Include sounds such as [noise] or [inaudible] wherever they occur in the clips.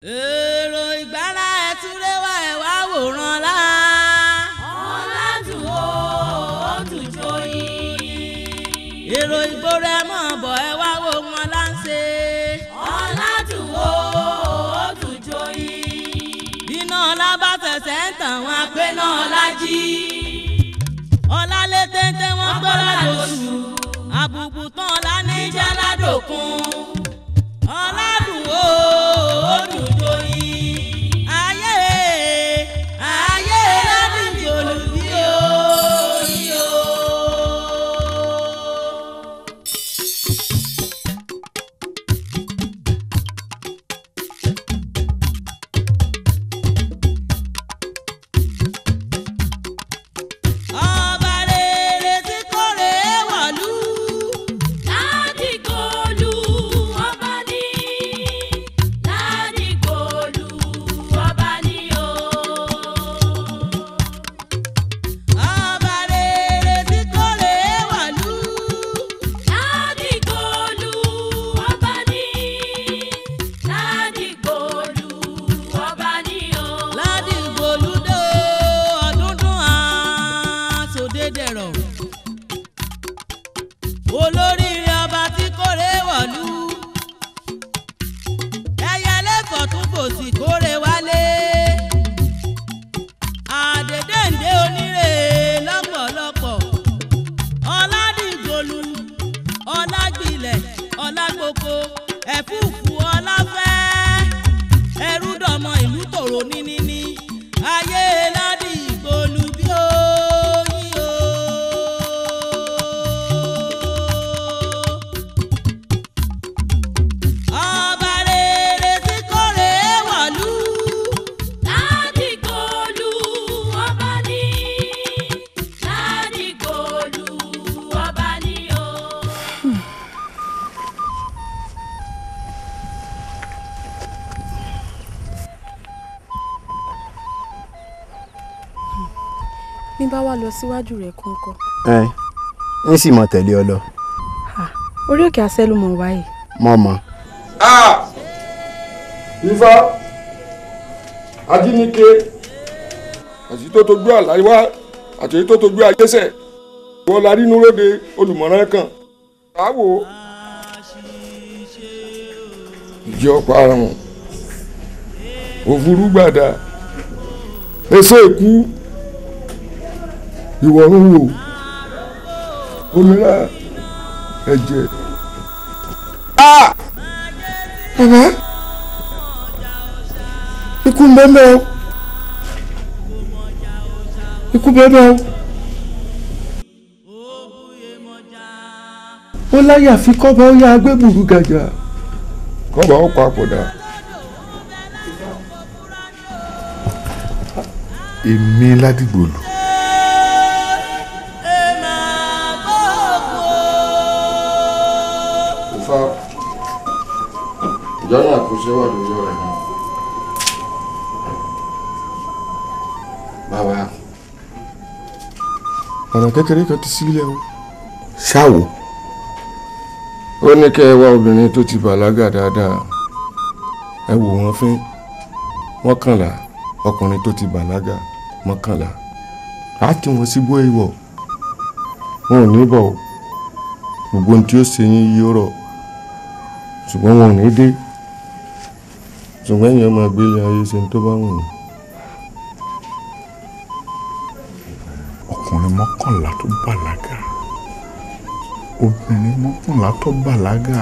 èrò ìgbára ẹ̀ tún rẹwà ẹ̀ wá wòran lá. ọ̀làdùn o ọ̀dùn joyin. èrò ìgboro ẹ mọ̀ bọ̀ ẹ wá wo wọn láǹṣe. ọ̀làdùn o ọ̀dùn joyin. iná ọlá bá fẹsẹ̀ ń tàn wọn pé náà lájí. ọlá lé téńté wọn gbọ́dọ̀ lóṣù. àbùkù tán ọlá ní jáládòkun. ọ̀làdùn o. síwájú rẹ̀ kún kọ́. ẹ ń sì mọ tẹ̀lé ọ lọ. orí òkè àṣẹ ló wáyé. mọ̀ mọ̀. ifá ajínigbé àti tó tojú àláyéwá àti tó tojú àjẹsẹ̀ wọ́n la rínú lóde olùmọ̀ràn kan àwò ìjọ parun òfurú gbàdá èso èkú ìwọ ń wò omira ẹ̀jẹ̀. bàbá ikú ń bẹ́ẹ̀ bẹ́ẹ̀ o ikú bẹ́ẹ̀ bẹ́ẹ̀ o ó láyà fi kọ́ba ó yá agbébùrú gàjà. kọ́ba ó pa àpòdà. èmi ládìgbò lò. ṣe wà lórí ọ̀rẹ́ náà. bàbá ọ̀nà kékeré kan ti sílẹ̀ o. ṣáwo. ó ní kẹ́ ẹ wá obìnrin tó ti bàlágà dáadáa ẹ wò wọ́n fín mọ́kànlá ọkùnrin tó ti bàlágà mọ́kànlá á ti wọ́n síbú ìwọ̀ wọn ò ní bọ̀ gbogbo ohun tí ó ṣe yín yí ó rọ̀ ṣùgbọ́n wọn ò ní dé ṣùgbọ́n èèyàn máa gbélé ayé ṣe tó bá wù ú. ọkùnrin mọ́kànlá tó bàlágà obìnrin mọ́kànlá tó bàlágà.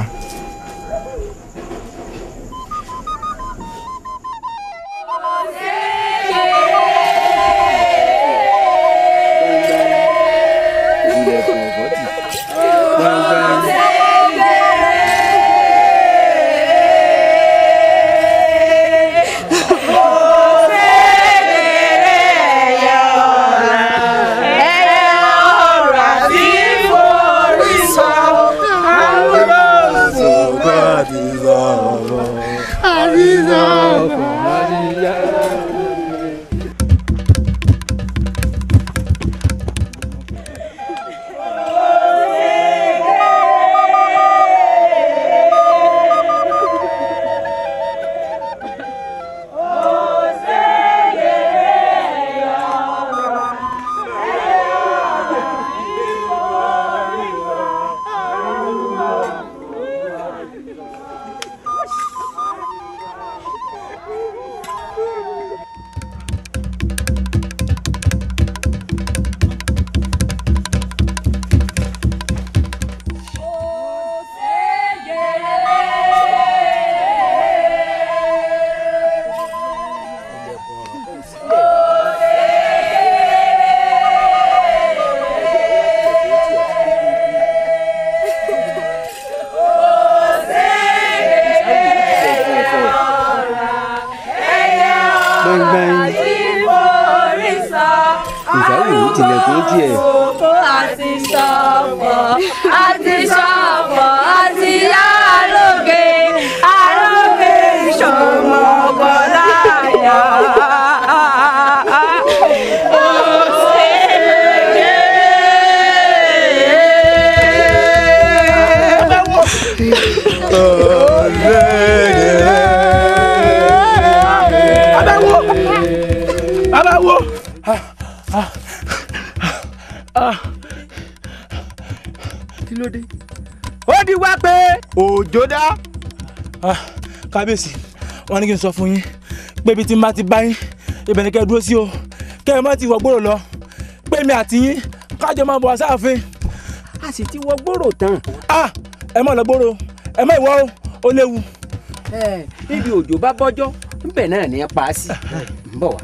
kábíyèsí wọ́n ní kí n sọ fún yín pé ibi tí n bá ti bá yín ibẹ̀ ni kẹ́ ẹ dúró sí o kẹ́ ẹ má ti wọgbóró lọ pé mi àti yín kájọ máa bọ̀ sáàfin. a sì ti wọgbóró tán. a ẹ má lọ gbóró ẹ má ìwọ o léwu. ẹ níbi òjò bá bọ́jọ́ níbẹ̀ náà ní pa á sí n bọ̀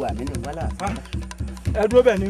wá ẹ dúró bẹ́ẹ̀ ni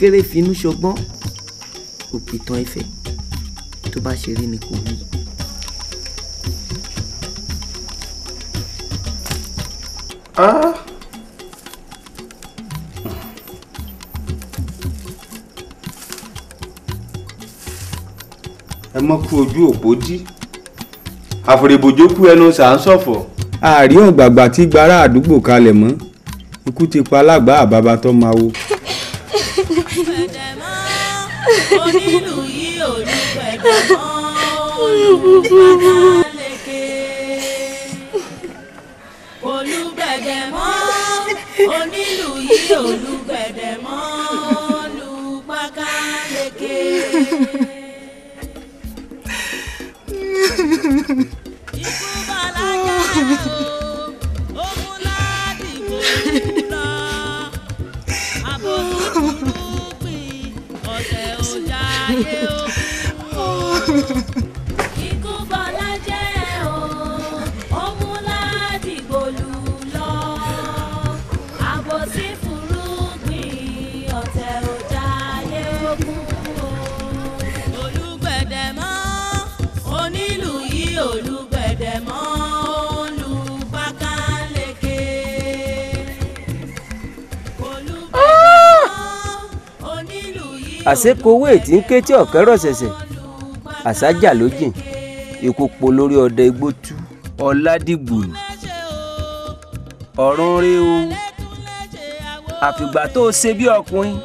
kéré finú ṣọgbọ́n òpìtàn ẹ̀fẹ̀ tó bá ṣe rí ni kò wí. Ah! ẹ mọ́ kú ojú òpó dí àfòrèbòjò kú ẹnu sàǹsọ̀fọ̀. àárí ọ̀gbàgbà tí gbàrà àdúgbò kalẹ̀ mọ́ ikú ti pa alágbàá àbábátọ́ máa wo. olùgbẹ̀dẹ̀ mọ́ onílù yìí olùgbẹ̀dẹ̀. ṣe kowó ètí ń ké tí ọ̀kẹ́ rọ̀ṣẹ̀ṣẹ̀ àṣájà ló jìn ikú po lórí ọdẹ igbó tú ọ̀làdìgbòlù ọ̀run rí o àfìgbà tó ṣe bí ọkùnrin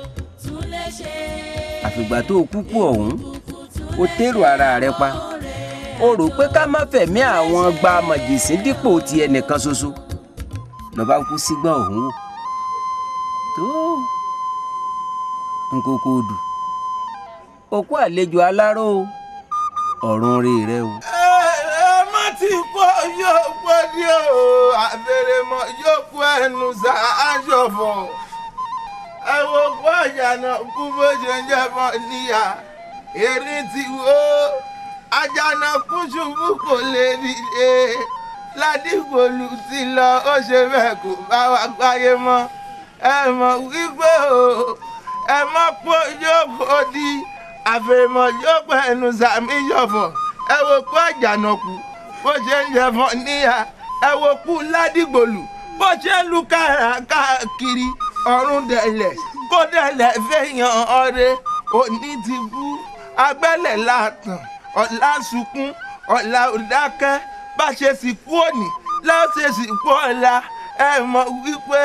àfìgbà tó kúkú ọ̀hún ó tèrò ara rẹ pa ó rò pé ká má fẹ̀mí àwọn gba mọ̀jìsín dípò ti ẹnìkan ṣoṣo lọ́ba kú sígbà ọ̀hún wò tó nkókó odù òkú àlejò aláró ọ̀run rí rẹ o. ẹ má ti pọ yóò pọ ní o àbèrè mọ yóò kú ẹnu sá àjọbọ ẹ wo kó àyànà kú bó ṣe ń jẹbọ níyà ti wo lè e. ládìgbòlù ti lọ ó ṣe kò bá wa gbáyé mọ́ ẹ mọ̀ o ẹ má àfẹ̀mọ̀ yóò pẹ́ ẹnu sàmì yọ̀fọ̀ ẹ wo kú àjànàkú bó ṣe ń yẹ fọ níyà ẹ wo kú ládìgbòlù bó ṣe ń lu káàkiri ọ̀run dẹ̀lẹ̀ kó dẹ̀lẹ̀ fẹ̀yàn ọ̀rẹ́ òní ti bú agbẹ́lẹ̀ láàtàn ọ̀la sunkún ọ̀la òdákẹ́ bá ṣe sì kú òní lọ́sẹ̀ sì kú ọ̀la ẹ mọ̀ wípé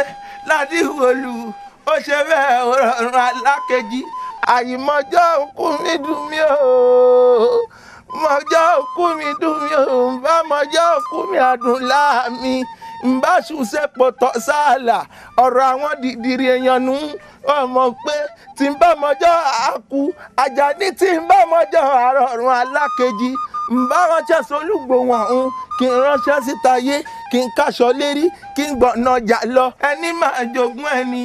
ládìgbòlù ó ṣe bẹ́ẹ̀ rọrùn alákejì àyìnmọ́jọ́ òkú mi dùn mí o mọ́jọ́ òkú mi dùn mí o nbá mọ́jọ́ òkú mi àdùn láàmì nbá ṣùṣẹ́pọ̀ tọ́ sáàlà ọ̀rọ̀ àwọn dìdìrì èèyàn nù ọmọ pé tí n bá mọ́jọ́ àkú Àjàní tí n bá mọ́jọ́ alákejì nbá ránṣẹ́ solúgbò wọn ń kí n ránṣẹ́ síta yé kí n káṣọ lérí kí n gbọ̀nà jà lọ ẹni máa jogún ẹni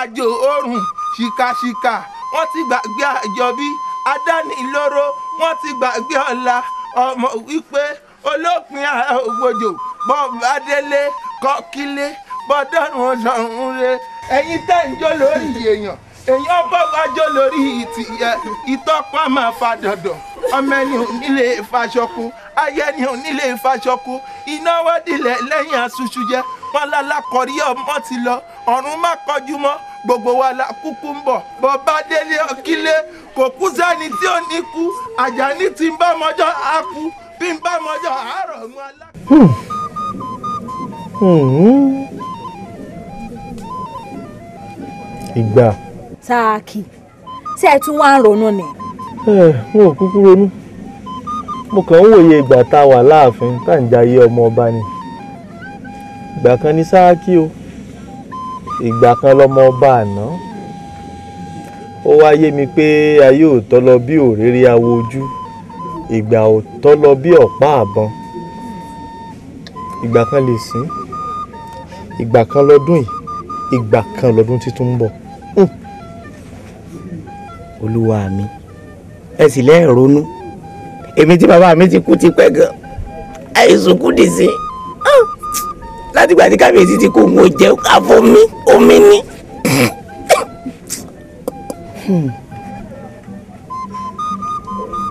àjò oòrùn ṣìkàṣìkà wọ́n ti gbàgbé àjọbí adánilóró wọ́n ti gbàgbé ọ̀la ọmọ wípé olópin ògbójò bọ́ adélé kọ́kílé bọ́ dọ́rùn ọ̀sán re ẹ̀yin tẹ́ ń jó lórí èèyàn èèyàn bọ́ wájó lórí ìtìyẹ ìtọ́pá máa fa dandan ọmọ ẹni ò nílé ìfàṣọkù ayẹni ò nílé ìfàṣọkù iná wádìí lẹ́yìn aṣojú jẹ́ wọn lálákọ̀rí ọmọ ti lọ ọ̀run má kọjú mọ́ gbogbo wa la kúkú ń bọ̀ bọ́ bá délé ọkílé kò kú sẹ́ni tí ò ní kú àjàní ti ń bá mọ́jọ́ á kú bí ń bá mọ́jọ́ àárọ̀ ń wá lá. ìgbà. sáàkì ṣé ẹ tún wá ń ronú ni. Eh, mo ò kúkú ronú mo kàn ń wòye ìgbà tá a wà láàfin tá à ń jayé ọmọ ọba ni ìgbà kan ní sáàkì o ìgbà kan lọmọ ọba àná ó wá yé mi pé ayé òótọ́ lọ bí òréré awo ojú ìgbà òótọ́ lọ bí ọ̀pá àbọn ìgbà kan lè sìn ìgbà kan lọ́dún yìí ìgbà kan lọ́dún títún ń bọ̀. olúwa mi ẹ sì lẹ́ẹ̀ ronú èmi tí bàbá mi ti kú ti pẹ́ gan àìsùn kú dì sí i látìgbà tí kábíyèsí ti kú mo jẹ àfomi omi ni.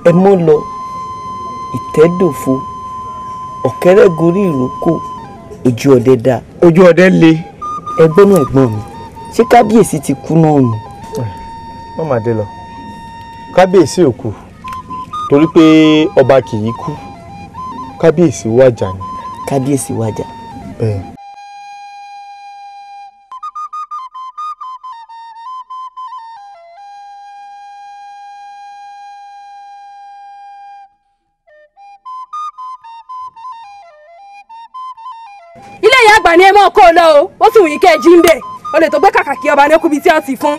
ẹ mọ lọ ìtẹ́dòfo ọ̀kẹ́rẹ́ gorí ìrókò ojú ọdẹ dá. ojú ọdẹ le. ẹgbọ́n náà ẹ̀gbọ́n mi ṣé kábíyèsí ti kú náà nù. wọ́n máa dé lọ kábíyèsí ò kú torí pé ọba kì í kú kábíyèsí wàjà ni. kábíyèsí wàjà bẹ́ẹ̀. ilé ìyá àgbà ni ẹ mọ̀ kó o lọ o ó sì wù yí kẹ́ ẹ jí ń bẹ̀ o lè tó gbé kàkàkí ọba ní okùnbi tí a ti fún.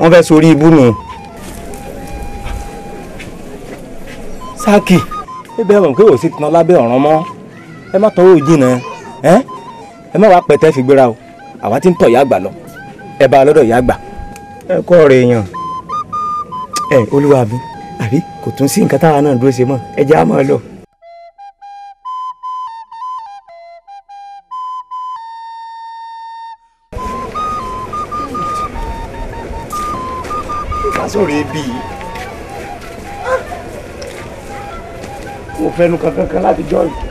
wọ́n fẹ́ sórí ibú nù. sáàkì ẹ bẹ́ẹ̀ mọ̀ pé òsì tán lábẹ́ ọ̀ràn mọ́ ẹ má tọwọ́ òjì ẹ́ ẹ má wàá pẹ̀tẹ́ fi gbéra o àwa ti ń tọ̀ ìyá àgbà lọ ẹ bá a lọ́dọ̀ ìyá àgbà. ẹ kọ́ ọ̀rọ̀ èèyàn ẹ olúwa mi àbí kò tún sí nǹkan táwa náà dúró ṣe mọ́ ẹ jẹ́ á máa lọ. sọ̀rọ̀ ebi yìí ah! mo fẹ́nu kankan kan láti jọ yìí.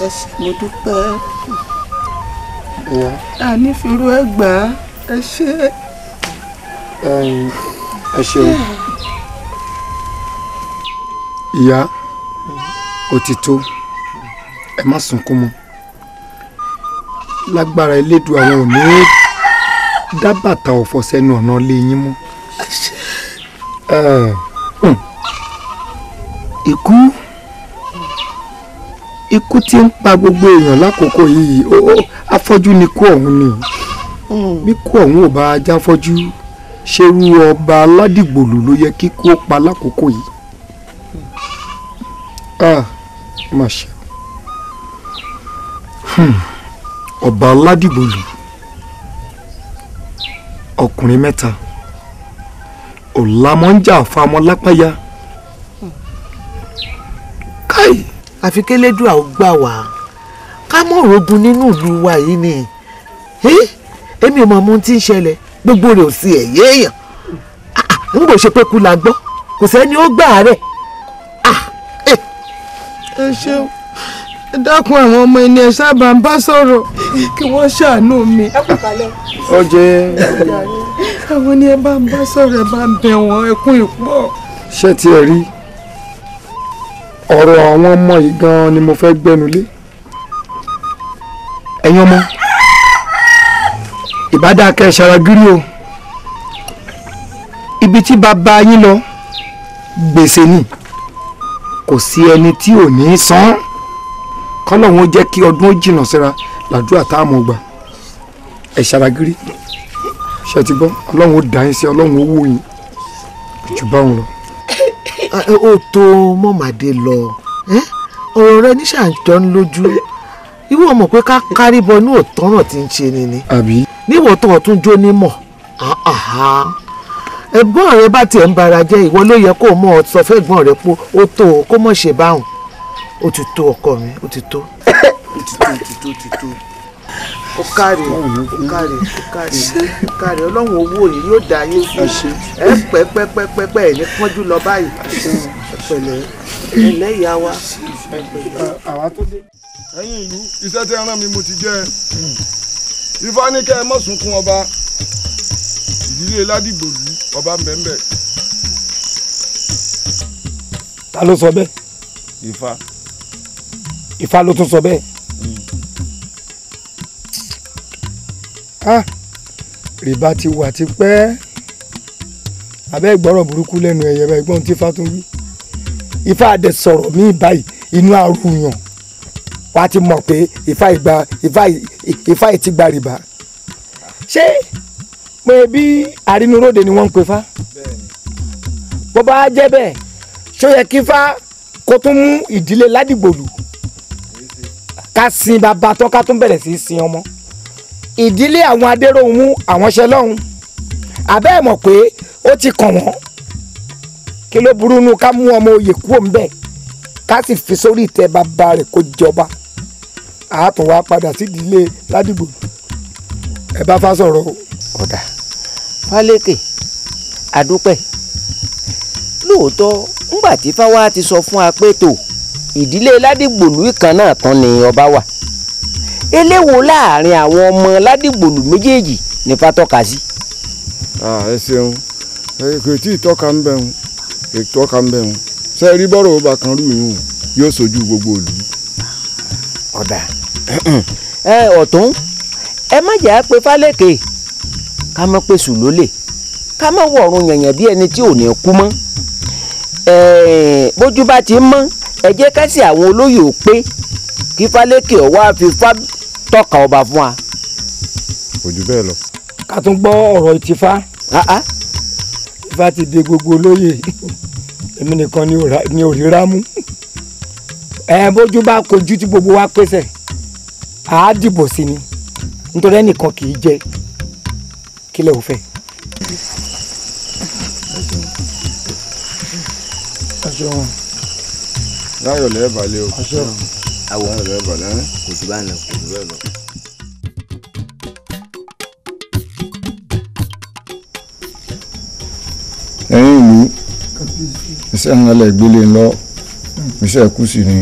ṣẹ̀ṣẹ̀ mo dúpẹ́ ànífìrú ẹgbà ẹ ṣe. ẹ ṣeun ìyá o ti tó ẹ má sunkún mọ́ lágbára elédùn àwọn ò ní dábàtà ọ̀fọ̀ sẹ́nu ọ̀nà lé yín mọ́. Hmm. ikú. Uh, mm ikú tí ń pa gbogbo èèyàn lákòókò yìí afọ́jú ni kú ọ̀hún ni hmm. bí kú ọ̀hún ò bá ajá fọ́jú ṣerú ọba aládìgbòlù ló yẹ kí kú ó pa lákòókò yìí. Ah, má ṣe hmm. ọba aládìgbòlù ọkùnrin mẹ́ta ọ̀làmọ́jà fámọ́lápáyà hmm. káyìí àfi kélédùà ó gbà wá ká mọ̀ rogun nínú ìlú wa yìí ni èmi mọ̀ mo ti ń ṣẹlẹ̀ gbogbo rẹ̀ ò sí ẹ̀yẹ́ èèyàn n ah, kò ah, ṣe pé kú la gbọ́ kò sẹ́ni ó gbà rẹ̀. Ah, eh. ẹ ṣeun ẹ dákun àwọn ọmọ ẹni ẹ sábà ń bá sọ̀rọ̀ kí wọ́n ṣàánú mi. ó jẹ àwọn ni ẹ bá ń bá sọ̀rọ̀ ẹ bá ń bẹ̀ wọ́n ẹkún ìpọ̀. ṣé tiẹ̀ rí i ọ̀rọ̀ àwọn ọmọ yìí gan-an ni mo fẹ́ gbẹ́nu lé ẹ̀yin ọmọ ìbádàkẹ́ ṣaragírí o ibi tí bàbá yín lọ gbèsè ni kò sí ẹni tí ò ní í san kọ́lọ́hún ó jẹ́ kí ọdún ó jìnnà síra làdúrà tá a mọ̀ gbà ẹ̀ ṣaragírí ṣe ti gbọ́ ọlọ́run ó dá yín sí ọlọ́run ó wò yín jù báwọn lọ ó tó mọ̀màdé lọ ọ̀rọ̀ rẹ níṣà ń jọ ń lójú ìwọ mọ̀ pé ká kárí bọ ní òtọ́ràn tí ń ṣe ni ni níwọ̀ tó ọ̀tún jó nímọ̀ ẹ̀gbọ́n rẹ bá tiẹ̀ ń bara jẹ́ ìwọ ló yẹ kó o mọ̀ ọ́ sọ fún ẹ̀gbọ́n rẹ pé ó tó o kó mọ̀ ṣe báwọn ó ti tó ọkọ mi ó ti tó ó káre ó káre ó káre ó káre ọlọ́run owó yìí yóò dá yé ẹ pẹ́ pẹ́ pẹ́ pẹ́ pẹ́ ẹ̀ ní pọ́njú lọ báyìí pẹ̀lẹ́ ẹ̀lẹ́ ìyá wa. ẹ̀yin ìlú iṣẹ́ tí ẹran mi mo ti jẹ́ ifá ní kẹ́ ẹ mọ̀ sunkún ọba ìdílé ládìgbòlù ọba mbẹ́mbẹ́. ta ló sọ bẹ́ẹ̀. ifá. ifá ló tún sọ bẹ́ẹ̀. ah rìbá ti wà tipẹ́ abẹ́ ìgbọ́rọ̀ burúkú lẹ́nu ẹ̀yẹ bá ẹgbọ́n tí fátún wí ifá àdẹ sọ̀rọ̀ míì báyìí inú àrùyàn wàá ti mọ̀ pé ifá ìgbà ifá ifá ìtì gba rìbá ṣé pé bí àrínúróde ni wọ́n ń pe fá bó bá jẹ́ bẹ́ẹ̀ ṣó yẹ kí fá kó tún mú ìdílé ládìgbòlù ká sin bàbá tán ká tún bẹ̀rẹ̀ sí í sin ọmọ ìdílé àwọn adéròhùnmú àwọn ṣe lọ́hùn àbẹ́ ẹ̀ mọ̀ pé ó ti kàn wọ́n kí ló burú nu ká mú ọmọ oyè kúrò ńbẹ̀ ká sì fi sórí ìtẹ́ bàbá rẹ̀ kó jọba àátùn wa padà sí ìdílé ládìgbò ẹ bá fa sọ̀rọ̀ o. ọ̀dà fálékè àdúpẹ́ lóòótọ́ ńgbà tí fáwa ti sọ fún wa pé tó ìdílé ládìgbòlù ìkan náà tán ni ọba wà eléwo láàrin àwọn ọmọ ládìgbòlù méjèèjì ní fatọ́ka sí. ẹ ṣeun kò tí ì tọ́ka ń bẹ̀ wọn kò tí ì tọ́ka ń bẹ̀ wọn ṣe rí bọ́rọ̀ ọba kan rú yìí yóò sojú gbogbo ìlú. ọ̀dà ẹ ọ̀tún ẹ má jà pé fálẹ́kẹ̀ ká má pè sùn lólè ká má wọ̀run yànyàn bí ẹni tí ò ní kú mọ́ bójú bá ti mọ́ ẹ jẹ́ ká sí àwọn olóyè ò pé kí fálẹ́kẹ̀ ọ̀ wá fi fá tọ́ka ọba fún wa. kò jù bẹ́ẹ̀ lọ. ká tún gbọ́ ọ̀rọ̀ ìtìfá ìfá ah, ah. ti de gbogbo olóyè èmi nìkan ni ò ríra mú ẹ bójú bá kojú tí gbogbo wa pèsè àá dìbò sí ni nítorí ẹnìkan kì í jẹ kílẹ̀ òfẹ́. láyọ̀ lẹ́ẹ̀bà lé o àwọn kò jù bá ń lọ. ẹ̀yin mi iṣẹ́ ń lọ ìgbélé ńlọ iṣẹ́ kù sí ni.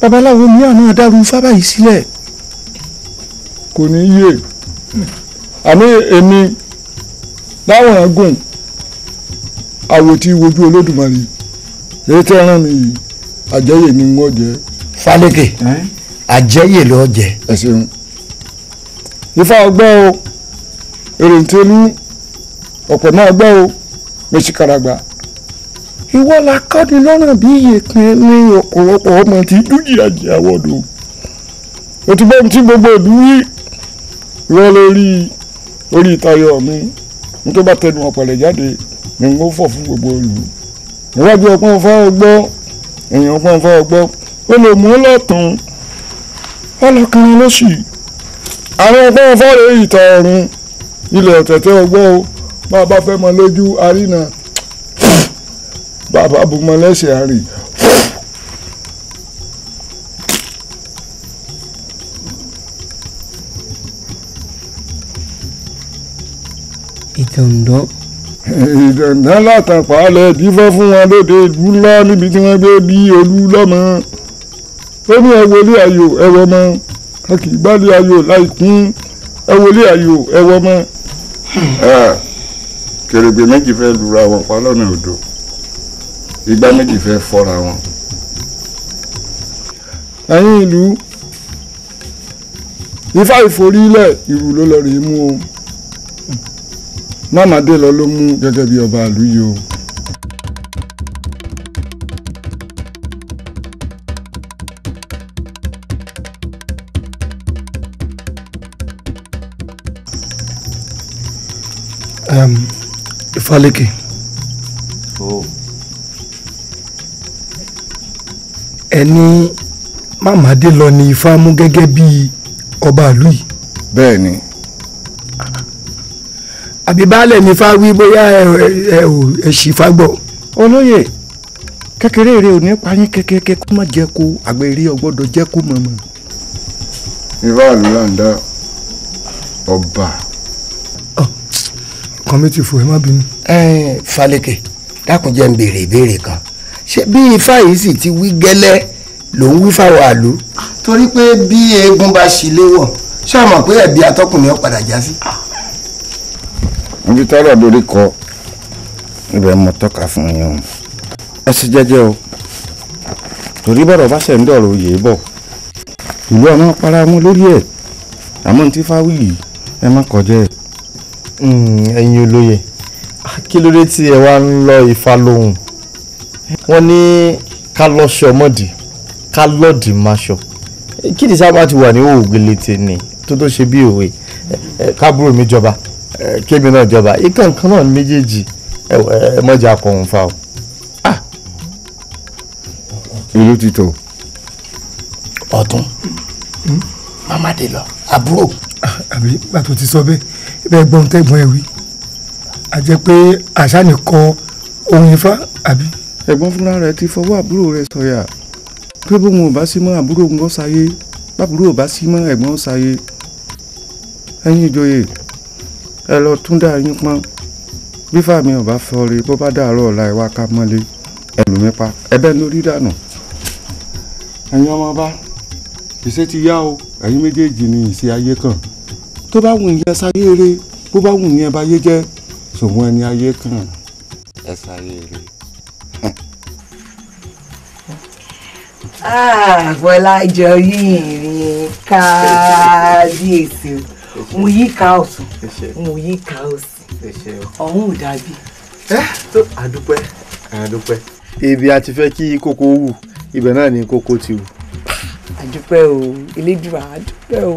babaláwo mi àná dárú fábà yìí sílẹ̀. kò ní yé àmì èmi láwọn agùn àwòtí wojú olódùmarè èyí tẹ́ ẹran mi yìí àjẹyè ni wọ́n jẹ́. Fálékè àjẹyè ló jẹ. ẹ ṣeun ifá ọgbẹ́ o èrè tó ní ọ̀pọ̀ náà ọgbẹ́ o méjì karagba ìwọ la kọ́ni lọ́nà bí ìyèpin ní ọ̀pọ̀lọpọ̀ ọmọ tí dúkìá jẹ́ àwọ̀dù o ti bọ́ mi tí gbogbo ìlú yìí rọ lórí orí ìtayọ mi n tó bá tẹnu ọ̀pẹ̀lẹ̀ jáde ni n ó fọ̀ fún gbogbo ìlú níwájú ọpọ́n fọ́ ọgbọ́ èèyàn ọpọ́n fọ́ ọgbọ́ olùmú lọ́tún ọlọ́kùnrin lóṣì àwọn ọgbọ́n fọ́ọ̀rẹ́ ìta ọ̀run ilẹ̀ ọ̀tẹ̀tẹ̀ ọgbọ́n o bá a bá fẹ́ mọ lójú arínà bàbá bùmọ lẹ́sẹ̀ àárín. ìtàǹdọ́. ìtàǹdọ́ látàpá lẹ̀ dífọ́ fún wọn lóde ìlú ńlá níbi tí wọ́n gbé bí olú lọ́mọ ó ní ẹwọlé ayò ẹwọ ọmọ a kì í gbálé ayò láì kún ẹwọlé ayò ẹwọ ọmọ. Ah, kèrègbè méjì fẹ́ lura wọn pa lọ́nà odò igbá méjì fẹ́ fọ́ra wọn. ẹ̀yin ìlú ifá ìforílẹ̀ ìrù ló lọ rèé mú o mámadé lọ ló mú gẹ́gẹ́ bí ọba ìlú yìí o. Fálékè. ẹni Màmádé lọ ni Ifá mú gẹ́gẹ́ bí ọba ìlú yìí. bẹ́ẹ̀ ni. àbí baálẹ̀ ni Ifá wí bóyá ẹ ò ẹ sì Ifá gbọ́. olóyè kékeré rẹ ò ní payín kékeré kó má jẹ́ kó àgbèrè ọgbọ́dọ̀ jẹ́ kó mọ̀mọ́. Ifá ìlú là ń dá ọba. kọ́mítì fún ẹ má bínú falẹ̀kẹ̀ dákun jẹ́ ń béèrè ìbéèrè kan ṣé bí ifá yìí sì ti wí gẹ́lẹ́ ló ń wí fáwọn àlù. torí pé bí eegun bá ṣì léwọ̀ ṣé o mọ̀ pé ẹ̀bi atọ́kùnrin ó padà já sí. ibi tọ́rọ̀ dorí kọ ibẹ̀ mo tọ́ka fún yín o ẹ sì jẹ́jẹ́ o torí bọ̀rọ̀ bá ṣẹ̀ ń dọ̀rọ̀ òye bọ̀ ìlú ọ̀nà para mú lórí ẹ̀ àmọ́ ní tí fáwí yìí ẹ má kọjá ẹ̀. Hmm, ẹ̀yin olóye kí ló dé tí ẹ wá ń lọ Ifá lóhùn wọ́n ní ká lọ́ṣọ mọ́dì ká lọ́ọ̀dì máṣọ eh, kí ni sábà ti wà ní òògbélé tèmi tó tó ṣe bí òwe eh, eh, kábúrò mi jọba kémi náà jọba ikán kan náà méjèèjì ẹ mọ́jà fa o. ìlú ah! ti tò. ọ̀tún mama de lọ àbúrò. Ah, àbí pàtó ti sọ bẹ́ẹ̀ bẹ́ẹ̀ gbọ́n tẹ́gbọ́n ẹ wí àjẹ́ pé àṣà nìkan ohun ifá àbí. ẹ̀gbọ́n fúnra rẹ̀ ti fọwọ́ àbúrò rẹ̀ sọ̀yà pé bóun ò bá sí mọ́ àbúrò ń gọ́ sáyé bábúrò ò bá sí mọ́ ẹ̀gbọ́n sáyé ẹ̀yin ìjòyè ẹ lọ tún dá yín pọ́n bí fàmì ò bá fọre bó bá dàárọ̀ ọ̀la ìwà ká mọ́lé ẹlòmí pa ẹbẹ́ lórí dànù ẹ̀yin ọmọọba ìṣe ti yá o ẹ̀yin méjèèjì ni ìṣe ayé kan tó bá wù yẹn sáyé eré bó bá wù yẹn báyé jẹ́ ṣùgbọ́n ẹni ayé kàn ẹ sáyé rẹ̀. [laughs] Ah, Bọ́lájọ yìí rìn kábíyèsí o mo yí ká ọ̀sùn mo yí ká ọ̀sìn ọ̀hún ò dàbí. àdúpẹ́ àdúpẹ́. ibi a ti fẹ́ kí kókó wù ibẹ̀ náà ni kókó ti wù. àdúpẹ́ o elédùà àdúpẹ́ o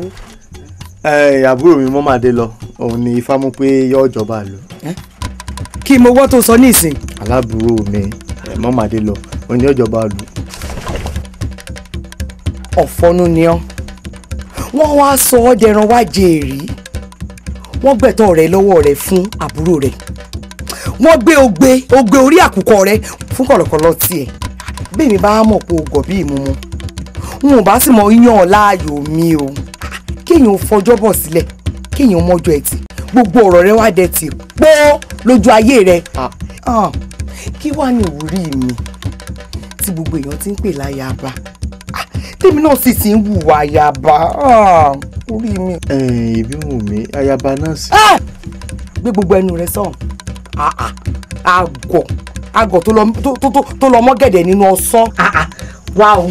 àbúrò mi mọ́ máa dé lọ òun ni ifá mú pé yọ ọ̀jọ̀ba lò. kí mo wọ́ tó sọ ní ìsìn. aláàbúrò mi mọ́ máa dé lọ òun ni ọ̀jọ̀ba lò. ọ̀fọ́nú ni ọ́ wọ́n wá sọ ọ́ dẹran wá jèrè wọ́n gbẹ̀tọ́ rẹ lọ́wọ́ rẹ fún àbúrò rẹ wọ́n gbé ogbe ogbe orí àkùkọ rẹ fún kọ̀lọ̀kọ̀lọ̀ tiẹ̀ bẹ́ẹ̀ mi bá mọ̀ pé o gọ̀ bí ìmúmu n ò bá sì mọ yíyan láàyò mi o kéèyàn fọjọ́ bọ̀ sílẹ̀ kéèyàn mọ́jọ́ ẹ̀ tì gbogbo ọ̀rọ̀ rẹ wá dẹ̀ tì pọ́ lójú ayé rẹ ah. Ah, kí wàá ní ìwúrí mi tí gbogbo èèyàn ti ń pè láyàbá ah, tèmi náà sì ti ń wùwà àyàbá orí mi. ìbí wù mí àyàbá náà sì. gbé gbogbo ẹnu rẹ sọ̀rọ̀ àgọ̀ àgọ̀ tó lọ mọ́gẹ̀dẹ̀ nínú ọ̀sán wá o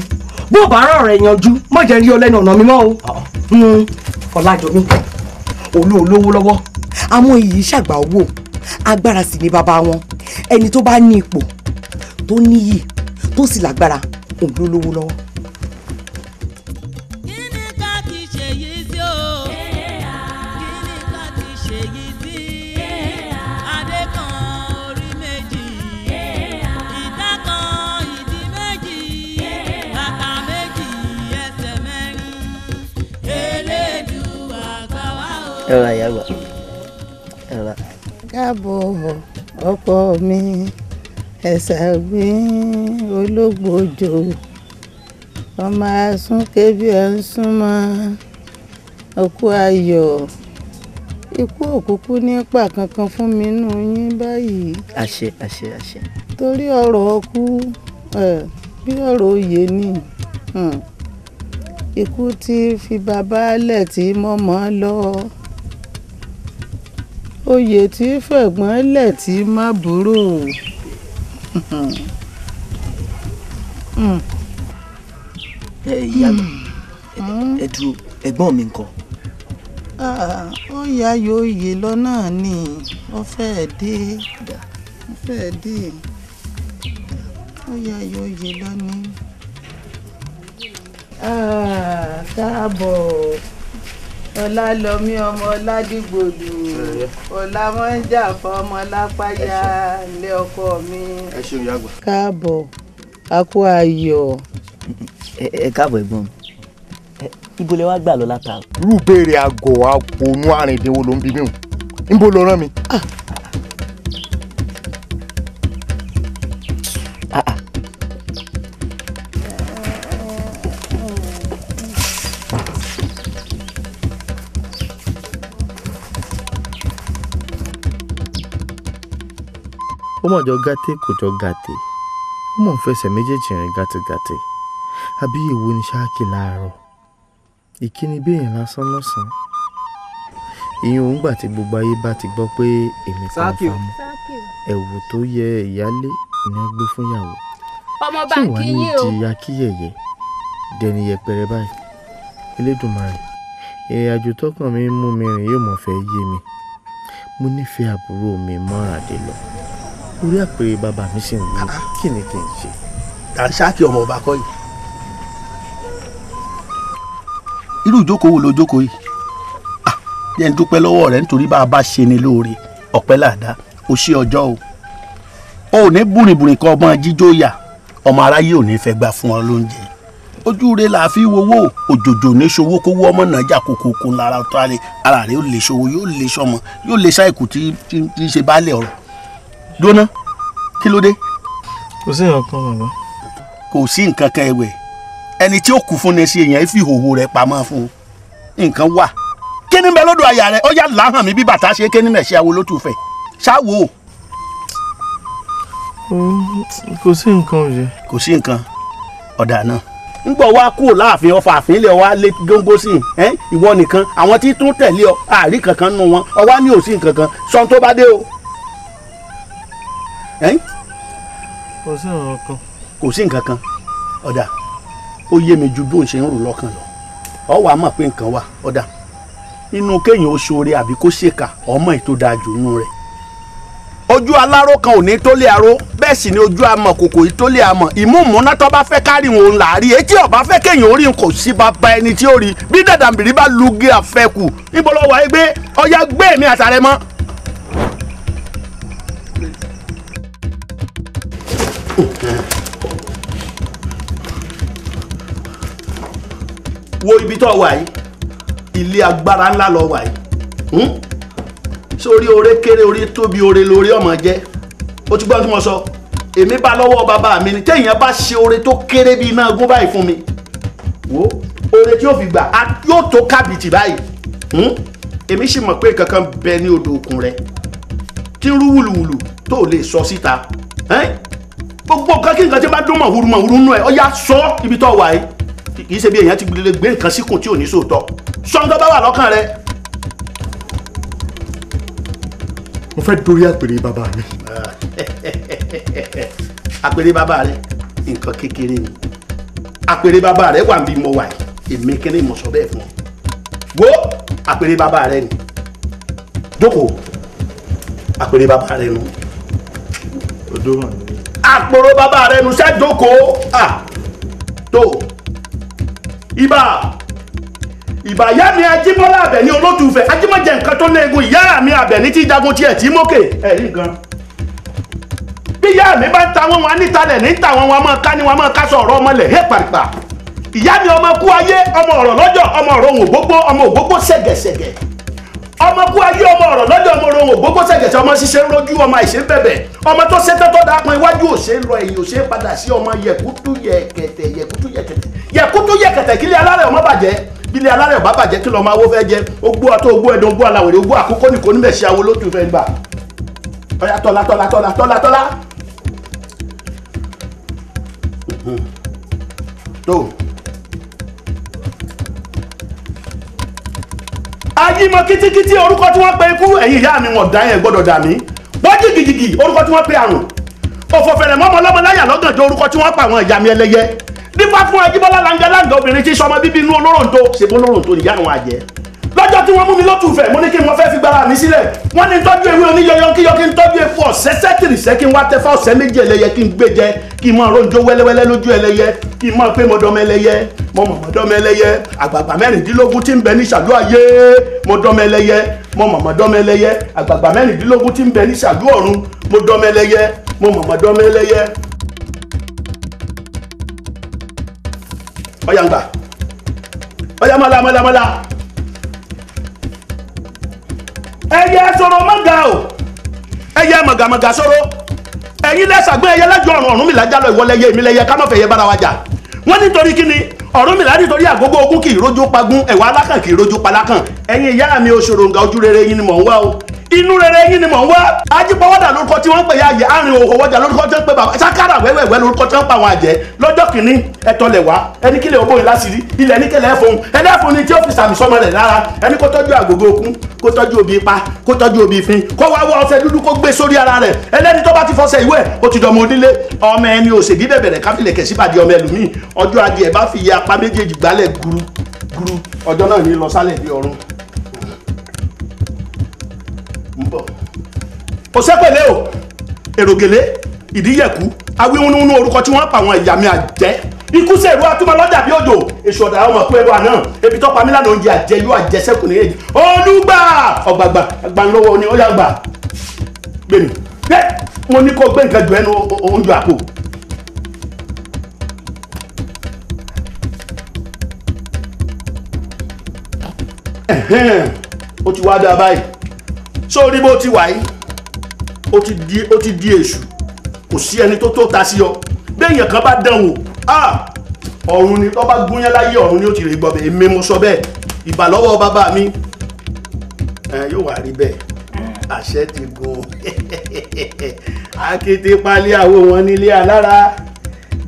bó o bá rán rẹ̀ yanjú má jẹ́ rí ọ lẹ́nu ọ̀nà mi mọ́ o. Ah. Hmm, ọ̀làjọmí olú olówó lọ́wọ́ àwọn èyí ṣàgbà owó agbára sì ni bàbá wọn ẹni tó bá ní ipò tó níyì tó sì lágbára òun ló lówó lọ́wọ́. Ela ẹ̀rọ àyàgbà ela. káàbọ̀ ọkọ mi ẹ̀sàgbé ológbòjò ọmọ asúnké bí ẹ ń súnmọ́ ọkọ ayọ̀ ikú òkúkú nípa kankan fún mi nù yín báyìí. àṣẹ àṣẹ àṣẹ. torí ọ̀rọ̀ ọkú bí ọ̀rọ̀ oyè ni ikú tí fi bàbá lẹ̀ tí mọ́mọ́ lọ oyè tí fẹ̀gbọ́n lẹ̀ tí má búrò. ẹ ìyá ẹ dúró ẹ̀gbọ́n mi ńkọ́. ó ya ayò oyè lọ́nà ni ó fẹ́ẹ́ dé ó fẹ́ẹ́ dé ó ya ayò oyè lọ́nà. káàbọ̀. Ah, ọlálọmí ọmọ ọládìgbòlù ọlámọjà fọmọ lápáyà ilé ọkọ mi. ẹ ṣeun yàgbà. káàbọ̀ a kú ayọ̀. ẹ káàbọ̀ ẹ̀gbọ́n mi ibo lẹ wá gbà lọ látàrọ. rúbèrè àgọ́ àpònú àrìndínwó ló ń bí mi o níbo ló rán mi. Ah, ó mọ̀ jọ gàtè kò jọ gàtè ó mọ̀ ń fẹsẹ̀ méjèèjì rìn gàtègàtè àbí èwo ni ṣáàkì láàárọ̀ ìkíni béèyàn lásán lọ́sàn-án ìyẹn òun gbà tí gbogbo ayé bá ti gbọ́ pé èmi kan fámú ẹ̀wù tó yẹ ìyálé ni wọ́n gbé fúnyàwó tí wàá ní di akíyẹ̀yẹ dẹni yẹpẹrẹ báyìí Elédùmarè ìrìn àjò tọkàn mi mú mi rìn yóò mọ̀ fẹ́ yé mi mo nífẹ̀ẹ́ àbúrò mi mọ́ràn dé lọ orí àpèrè bàbá mi sì ń wú kí ni kí n ṣe. àṣàkì ọmọ ọba kọ́ yìí. irú ìjókòó wo ló jókòó yìí yẹn dúpẹ́ lọ́wọ́ rẹ̀ nítorí bá a bá ṣe ni lóore ọ̀pẹ́ làdá o ṣe ọjọ́ o o ò ní bùrìnbùrìn kan ọmọ jíjó yà ọmọ aráyé ò ní fẹ́ gbà fún ọ lóúnjẹ ojú rẹ là á fi wowó òjòjò ní ṣòwò kówó ọmọ náà jà kókó kó lára ara rẹ yóò lè ṣòwò yóò lè ṣọmọ yóò lè ṣàìkù jóná kí ló dé. kò sí nǹkan kan bàbá. kò sí nǹkan kan ẹwẹ ẹni tí ó kú fún ni ṣe èèyàn fi ìhòòhò rẹ̀ pamọ́ fún nǹkan wà kí ni bẹ lọ́dọ̀ àyà rẹ̀ ó yà láhàn mi bí bàtà ṣe kí ni mẹ ṣe awo ló tù fẹ ṣáwo. kò sí nǹkan òye. kò sí nǹkan ọ̀dà náà ngbọ̀ wá kúrò láàfin ọfà àfínlẹ̀ ọwá lé góńgósì ìwọ nìkan àwọn tí tún tẹ̀lé ọ àárí kankan nù wọn ọwá ní òsì kankan sọ tó bá dé o. kò sí nǹkan kan. kò sí nǹkan ó yé mi ju bó ń ṣe ń lọ́kàn lọ ọ mọ̀ pé nǹkan wà ọ̀dà inú kéèyàn ó ṣoore àbí kó ṣèkà ọmọ ètò dáa jù rẹ̀ ojú aláró kan ò ní tó lé aró bẹ́ẹ̀ sì ni ojú amọ̀ kòkò yìí tó lé amọ̀ tó bá fẹ́ kárí òun ẹni tí ó rí bí dàdàbìrì bá níbo lọ́wọ́ ọya mi àtàrẹ mọ́ wo ibi tó wà yìí ilé agbára ńlá lọ wà yìí sórí hmm? oore kéré orí tóbi oore lórí ọmọ jẹ ó tún gbọ́n tí mo sọ èmi bá lọ́wọ́ bàbá mi ni téèyàn bá ṣe oore tó kéré bíi iná ogún báyìí fún mi wo oore tí yóò fi gbà á yóò tó kábìtì báyìí hmm? èmi sì mọ̀ pé kankan bẹ ní odò òkun rẹ tí ń rú wùlùwùlù tó lè sọ síta gbogbo nǹkan kí nǹkan tí bá dún mọ̀húrú mọ̀húrú nù ẹ̀ ó yá sọ ibi tó wà yìí kì í ṣe bí èèyàn ti gbé nǹkan síkùn tí ò ní sòótọ́ sọ nǹkan bá wà lọ́kàn rẹ. mo fẹ́ dorí àpèrè bàbá mi. [laughs] àpèrè bàbá rẹ nǹkan kékeré ni àpèrè bàbá rẹ wà níbi mo wà yìí èmi kéré mo sọ bẹ́ẹ̀ fún ọ wo àpèrè bàbá rẹ ni jókòó àpèrè bàbá rẹ nu. odò hàn ní. àpòrò bàbá rẹ nu sẹ́jọ́kọ́ à tó ibà ìbà ìyá mi ajímọ́lá àbẹ̀ní olótùfẹ́ ajímọ́jẹ nǹkan tó léegun ìyá mi àbẹ̀ní tí jagun tiẹ̀ tí mókè ẹ̀rí gan bí ìyá mi bá ń ta wọn wọn wọn máa ká ni wọn máa ká sọ ọ̀rọ̀ ọmọlẹ̀ hẹ́ pàrìpà ìyá mi ọmọ kú ayé ọmọ ọ̀rọ̀ lọ́jọ́ ọmọ ọ̀rọ̀ òun ògbógbó ọmọ ògbógbó ọmọ kú ayé ọmọ ọ̀rọ̀ lọ́jọ́ ọmọ rohùn ògbógbó sẹ̀gẹ̀sẹ̀ ọmọ ṣiṣẹ́ ń rojú ọmọ àìṣe bẹ̀bẹ̀ ọmọ tó ṣe tọ́tọ́ da pọn iwájú òṣè lọ èyí òṣè padà sí ọmọ yẹ̀kútú yẹ̀kẹ̀tẹ̀ yẹ̀kútú yẹ̀kẹ̀tẹ̀ yẹ̀kútú yẹ̀kẹ̀tẹ̀ kílẹ̀ alárẹ̀ ọmọ bàjẹ́ bílẹ̀ alárẹ̀ ọba bàjẹ́ kí lọ́mọ awó fẹ́ jẹ ogbó ọtọ́ ogbó ẹ̀dùn ogbó aláwèrè ogbó àkókò nìkó níbẹ̀ ṣe awo lótú fẹ́ gbà ọ̀yà tọ́lá tọ́lá tọ́lá tọ́lá tọ́lá. tó ayímọ kítíkítí orúkọ tí wọ́n pe ikú ẹ̀yin ìyá mi wọ́n dá yẹn gbọ́dọ̀ dà mí wọ́n jìgìjìgì orúkọ tí wọ́n pe àrùn òfòfèrè mọ́mọ́ lọ́mọ láyà lọ́gànjọ́ orúkọ tí wọ́n pa àwọn ìyá mi ẹlẹ́yẹ nípa fún ajíbọ́lá langalanga obìnrin tí sọmọ bíbí inú olóròǹdó ṣèbó olóròǹdó ìyá àwọn àjẹ́ lọ́jọ́ tí wọ́n mú mi lọ́tùfẹ̀ mo ní kí n mọ fẹ́ fi gbára mi sílẹ̀ wọ́n ní tọ́jú ewé oníyọyọ kí yọ kí n tọ́jú epo ọ̀sẹ̀ sẹ́tìrìsẹ́ kí n wá tẹ́fà ọ̀sẹ̀ méjì ẹlẹ́yẹ kí n gbé jẹ kí n mọ ronjó wẹ́lẹ́wẹ́lẹ́ lójú ẹlẹ́yẹ kí n mọ pé mo dọ́mọ ẹlẹ́yẹ mo mọ̀ mọ́ dọ́mọ ẹlẹ́yẹ àgbààgbà mẹ́rìndínlógún tí ń bẹ ní ṣàlú ayé mo dọ́mọ ẹlẹ́yẹ mo mọ̀ mọ́ dọ́mọ ẹlẹ́yẹ àgbààgbà mẹ́rìndínlógún ẹyẹ sọ̀rọ̀ mọga o ẹyẹ mọ̀gàmọ̀gà sọ̀rọ̀ ẹ̀yin lẹ́sàgbọ́n ẹyẹ lẹ́jọ́ ọ̀run ọ̀run mi ya lọ ìwọlẹ̀ yẹ mi yẹ bára wa jà wọn nítorí kí ni ọ̀run mi láti torí àgógó ogún kì í rójú pagún ẹ̀wà alákàn kì í palákàn ìyá mi ojú rere yín o inú rere yín ni mò ń wá. ajípọ̀wọ́dà lórúkọ tí wọ́n ń pè ya àjẹ́ àrùn òhò wọ́jà lórúkọ tí wọ́n ń pè bàbá sákàrà wẹ́wẹ́wẹ́ lórúkọ tí wọ́n ń pa àwọn àjẹ́ lọ́jọ́ kìíní ẹ̀tọ́ lẹ̀ wá ẹni kílẹ̀ owó yìí lásìrí ilẹ̀ ní kílẹ̀ ẹ̀fọ̀n ẹlẹ́fọ̀n ni tí ó fi sàmì sọmọ rẹ̀ lára ẹni kó tọ́jú àgògó okun kó tọ́jú obì ipa kó tọ́jú obì ìfin kó wá wọ ọṣẹ dúdú kó gbé sórí ara rẹ̀ ẹlẹ́ni tó bá ti fọṣẹ ìwé ó ti dọmọ onílé ọmọ ẹni òsèbí bẹ̀bẹ̀rẹ̀ káfílẹ̀ kẹ̀síbàdì ọmọ ẹlòmíì ọjọ́ adìẹ bá fi iye apá méjèèjì gbálẹ̀ gúrú gúrú ọjọ́ náà ní lọ sálẹ̀ bí ọrùn bọ̀. kò sẹ́pẹ̀lẹ́ o èrògèlé ìdíyẹ̀kú awíwúnúwúnú orúkọ tí wọ́n pa àwọn ìyá mi àjẹ́ ikú sẹ̀rú atúmọ̀lọ́jà bí òjò èṣù ọ̀dà ọmọ pé ẹrú àná ebi tọ́pa mílànà oúnjẹ àjẹyó àjẹsẹ́kù nìyẹn olùgbà ọ̀gbàgbà agbanlọ́wọ́ ni ó yà gbà gbèmí pé mo ní kó gbé nǹkan jù ẹnu oúnjẹ àpò ó ti wá dá báyìí sórí bó ti wà yìí ó ti di ó ti di èṣù kò sí ẹni tó tó ta sí ọ béèyàn kan bá dán wò ọ̀run ni tó bá gúnyán láyé ọ̀run ni ó ti rè gbọ́ bẹ́ẹ̀ èmi mo sọ bẹ́ẹ̀ ìbà bàbá mi ẹ yóò wá rí bẹ́ẹ̀ àṣẹ ti gun [laughs] akété pálí àwo wọn nílé alára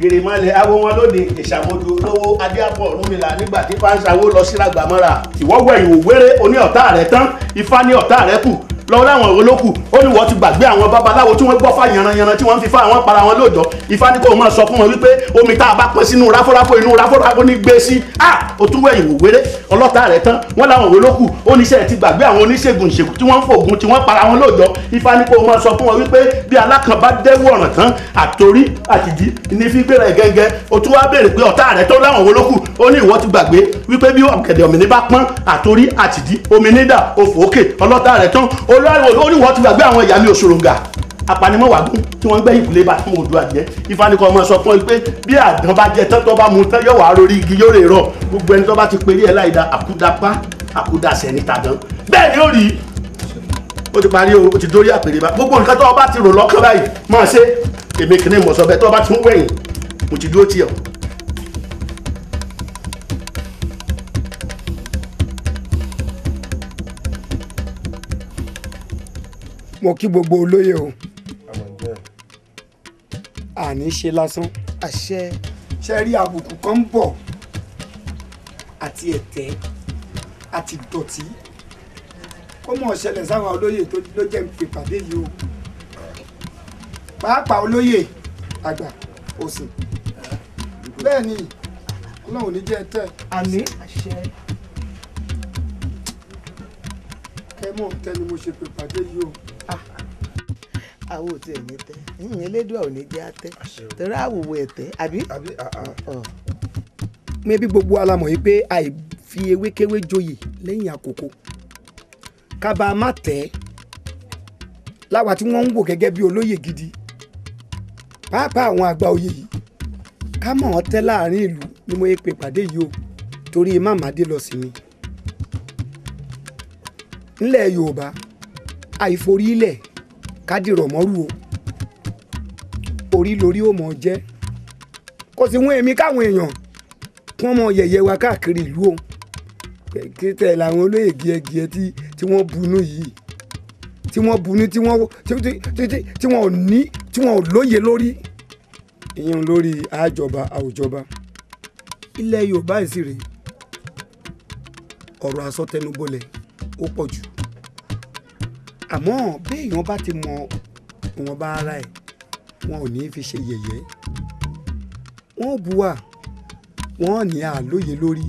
gèrèmọ́lẹ̀ awo wọn lóde ìṣàmójú lówó adéàpọ̀ ọ̀rúnmìlà nígbà tí fáńsáwó lọ sílágbàmọ́ra ìwọ́wọ́ ìwòwéré oní ọ̀tá rẹ̀ tán ifá ní ọ̀tá rẹ̀ kù lọ láwọn òwe lókù olùwọ́ ti gbàgbé àwọn babaláwo tí wọ́n gbọ́ fà yànranyànran tí wọ́n fi fà àwọn para wọn lóòjọ́ Ifá máa sọ fún wọn wípé omi tá a bá pọn sínú ráfóráfó inú ráfóráfó ní gbé sí a ah! ó tún wẹ̀yìn wò wéré ọlọ́ta rẹ̀ tán wọ́n láwọn òwe lókù oníṣẹ́ ti gbàgbé àwọn oníṣègùn ìṣègùn tí wọ́n ń fògùn tí wọ́n para wọn lóòjọ́ Ifá ní kò máa sọ fún wọn wípé bí alákàn bá dẹ́wọ̀ ọ̀ràn tán àtòrí àtìjí ní fígbéra gẹ́gẹ́ o tún wá béèrè pé ọ̀tá rẹ̀ tó láwọn òwe lókù ó ní ìwọ ti gbàgbé wípé bí ọ̀gẹ̀dẹ̀ òmìnir bá pọ́n àtòrí àtìjí òmìnir dà òfò òkè ọlọ́ta rẹ̀ olóòwò oníwọ̀ ti gbàgbé àwọn ìyá mi òṣòròǹgà apanimọ̀wàgún tí wọ́n ń gbẹ́yìn kúlé bá fún odò àjẹ́ ìfanikọ̀ ọmọ sọ fún ọ pé bí àdán bá jẹ tán tó bá mu tán yọ̀wọ̀ arórí igi yóò rè rọ̀ gbogbo ẹni tó bá ti pèrè ẹ̀ láìda àkúdapá àkúdasẹ̀ níta dán bẹ́ẹ̀ ni ó rí ó ti parí o ti dórí àpèrè bá gbogbo nǹkan tó o bá ti rò lọ́kàn báyìí máa ṣe èmi kìíní sọ bẹ́ẹ̀ tó bá ti ń wẹ̀yìn mo ti dúró tiẹ̀ o. mo kí gbogbo olóyè o àní ṣe lásán àṣẹ ṣe rí àbùkù kan ń bọ̀ àti ẹ̀tẹ́ àti dọ̀tí kó mọ̀ ṣẹlẹ̀ sáwọn olóyè tó ló jẹ́ ìpàdé yìí o pàápàá olóyè àgbà òsìn bẹ́ẹ̀ ni ọlọ́run ní jẹ́ tẹ́ àní àṣẹ ẹ tẹ́ni mo ṣe pèpàdé yìí o àwọn ò tiẹ̀ ní tẹ́ ìyìn elédùn ò ní jẹ́ àtẹ́ torí àwòwò ẹ̀tẹ́ àbí. mẹ́bí gbogbo alamọ̀ yìí pé àìfi ewékéwé joyè lẹ́yìn àkókò kábà má tẹ́ láwa tí wọ́n ń wò gẹ́gẹ́ bí olóyè gidi pàápàá àwọn àgbà oyè yìí ká mọ̀ ọ́ tẹ́ láàrin ìlú ni mo pè pàdé yìí o torí mámadé lọ sí mi nílẹ̀ yorùbá àìforílẹ̀ kádìrọ̀ mọ́rù o orí lórí ò mọ̀ jẹ́ kò sí wọn èmi káwọn èèyàn kí wọ́n mọ yẹ̀yẹ́ wa káàkiri ìlú o tẹ̀ làwọn olóyè gíẹ́gíẹ́ tí wọ́n bunú yìí tí wọ́n bunú tí wọ́n tí wọ́n ò ní tí wọ́n ò lóye lórí ìyẹn lórí àjọba àwùjọba ilẹ̀ Yorùbá ìsì rèé ọ̀rọ̀ àsọtẹnubọlẹ̀ ó pọ̀ jù àmọ́ béèyàn bá ti mọ wọn bá ara ẹ̀ wọn ò ní fi ṣe yẹ̀yẹ́ wọn ò buwà wọn ò ní àlóye lórí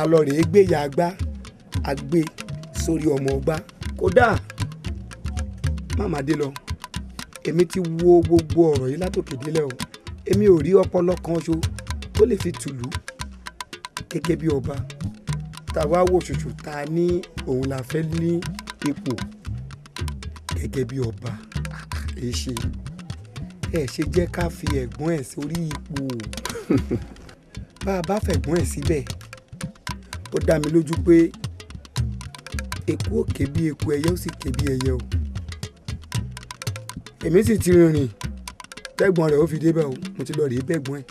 alọ́rẹ̀ gbéya agbá agbé sórí ọmọ ọgbá kódà màmá dé lọ èmi ti wo gbogbo ọ̀rọ̀ yìí látòkè délẹ̀ o èmi ò rí ọpọlọ kan ṣo tó lè fi tùlù gẹ́gẹ́ bí ọba tàwa wo ṣùṣù ta ní òun la fẹ́ ní ipò gẹ́gẹ́ bí ọba ah, ẹ ṣe ẹ ṣe jẹ́ ká fi ẹ̀gbọ́n ẹ̀ sórí ipò bá a bá fẹ̀gbọ́n ẹ̀ síbẹ̀ ó dá mi lójú pé eku ò ké bí eku ẹyẹ ó sì ké bí ẹyẹ o èmi sì ti rìnrìn tẹ́gbọ́n rẹ̀ ó fi débẹ̀ o mo ti lọ rèé bẹ́gbọ́n ẹ̀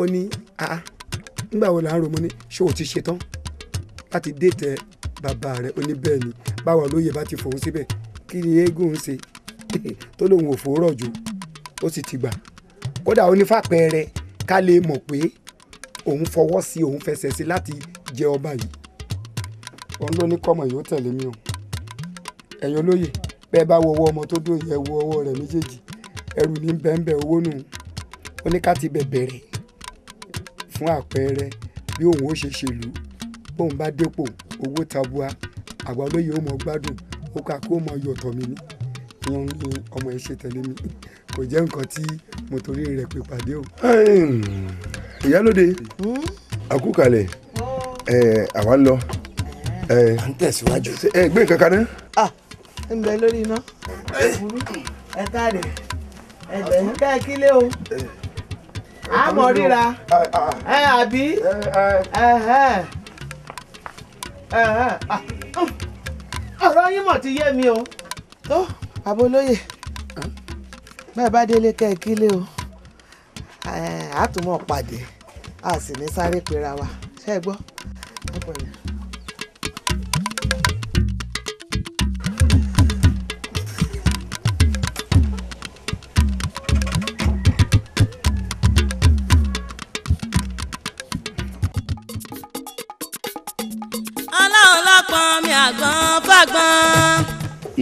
ó ní a nígbà wo là ń rò mo ṣé o ti ṣetán láti dé tẹ bàbá rẹ̀ ó ní lóye bá ti fòun síbẹ̀ kí ni eégún ń ṣe [laughs] tó lòun ò fòórọ̀ jù ó sì ti gbà kódà ó ní fàpẹẹrẹ ká lè mọ̀ pé òun fọwọ́ sí òun fẹsẹ̀ sí láti jẹ ọba yìí òun ló ní kọ́mọ yìí tẹ̀lé mi o ẹ̀yin olóye bẹ́ẹ̀ bá wo ọwọ́ ọmọ tó dùn yẹ wo ọwọ́ rẹ̀ méjèèjì ẹrù ní bẹ́ẹ̀nbẹ́ẹ́ owó nù ó ní ká ti bẹ̀bẹ̀rẹ̀ fún àpẹẹrẹ bí òun ó ṣe ṣèlú bóun bá dépò owó tabua àgbà olóye ó mọ gbádùn ó kà kó mọ ayọ̀ mi ni ìyẹn ni ọmọ ẹ ṣe tẹ̀lé mi kò jẹ́ nǹkan tí mo torí rẹ̀ pé pàdé o. ìyálóde àkúkalẹ̀ hmm? ẹ àwa ń lọ. à ń tẹ̀síwájú. ẹ gbé nǹkan kan náà. ah ń bẹ lórí iná ẹ burú ẹ káàdì ẹ bẹ̀ ń kẹ́ ẹ kílé o àmọ́ ríra ẹ àbí ẹ ẹ ẹ ẹ ọ̀rọ̀ yín mọ̀ ti yé mi o. tó bàbá olóyè bẹ́ẹ̀ bá délé kẹ́ẹ̀kílé o àtúmọ̀ pàdé a sì ní sáré pera wa ṣé ẹ gbọ́.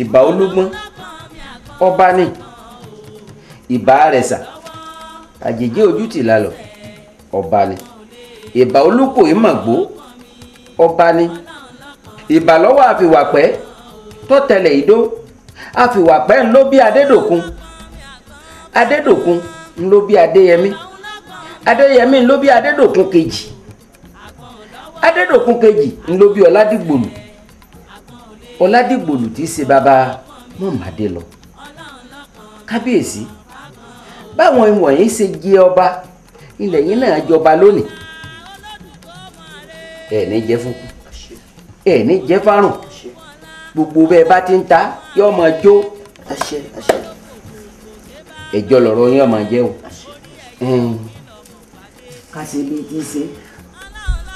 ìbà olúgbọ́n ọba ìbà àrẹ̀sà àjèjì ojútì lálọ́ ọba ní ìbà olúkò ìmọ̀gbó ọba ní ìbà lọ́wọ́ àfìwàpẹ́ tó tẹ̀lé ìdó àfìwàpẹ́ ńlọ bí adédòkun adédòkun bí adéyẹmí adéyẹmí ńlọ bí adédòkun kejì adédòkun kejì bí ọládìgbòlù ọ̀làdìgbòlù tí í ṣe bàbá mọ̀mádé lọ kábíyèsí báwọn ìwọ̀nyí ṣe jẹ ọba ilẹ̀ yín náà jọba lónìí ẹ̀ ní jẹ́ fún ẹ̀ ní jẹ́ fárùn gbogbo bẹ́ẹ̀ bá ti ń ta yọ ọmọ jó ẹjọ́ lọ́rọ̀ yín ọmọ jẹ́ o ká ṣe bí ti ṣe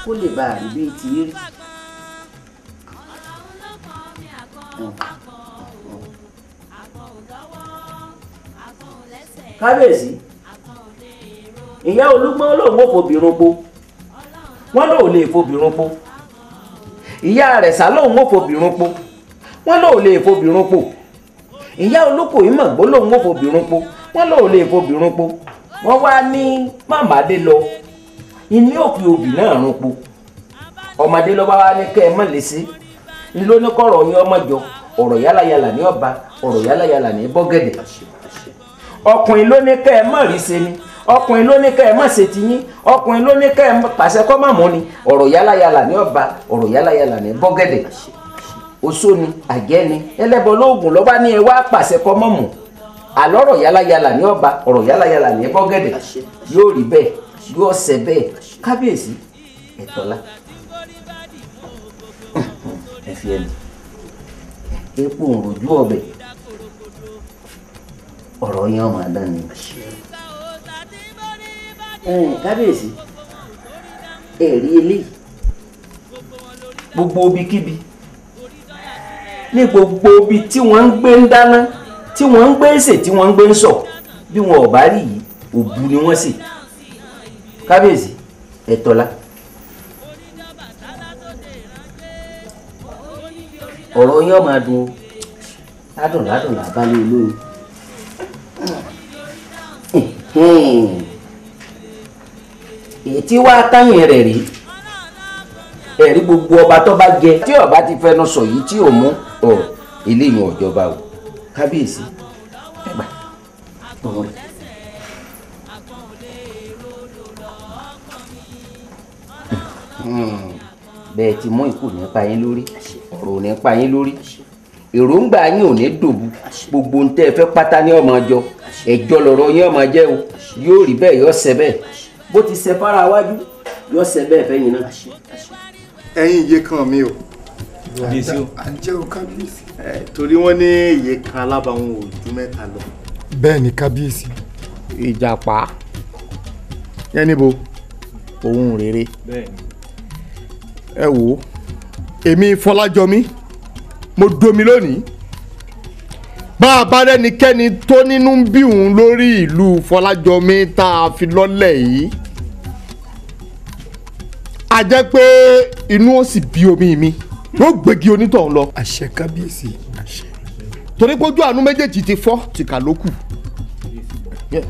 kó lè bá rí bí ti rí. kábíyèsí ìyá olúgbọ́n lòun ò fòbìrún po wọ́n lòun lè fòbìrún po ìyá rẹ̀ sá lòun ò fòbìrún po wọ́n lòun lè fòbìrún po ìyá olóko yìí mọ̀gbó lòun ò fòbìrún po wọ́n lòun lè fòbìrún po wọ́n wá ní màmádé lọ inú òkè òbí náà rún po ọmọdé ló wá ní kẹ́ ẹ mọ̀ ńlọ́nìkọ̀rọ̀ yín ọmọjọ ọ̀rọ̀ yálàyàlà ní ọba ọ̀rọ̀ yálàyàlà ní bọ́gẹ̀dẹ̀ ọkùnrin ló ní kẹ́ ẹ mọ̀ rí ṣe ni ọkùnrin ló ní kẹ́ ẹ mọ̀ ṣe ti yín ọkùnrin ló ní kẹ́ ẹ pàṣẹ kọ́ mọ̀ mọ́ ni ọ̀rọ̀ yálàyàlà ní ọba ọ̀rọ̀ yálàyàlà ní bọ́gẹ̀dẹ̀ oṣó ni àjẹ́ ni ẹlẹ́bọ lóògùn lọ́ba ní ẹ wá pàṣẹ kọ́ mọ̀ mọ́ àlọ́rọ̀ yálàyàlà ní ọba ọ̀rọ̀ yálàyàlà ní bọ́gẹ̀dẹ̀ yóò rí bẹ́ẹ̀ yóò ṣẹ bẹ́ẹ̀ kábíyèsí ẹ̀tọ́lá ẹ̀fì ẹ̀lì epo òròjú ọbẹ̀ ọ̀rọ̀ yẹn ọmọ adán ni. kábíyèsí ẹ̀rí eléyìí gbogbo obikíbi ní gbogbo ibi tí wọ́n ń gbé ń dáná tí wọ́n ń gbé ń sè tí wọ́n ń gbé ń sọ bí wọn ò bá rí yìí òbu ni wọ́n sè kábíyèsí ẹ̀tọ́lá. E ọ̀rọ̀ yín ọ̀ma dùn ládùn ládùn làbálẹ̀ olóyún. èyí tí wàá táyìn rẹ̀ rí ẹ̀rí gbogbo ọba tó bá jẹ tí ọba ti fẹnu sọ yìí tí ò mú ọ eléyìí ọjọba o kábíyèsí ẹgbà ọmọ rẹ. bẹ́ẹ̀ ti mú ikú nípa yín lórí ọ̀rọ̀ ò ní pa yín lórí èròǹgbà yín ò ní dòbu gbogbo ń tẹ́ ẹ fẹ́ pátá ní ọmọ jọ ẹjọ́ lọ́rọ̀ yín ọmọ jẹ́ o yóò rí bẹ́ẹ̀ yọ ṣẹ bẹ́ẹ̀ bó ti ṣe fara wájú yọ ṣẹ bẹ́ẹ̀ fẹ́yìn náà. ẹ̀yin iye kan mi o àjẹ́ o kábíyèsí. torí wọ́n ní iye kan alábàáwọn ojú mẹ́ta lọ. bẹ́ẹ̀ ni kábíyèsí. ìjàpá yẹn níbo òun rere ẹ wò ó èmi Fọlájọmí mo domi lónìí bá a bá rẹ́nikẹ́ni tó nínú ń bí òun lórí ìlú Fọlájọmí tá a fi lọ́lẹ̀ yìí a jẹ́ pé inú ó sì bí omi mi ló gbégi onítọ̀hún lọ. àṣẹ kábíyèsí àṣẹ. torí pójú àánú méjèèjì ti fọ́ tìkà ló kù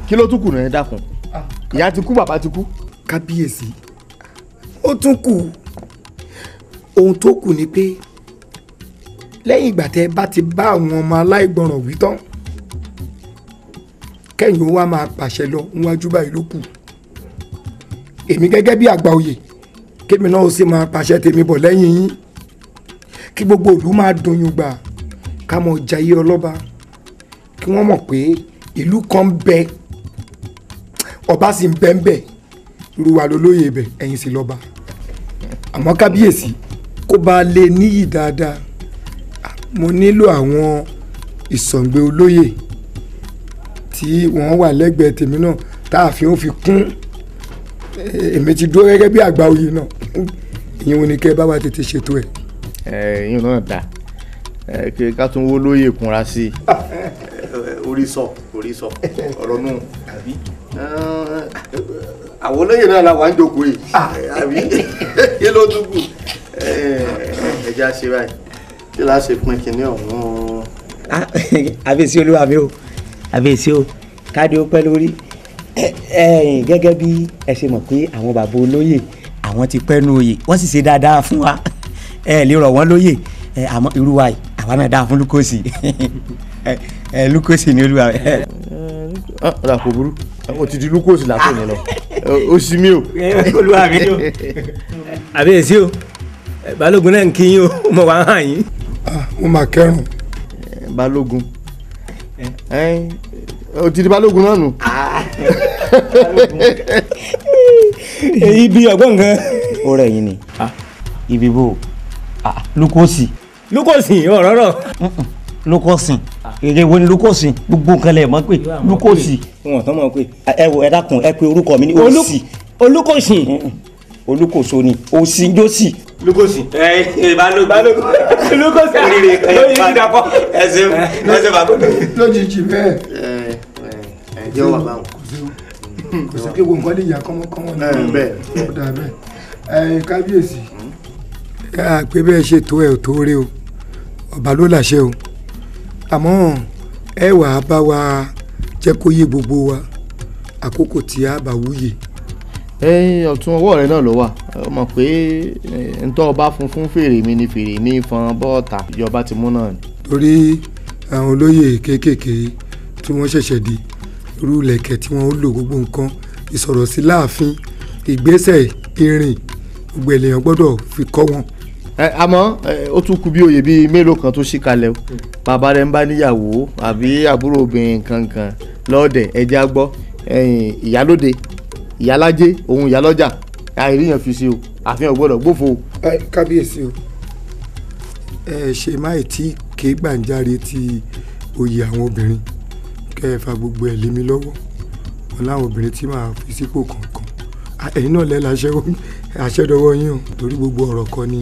kí ló tún kù náà ẹ dákun ah, ìyá ti kú bàbá ti kú. kábíyèsí ó tún kù ohun tó kù ni pé lẹ́yìn ìgbà tẹ́ bá ti bá àwọn ọmọ aláìgbọràn wí tán kẹ́yìn ó wá máa pàṣẹ lọ níwájú báyìí ló kù èmi gẹ́gẹ́ bí àgbà oyè kémi náà ó sì máa pàṣẹ tèmi bọ̀ lẹ́yìn yín kí gbogbo ìlú máa dunyùn gbà ká mọ̀ jayé ọlọ́ba kí wọ́n mọ̀ pé ìlú kan ń bẹ ọba sì ń bẹ ruwa lolóye ibẹ̀ ẹ̀yin sì lọ́ba àmọ́ kábíyèsí kó bá lè níyì dáadáa mo nílò àwọn ìsọ̀ǹgbẹ olóyè tí wọ́n wà lẹ́gbẹ̀ẹ́ tèmi náà tá a fi ń fi kún èmi ti dúró gẹ́gẹ́ bí àgbà oyè náà ìyẹn wọn ni kẹ́ ẹ bá wa tètè ṣètò ẹ̀. ìyẹn náà dá kí ká tún wó lóyè kunra sí i. orí sọ orí sọ ọ̀rọ̀ nù àwọn olóyè náà làwọn àjòkó yìí ah. àbí [laughs] kí ló tún kù ẹja ṣe báyìí kí láá ṣe pin kínní ọ̀hún. Ah, [laughs] àbèsí olúwa mi o àbèsí o káàdì ó pẹ́ lórí gẹ́gẹ́ bí ẹ ṣe mọ̀ pé àwọn bàbá olóyè àwọn ti pẹ́ nu oyè wọ́n sì ṣe dáadáa fún wa ẹ lè rọ̀ wọ́n lóyè àmọ́ irú wa yìí àwa náà dáa fún lukosi lukosi [laughs] ni olúwa. Ah, ọ̀rọ̀ àpò burú ó ti di lukosi látò ní lọ. Eh, oṣù mi o. Eh, olúwa mi o àbẹ̀yẹsí o eh, balógun náà ń kí yín o [laughs] mo wà hàn yín. Ah, mo máa kẹrùn. balógun o ti di balógun náà nù. Ah. [laughs] èyí bí ọgbọ́n kan. ó rẹ̀ yín ni ah. ibi bò lukosi. lukosi ọ̀rọ̀ rọ̀ lókọ́sìn èrè wo ni lókọ́sìn gbogbo nǹkan lẹ̀ mọ́ pé lókọ́sì. wọn tán mọ̀ pé ẹ wo ẹ dákun ẹ pe orúkọ mi ní òsì. olùkọ́sìn. olùkọ́sọ ni balo jósì. lókọ́sìn. ẹ ẹ balógun lókọ́sìn. [laughs] oríire ẹ bá dàpọ̀ ẹ ṣe eh, ẹ ṣe bàbá. lójijì bẹ́ẹ̀. Eh, eh, ẹ ẹ jẹ́ wà báwọn. kò sí pé wo nǹkan lè yà kọ́mọkọ́mọ ní bẹ́ẹ̀ ẹ kábíyèsí. ẹ àpébẹ́ ṣètò ẹ̀ ò tó rí o ọba ló làṣẹ o àmọ́ ẹ wà á bá wa jẹ́ kó yé gbogbo wa àkókò tí a bá wúyè. ọ̀tún ọwọ́ rẹ náà ló wà ó mọ̀ pé ntọ́ ọba funfun fèrè mi ni fèrè mi fọn bọ́ọ̀tà ìjọba ti mú náà. torí àwọn olóyè kéékèèké tí wọ́n ṣẹ̀ṣẹ̀ di irú ilẹ̀kẹ̀ tí wọ́n lò gbogbo nǹkan ìsọ̀rọ̀ sí láàfin ìgbésẹ̀ ìrìn gbogbo ènìyàn gbọ́dọ̀ fi kọ́ wọn àmọ́ ó tún kù bí oyè bíi mélòó kan tó ṣí kalẹ̀ o bàbá rẹ̀ ń bá níyàwó àbí àbúrò obìnrin kankan lọ́ọ̀dẹ̀ ẹja gbọ́ ìyálóde ìyálájé òun ìyálọ́jà àìríyàn fi sí o àfihàn gbọ́dọ̀ gbófo. kábíyèsí o ẹ ṣe máì tí ké gbàǹjarè ti oyè àwọn obìnrin kẹ ẹ fa gbogbo ẹ lé mi lọ́wọ́ wọn láwọn obìnrin tí màá fi sípò kọ̀ọ̀kan ẹ̀yin náà lẹ́la àṣẹ yín o torí gbogbo ọ̀rọ̀ kan ni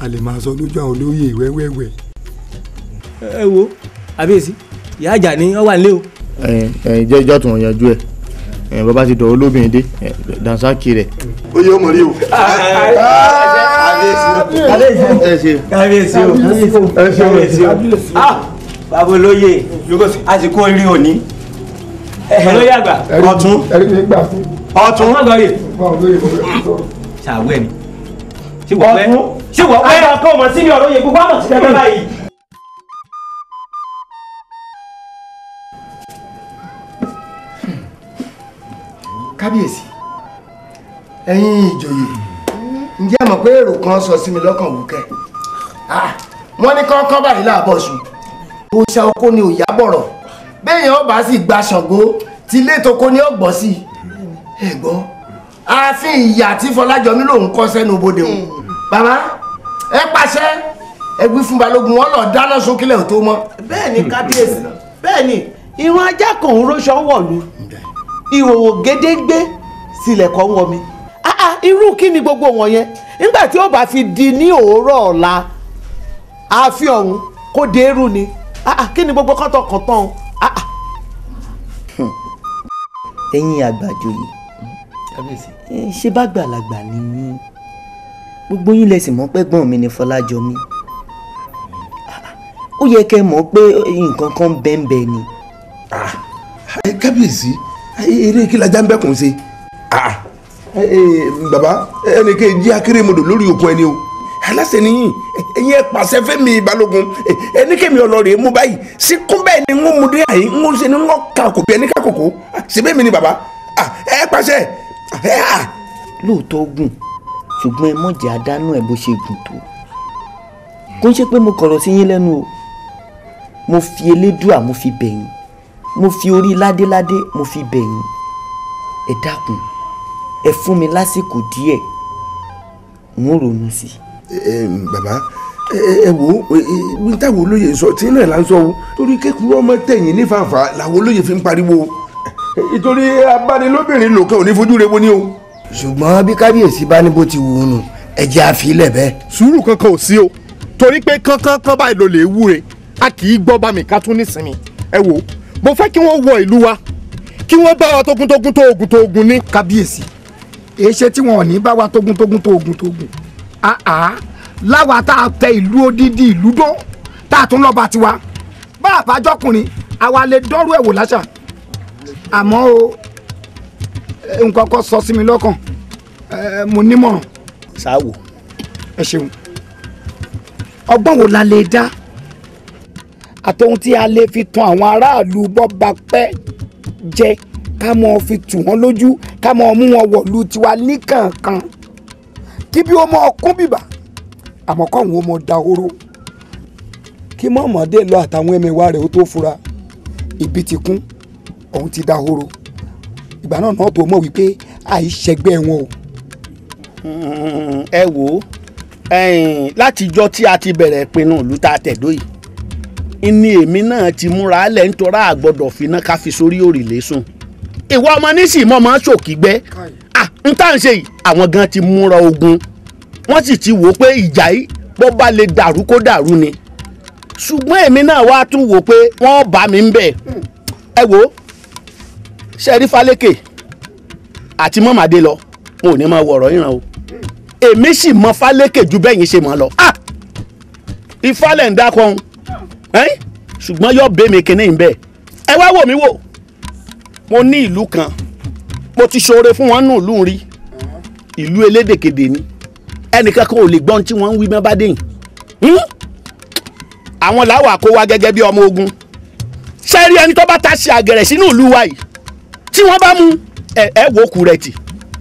a lè máa sọ lójú àwọn olóyè wẹ́wẹ́wẹ́. ẹ wo àbíyèsí ìyá àjà ni ọ wà nílé o. ẹ ẹ jẹ́ ìjọ́ tó wọ́n yanjú ẹ̀ ẹ bàbá ti dọ̀ olóbìnrin dé dansaki rẹ̀. ó yẹ ọmọ rí o. kábíyèsí o kábíyèsí o kábíyèsí o ah, bàbá olóyè àsìkò orí òní. olóyè àgbà ọ̀tún ọ̀tún. ṣàwẹ̀ ni. ọ̀tún ṣé wọ́n wẹ́ àwọn kan mọ̀ sí ní ọ̀rọ̀ yẹn gbogbo àmọ̀ sí kẹ́kẹ́ báyìí. kábíyèsí ẹ̀yin ìjòyè ǹjẹ́ mọ̀ pé èrò kan sọ sí mi lọ́kàn wùkẹ́ wọ́n ní kọ́kọ́ báyìí láàbọ̀ ṣù òòṣà oko ni òòyà bọ̀rọ̀ béèyàn ọba sì gba ṣàngó ti létoko ní ọ̀gbọ́n sí i ẹ̀gbọ́n ààfin ìyá tí fọlájọmí lòun kọ́ sẹ́nu bodè o hmm. bàbá ẹ pàṣẹ ẹ gbé fún balógun wọn lọ dáná sókílẹ̀ ò tó mọ́. bẹ́ẹ̀ni kábíyèsí bẹ́ẹ̀ni ìran ajá kan ń róṣọ wọ̀lú ìhòòhò gédégbé sílẹ̀kọ̀ wọ mi ah, ah, irú kí ni gbogbo wọn yẹn nígbà tí ó bá fi di ní òórọ̀ ọ̀la àáfíà ọ̀hún kó dé eru ni ah, kí ni gbogbo kọ́tọ̀kọ̀tọ̀ ọ̀hún. ẹ̀yin àgbàjòyè ṣe bá gbàlagbà ni yín gbogbo yín lẹ sì mọ̀ pé gbọ́n mi ni Fọlájọmí ó yẹ kẹ́ mọ̀ pé nǹkan kan bẹ́ẹ̀nbẹ́ ni. kábíyèsí eré kí lajá ń bẹ́kùn ṣe bàbá ẹnìkan jí akérèmọdò lórí òkun ẹni o aláṣẹ nìyí ẹ̀yin ẹ pàṣẹ fẹmi balógun ẹnikẹmi ọlọrin mú báyìí síkún bẹ́ẹ̀ ni ń mú dé àyè ń ṣe ni ń ka kò bí ẹni ká kòkó síbẹ̀ mi ni bàbá ẹ pàṣẹ. lóòótọ́ ogun ṣùgbọ́n ẹ mọ̀jẹ̀ àdánù ẹ̀ bó ṣe gùn tó kò ń ṣe pé mo kọ̀rọ̀ sí yín lẹ́nu o mo fi elédùà mo fi bẹ̀yìn mo fi orí ládéládé mo fi bẹ̀yìn ẹ dákun ẹ fún mi lásìkò díẹ̀ n ó ronú sí i. bàbá ẹ wo táwọn olóye sọ tí náà là ń sọ o torí kékeré ọmọ tẹ̀yìn nífàfà làwọn olóye fi ń pariwo ìtorí abánilóbìnrin lòkè òní fojú rewo ni o ṣùgbọ́n bí kábíyèsí bá ní bó ti wù ú nù ẹ̀jẹ̀ àfilẹ̀ bẹ́ẹ̀. sùúrù kankan ò sí o torí pé kánkán báyìí ló lè wúre a kì í gbọ́ bá mi ká tún nísìnyí ẹ wò mo fẹ́ kí wọ́n wọ ìlú wa kí wọ́n bá wa tógúntógún tó ogun tó ogun ní. kábíyèsí èéṣe tí wọn ò ní bá wa tógúntógún tó ogun tó ogun àá láwa tá a tẹ ìlú odidi ìlú dán tá a tún lọ́ba tiwa bá a bá jọkùnrin àwa lè dọ́rú ẹ̀wò láṣà àmọ́ o nǹkan kọ́ sọ sí mi lọ́kàn mo nímọ̀ràn. sáwò. ẹ ṣeun ọgbọ́n wo la lè dá àtọ̀hún tí a lè fi tan àwọn aráàlú bọ́ba pẹ́ jẹ ká mọ̀ ọ́ fi tù wọ́n lójú ká mọ̀ ọ́ mú wọn wọ̀lú tiwa ní kankan kí bí ó mọ ọkún bìbà àmọ́ kọ́hún ó mọ dahoro kí mọ̀mọ́dé lọ àtàwọn ẹ̀mẹ̀wá rẹ̀ ó tó fura ìbí ti kún ọ̀hún ti dahoro ìgbà náà náà tó mọ̀ wípé àìṣẹgbẹ́ wọn o. ẹ wò ó látijọ́ tí a ti bẹ̀rẹ̀ pinnu ìlú tá a tẹ̀dó yìí ni èmi náà ti múra lẹ̀ nítorí àgbọ̀dọ̀ finá ká fi sórí òrìlé sùn ìwọ ọmọ nísìnyí mọ́ máa ń ṣòkìgbẹ́ n tá à ń ṣe yìí àwọn gan ti múra ogun wọ́n sì ti wò ó pé ìjà yìí bó bá lè dàrú kó dàrú ni ṣùgbọ́n èmi náà wá tún wò ó pé wọ́n bá mi ń bẹ̀ ẹ wò ó ṣẹ́rí Fálékè àti mọ́màdé lọ wọn ò ní máa wọ̀rọ̀ ìran o èmi sì mọ Fálékè ju bẹ́yìn ṣe mọ́ lọ ìfalẹ̀ ah! ń dákọ̀ọ́n ṣùgbọ́n yọ bẹ́ẹ̀ mi kìíní ń bẹ̀ ẹ wá wò mí wò mo ní ìlú kan mo ti ṣoore fún wọn nù lù rí ìlú elédèkedè ni ẹnìkan kan ò lè gbọ́n tí wọ́n ń wí mọ́ bá dé yìí hmm? àwọn làwọn àkówá gẹ́gẹ́ bí ọmọ ogun ṣẹ́ẹ́rí ẹni tó bá ta ṣe àgẹ̀rẹ̀ sínú ìlú wa yìí tí wọ́n bá mú ẹ ẹ wo kù rẹ̀ tì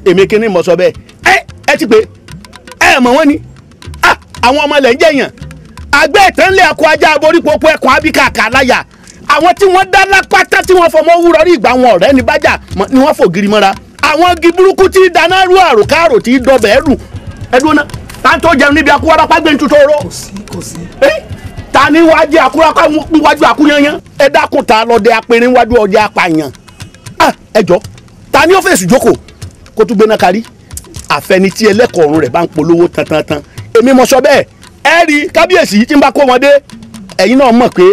èmi kí ni mo sọ bẹ́ẹ̀ ẹ ẹ ti pé ẹ mọ̀ wọ́n ni àwọn ọmọ ilẹ̀ ń jẹ̀yàn àgbẹ̀ ìtẹ́ńlẹ̀ ẹ̀kọ́ ajá aborípopó ẹ̀kọ́ abíkàkà láyà àwọn tí wọ́n dá lápátá tí wọ́n fọmọ wúrọ̀ rí ìgbà wọn ọ̀rẹ́ ní bájà ni wọ́n fò giri mọ́ra àwọn igi burúkú tí dáná rú àròkárò tí dọbẹ̀ ẹ̀rù ẹ̀dùn náà táńtó jẹun níbi akúwárápá gbé nítorí oró. kò sí kò sí. ta ni wájú akúwárápá níwájú akúyanyan ẹ dákun lọ́dẹ apẹ̀rẹ̀ níwájú ọdẹ apààyàn ah ẹjọ́ ta ní ọ́fíìsì jókòó kó tún gbéná kárí àfẹnití ẹlẹ́kọ̀ọ́ ọ̀run rẹ̀ bá ń polówó tantantan èmi mọ̀ sọ bẹ́ẹ̀ ẹ rí kábíyèsí tí ń bá kó wọn dé ẹ̀yin náà mọ̀ pé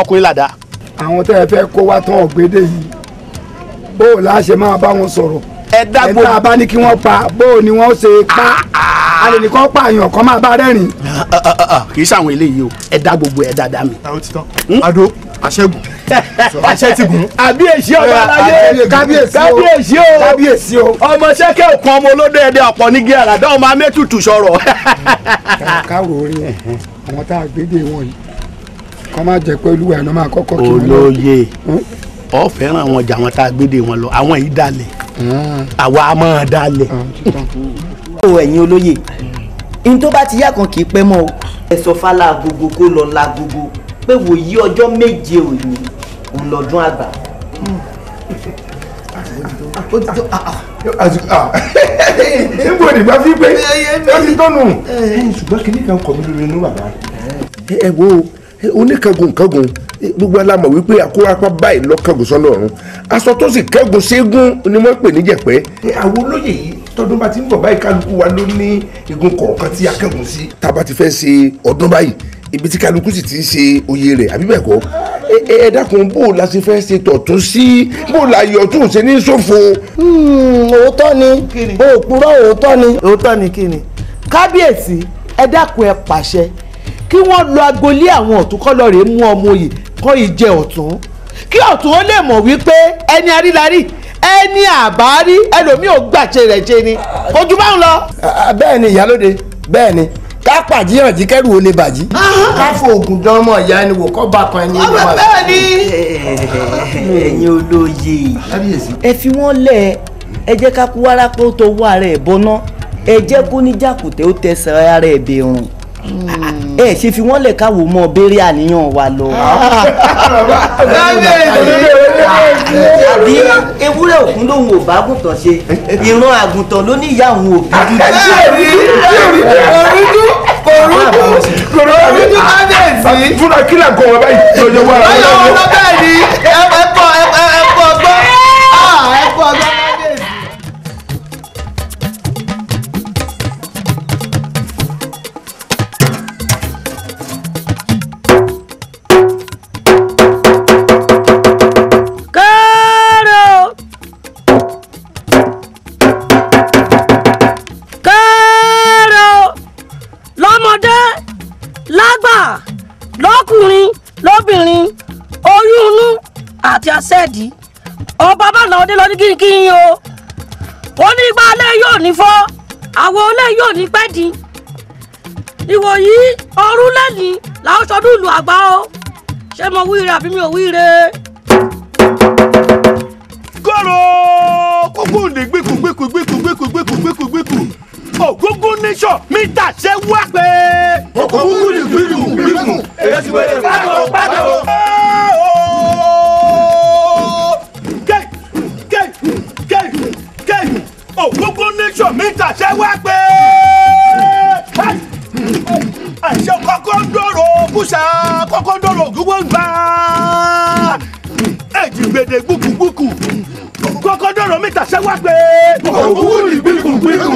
ọkùnrin làdá. àwọn tẹ́ ẹ fẹ́ kó wá tán ọ̀gbẹ́dẹ́ yìí bó o láṣẹ máa bá wọn sọ̀rọ̀ ẹ̀dá gbogbo ẹ̀dá bá ní kí wọ́n pa bó o ni wọ́n ṣe pa a lè ní kọ́ pààyàn kan máa bá rẹ́rìn. Ah, ah, ah, kì í ṣàwọn eléyìí o ẹ̀dá gbogbo ẹ̀dá dá mi. àdó àṣẹ́gun àṣẹ́tìgún. àbí èsì ọmọ aláyé kábíyèsí o kábíyèsí o ọmọ sẹ́kẹ̀ òkun ọmọ olódó ẹ̀dẹ ọ̀pọ̀ ní gíàrà dá ọmọ amẹ́tutù sọ̀rọ̀. káwọ orí ẹ àwọn tá a gbé dé wọn yìí máa jẹ pé olúwa ẹ̀ náà máa kọ́kọ́ kí wọ́n lọ. olóye hmm? ọ fẹ́ràn wọn jà wọn tá a gbéde wọn lọ àwọn yìí dalẹ̀ àwa a máa dalẹ̀. o ẹ̀yin olóye n tó bá ti yá kan kì í pẹ́ mọ́ o. ẹ sọ fálà gbogbo kó lọ ńlá gbogbo pé wòyí ọjọ́ méje òní òun lọ́dún àgbà níbo ni bá fi pé ó ti tọ́nu ṣùgbọ́n kìnnìkan kọ̀ mí lórí inú bàbá. ẹ wo oníkangun kangun gbogbo alamọ̀ wípé àkóró apá báyìí lọ kẹ́gùn sọ́nà ọ̀run aṣọ tó sì kẹ́gùn ségun ni wọ́n pè ní jẹ̀pẹ́. àwọn olóyè yìí tọdún bá ti ń bọ̀ báyìí kálukú wa ló ní igun kọ̀ọ̀kan tí a kẹ́gùn sí. tá a bá ti fẹ́ ṣe ọdún báyìí ibi tí kálukú sì ti ń ṣe oyè rẹ̀ àbí bẹ́ẹ̀ kọ́ ẹ dákun bó o la ṣe fẹ́ ṣe tọ̀tún sí bó o la yọ tó o ṣe ní ṣòfò. Hmm, òótọ́ ni bó o purọ́ òótọ́ ni. òótọ́ ni kí ni kábíyèsí ẹ dákun ẹ pàṣẹ kí wọ́n lọ agolé àwọn ọ̀túnkọ́lọ́ rèé mú ọmọ òye kọ́ ìjẹ ọ̀tún kí ọ̀tún ó lè mọ̀ wípé ẹni arílarí ẹni àbárí ẹlòmíì ò gbàṣe rẹ̀ ṣe ni ojú bá ń lọ. bẹ́ẹ̀ ni ìyálóde bẹ́ẹ̀ ni ká pàjíyàn jí kẹ́rù ó lè bàjí. ká fo oògùn dán ọmọ ìyá ẹni wò kọ́ bá kan ẹni ìlú máa. bẹ́ẹ̀ ni. ẹ̀yin olóye ẹ fi wọ́n lẹ̀ ẹ jẹ́ ká kú wárápọ̀ tó wá ara ẹ̀ bọ́ná ẹ jẹ́ kó ní ó tẹ̀sán ara ẹ̀ bẹ̀rùn ẹ ṣe fi wọ́n lẹ̀ káwọ́ mọ́ béèrè àníyàn wa lọ. àbí ewúrẹ́ òkun lòun ò bá gùntàn ṣe ìran àgùntàn ló ní ìyá òun òbí dúdú. ṣé èmi èmi dú kòrò kòrò dúdú kábíyèsí. fúnra kílà kan wọn báyìí lọ́jọ́ wà. ọyọ wọn lọ bẹ́ẹ̀ ni ẹ kọ ẹ kọ ọgbọ́n ẹ kọ ọgbọ́n. òde lọ ní kínkín o ó ní ipa alẹ́ yóò ní fọ́ àwo olè yóò ní pẹ́ dín ìwòyí ọrún lẹ́ni làwọn ìlú àgbà o ṣé mo wíire àbí mi ò wíire. kọ́rọ̀ kókó òde gbẹ́kù gbẹ́kù gbẹ́kù gbẹ́kù gbẹ́kù gbẹ́kù gbẹ́kù ògúngún nation mítà ṣe wá pé. ògúngún nìgbìmù gbìmù èyí ti wẹ̀rẹ̀ fáwọn. tàṣẹ wá pé. kùkùkù ní gbígbùgbígbù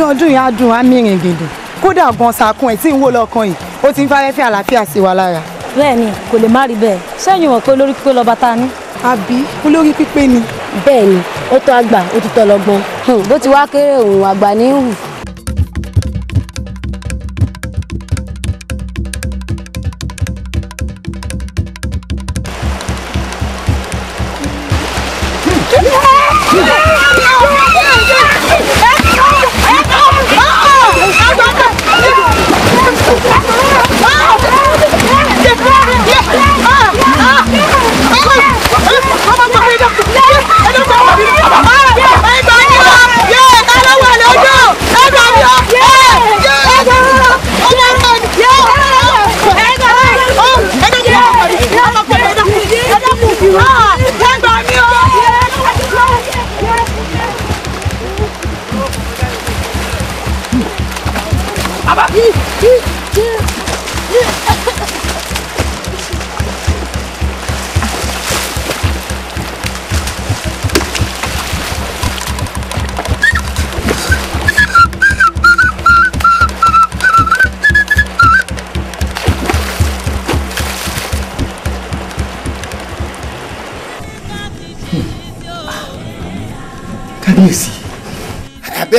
ọdún ọdún yẹn á dùn á mìíràn gidi kódà gan sàkún ẹ̀ tí ń wò lọ́kàn yìí ó ti ń fárẹ́fẹ́ àlàáfíà sí wa lára. bẹ́ẹ̀ ni kò lè má rí bẹ́ẹ̀ sẹ́yìn mọ̀ pé olórí pípé lọ́ba ta ni. àbí olórí pípé ni. bẹ́ẹ̀ ni ó tọ́ àgbà ó ti tọ́ lọ́gbọ́n hmm, bó ti wá kéré òun àgbà ní hù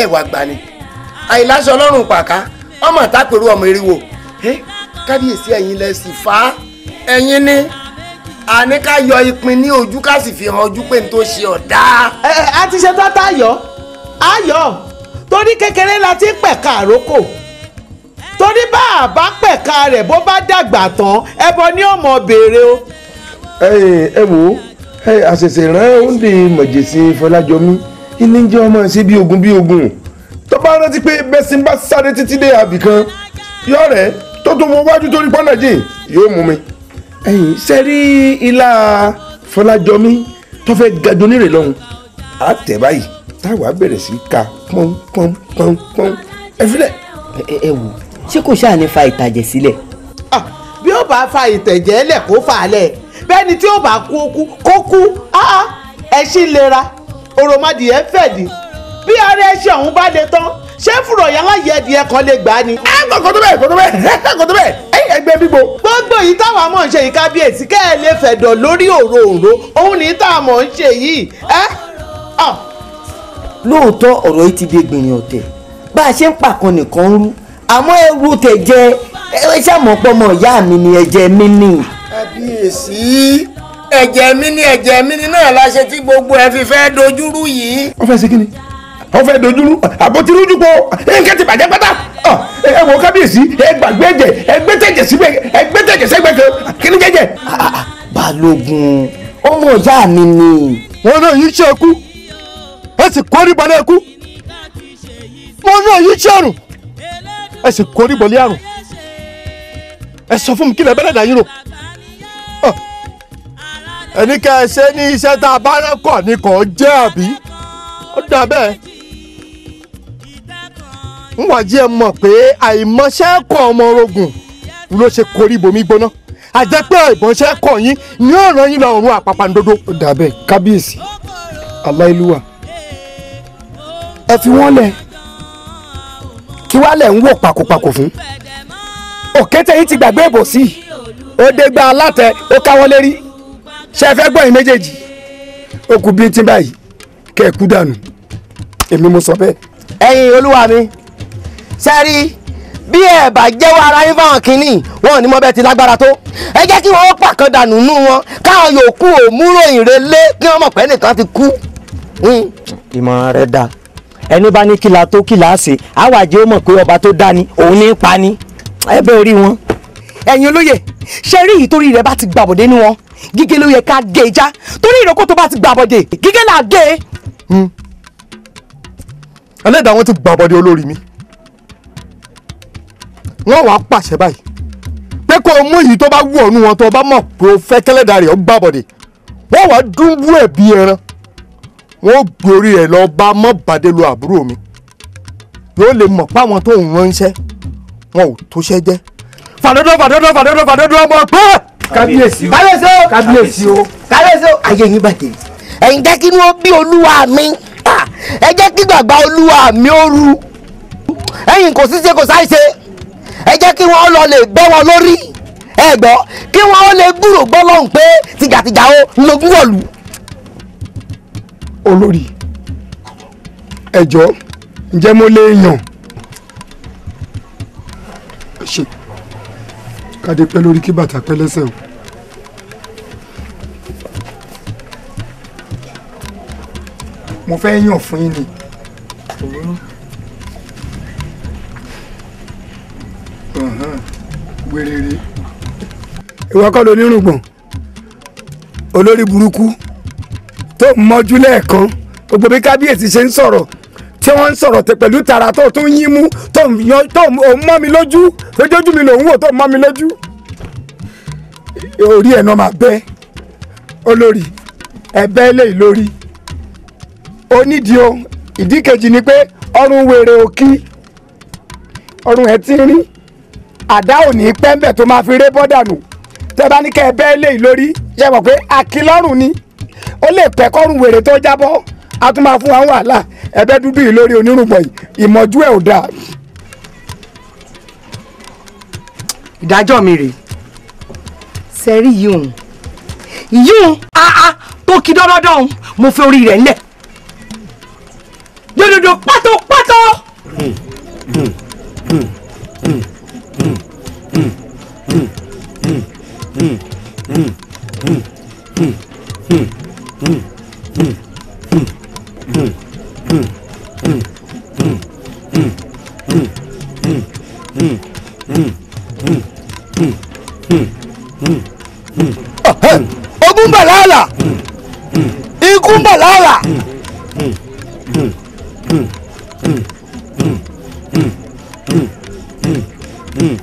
ìwà gbà ni àìláṣọ ọlọ́run pàká ọmọ ìtàpẹ̀rù ọmọ eriwo kábíyèsí ẹ̀yin lẹ sì fà á ẹ̀yin ni àní ká yọ ìpín ní ojú ká sì fi hàn ojú pé n tó ṣe ọ̀dá. ẹ a ti ṣe tata ayọ̀ ayọ̀ torí kékeré la ti pẹ̀ka àrókò torí bá a bá pẹ̀ka rẹ̀ bó bá dàgbà tán ẹbọ ni ó béèrè o. ẹ ẹ wo àṣẹ̀ṣẹ̀ rán oúnjẹ mọ̀jẹ̀sí Fọlájọmí ìní jẹ́ ọmọ sí bí ogun bí ogun bá rántí pé bẹ́sìn bá sáré títí dé àbì kan yọ rẹ̀ tó tó mọ wájú tó rí pọ́nà jìn yóò mú mi. ẹ̀yin ṣe rí ilá Fọlájọmí tó fẹ́ gajo nírè lọ́hùn á tẹ̀ báyìí táwa bẹ̀rẹ̀ sí ka pọ́n pọ́n pọ́n pọ́n ẹ filẹ̀. ẹ ẹ wò ṣé kò ṣáà ní fa ìtàjẹ̀ sílẹ̀. Ah, bí ó bá fa ìtẹ̀jẹ̀ lẹ̀ kó fà á lẹ̀ bẹ́ẹ̀ni tí ó bá kú ó kú kó kú ah, ah, lera òròmọdìyẹ fẹ̀dí bí ara ẹṣin ọ̀hún bá le tán ṣé fúrọ̀yà láyé ẹdìyẹ kan lè gbà á ni. ẹ kò kò tó bẹ́ẹ̀ kò tó bẹ́ẹ̀ [laughs] kò tó bẹ́ẹ̀ ẹ̀yìn ẹgbẹ́ bíbo. gbogbo yìí táwọn àmọ́ ń ṣe yìí kábíyèsí kẹ́ ẹ lè fẹ̀dọ̀ lórí òróǹro òun ní tá a mọ̀ ń ṣe yìí. lóòótọ́ ọ̀rọ̀ yìí ti di gbìyànjú ọ̀tẹ̀ bá a ṣe ń pàkan nìkan rú àmọ́ ẹrú tẹ̀ jẹ ẹ ṣàmọ̀ pọ̀ mọ́ ìyá mi ni ẹ̀jẹ̀ mi ni. kábíyèsí ẹ̀jẹ̀ mi ni ẹ̀jẹ̀ mi ni náà la ṣe tí gbogbo ẹ fi fẹ́ dojúrú yìí. wọ́n fẹ́ ṣe kí ni ọfẹ dojúrú àbótí lójúpọ nǹkan ti bàjẹ́ pátá ẹ wọ kábíyèsí ẹ gbàgbé ẹ̀jẹ̀ ẹ gbé tẹ̀jẹ̀ síbẹ̀ ẹ gbé tẹ̀jẹ̀ sẹ́gbẹ̀ kan kí ni jẹ́jẹ̀. Ah, ah, ah, balógun ọmọ ìyá mi ni. wọn náà yìí ṣe ẹkú ẹ sì kórí balẹ̀ ẹkú wọn náà yìí ṣe àrùn ẹ sì kórí bọ̀lẹ́ àrùn ẹ sọ fún mi kí lè bẹ́rẹ̀ dà yín rò ẹni ẹ ṣe ní iṣẹ́ tá a bá rẹ́kọ̀ ni kò jẹ́ àbí ó dà bẹ́ẹ̀ ń wàjí ẹ mọ̀ pé àìmọṣẹ́ kọ́ ọmọ orogún ló ṣe korí bomi gbóná àjẹpẹ́ àìmọṣẹ́ kọ́ yín ní ọ̀ràn yín lọ ọ̀run àpàpàǹdodo. ó dàbẹ̀ kábíyèsí aláìlúwà ẹ fi wọ́n lẹ̀ kí wàá lẹ̀ ń wò pakopako fún òkété yìí ti gbàgbé ìbò ó dé gba alátẹ ó káwọ́ lérí ṣe é fẹ́ gbọ́ yín méjèèjì ó kú bíi tí báyìí kẹ́ ẹ kú dànù èmi mo sọ bẹ́ẹ̀. ẹ̀yin olúwa mi sẹ́rí bí ẹ bá jẹ́wọ́ ara yín fáwọn kínní wọn ò ní mọ bẹ́ẹ̀ ti lágbára tó ẹ jẹ́ kí wọ́n pàkan dànù nú wọn káwọn yòókù ò múròyìn rẹ lé kí wọ́n mọ̀ pé ẹnìkan ti kú. ìmọ̀ràn rẹ dáa ẹni bá ní kìlà tó kìlà ṣe àwàjẹ́ ó mọ̀ pé ọba tó dá ni òun ní pa ni ẹ bẹ́ẹ̀ rí wọn. ẹ̀yin olóye ṣe rí èyí torí rẹ̀ bá ti gbàbọ̀dé ní wọn gígé ló yẹ ká gé e já torí ìrókò tó bá ti gbàbọ̀dé gígé là á gé e. ẹlẹ́dàá wọn ti gbàbọ̀dé olórí mi wọ́n wàá pàṣẹ báyìí pé kó o mú èyí tó bá wù ọ́nú wọn tó bá mọ̀ pé o fẹ́ kẹ́lẹ́dà rẹ̀ ó gbà bọ̀dẹ̀ wọ́n wàá dúnbú ẹ̀ bí ẹran wọ́n gbé orí rẹ̀ lọ bá mọ́ bàdélu àbúrò mi bí ó lè mọ̀ pé àwọn tó ń ránṣẹ́ wọn ò tó ṣẹ́ jẹ́ fàdọ́dọ́ fàdọ́dọ́ fàdọ́dọ́ fàdọ́dọ́ ọmọ pé kábíyèsí o kábíyèsí o kábíyèsí o ayé yín bàjẹ́ ẹ̀yin jẹ́ kí ni ó bí olúwa mi ah! ẹ jẹ́ kí gbàgbà olúwa mi ó ru ẹ̀yin kò sí ṣe kò sáì ṣe ẹ jẹ́ kí wọ́n lọ lè bẹ́ wọn lórí ẹ gbọ́ kí wọ́n lè gbúrò gbọ́ lọ́hùn pé tìjàtìjà o lógún wọ̀lú. olórí ẹjọ́ ǹjẹ́ mo lè yàn ṣe kádé pẹ́ lórí kí bàtà pẹ́ lẹ́sẹ̀ o. mo fẹ́ yàn fún yín ni. wérere. ìwọ kọ́ ló nírùngbọ̀n olórí burúkú tó mọ́jú lẹ́ẹ̀kan gbogbo bí kábíyèsí ṣe ń sọ̀rọ̀ tí wọ́n ń sọ̀rọ̀ tẹ pẹ̀lú tààrà tó tún yín mú tó mọ́ mi lójú lójójú mi lòún wò tó mọ́ mi lójú orí ẹ̀ náà máa bẹ́ olórí ẹ̀bẹ́ eléyìí lórí onídìí o ìdí kejì ni pé ọrùn wèrè òkì ọrùn ẹ̀ ti rí àdá ò ní pẹ́ńbẹ̀ tó máa fi ré bọ́dà nù tẹ́ bá ní kẹ́ ẹ bẹ́ẹ́ lé yìí lórí ṣe mọ̀ pé àkìlọ́rùn ni ó lè pẹ́ kọ́rùn wèrè tó jábọ́ a tún máa fún wa wàhálà ẹ̀bẹ́ dúdú yìí lórí onírùngbọ̀n yìí ìmọ̀jú ẹ̀ ò dáa. ìdájọ́ mi rèé sẹ́rí yìí òun yìí òun aa ah, ah, tó kí dọ́dọ́dọ́ òun mo fẹ́ orí rẹ̀ ńlẹ̀ dòdòdò pátó pátó. Hmm, hmm, hmm, ogun Hmm. ikú balala. Hmm.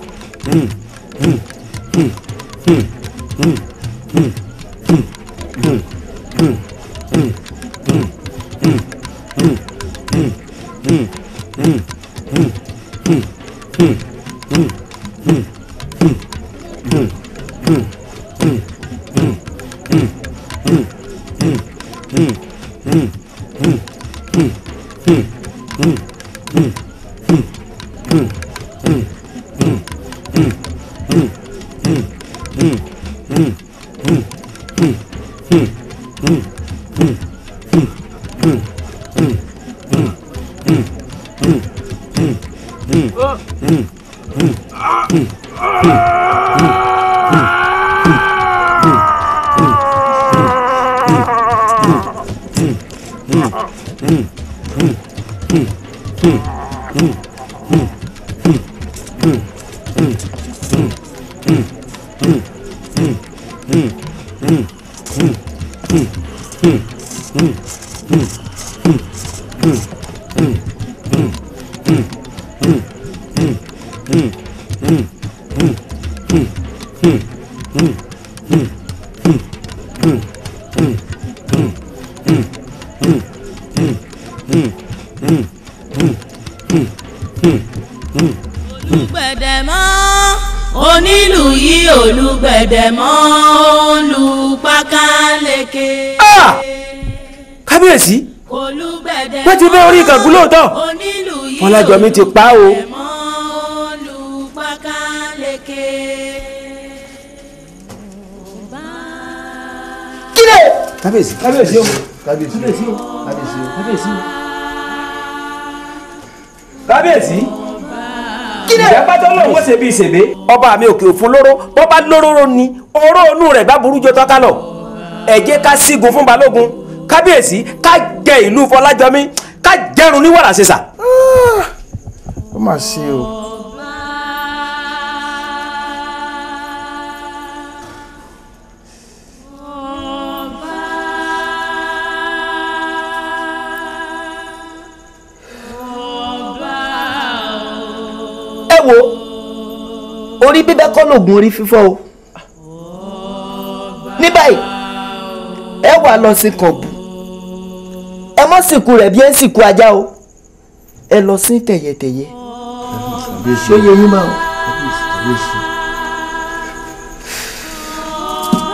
ọ̀dọ̀ mi ti pa o. kílẹ̀. kábíyèsí kábíyèsí o kábíyèsí o kábíyèsí o kábíyèsí kílẹ̀. ìjábátọ́ lọ́wọ́ ṣèbí ìṣèbé. ọba mi ò kì í fún lóró bọ́bá lóróró ni oró inú rẹ̀ bá burú jọ tọ́ka lọ ẹ jẹ́ ká sígun fún balógun kábíyèsí ká jẹ ìlú fọlájọmí ká jẹrun ní wàrà ṣèṣà mà ṣe o. ẹ wo orí bíbẹ́ kọ́ lóògùn orí fífọ́ o ní báyìí ẹ wà lọ sí kọ̀ọ̀bù ẹ mọ́ sìnkú rẹ̀ bí ẹ ń sìnkú ajá o ẹ lọ sí tẹ̀yẹ̀tẹ̀yẹ̀ ṣó yẹ yín máa. kábíyèsí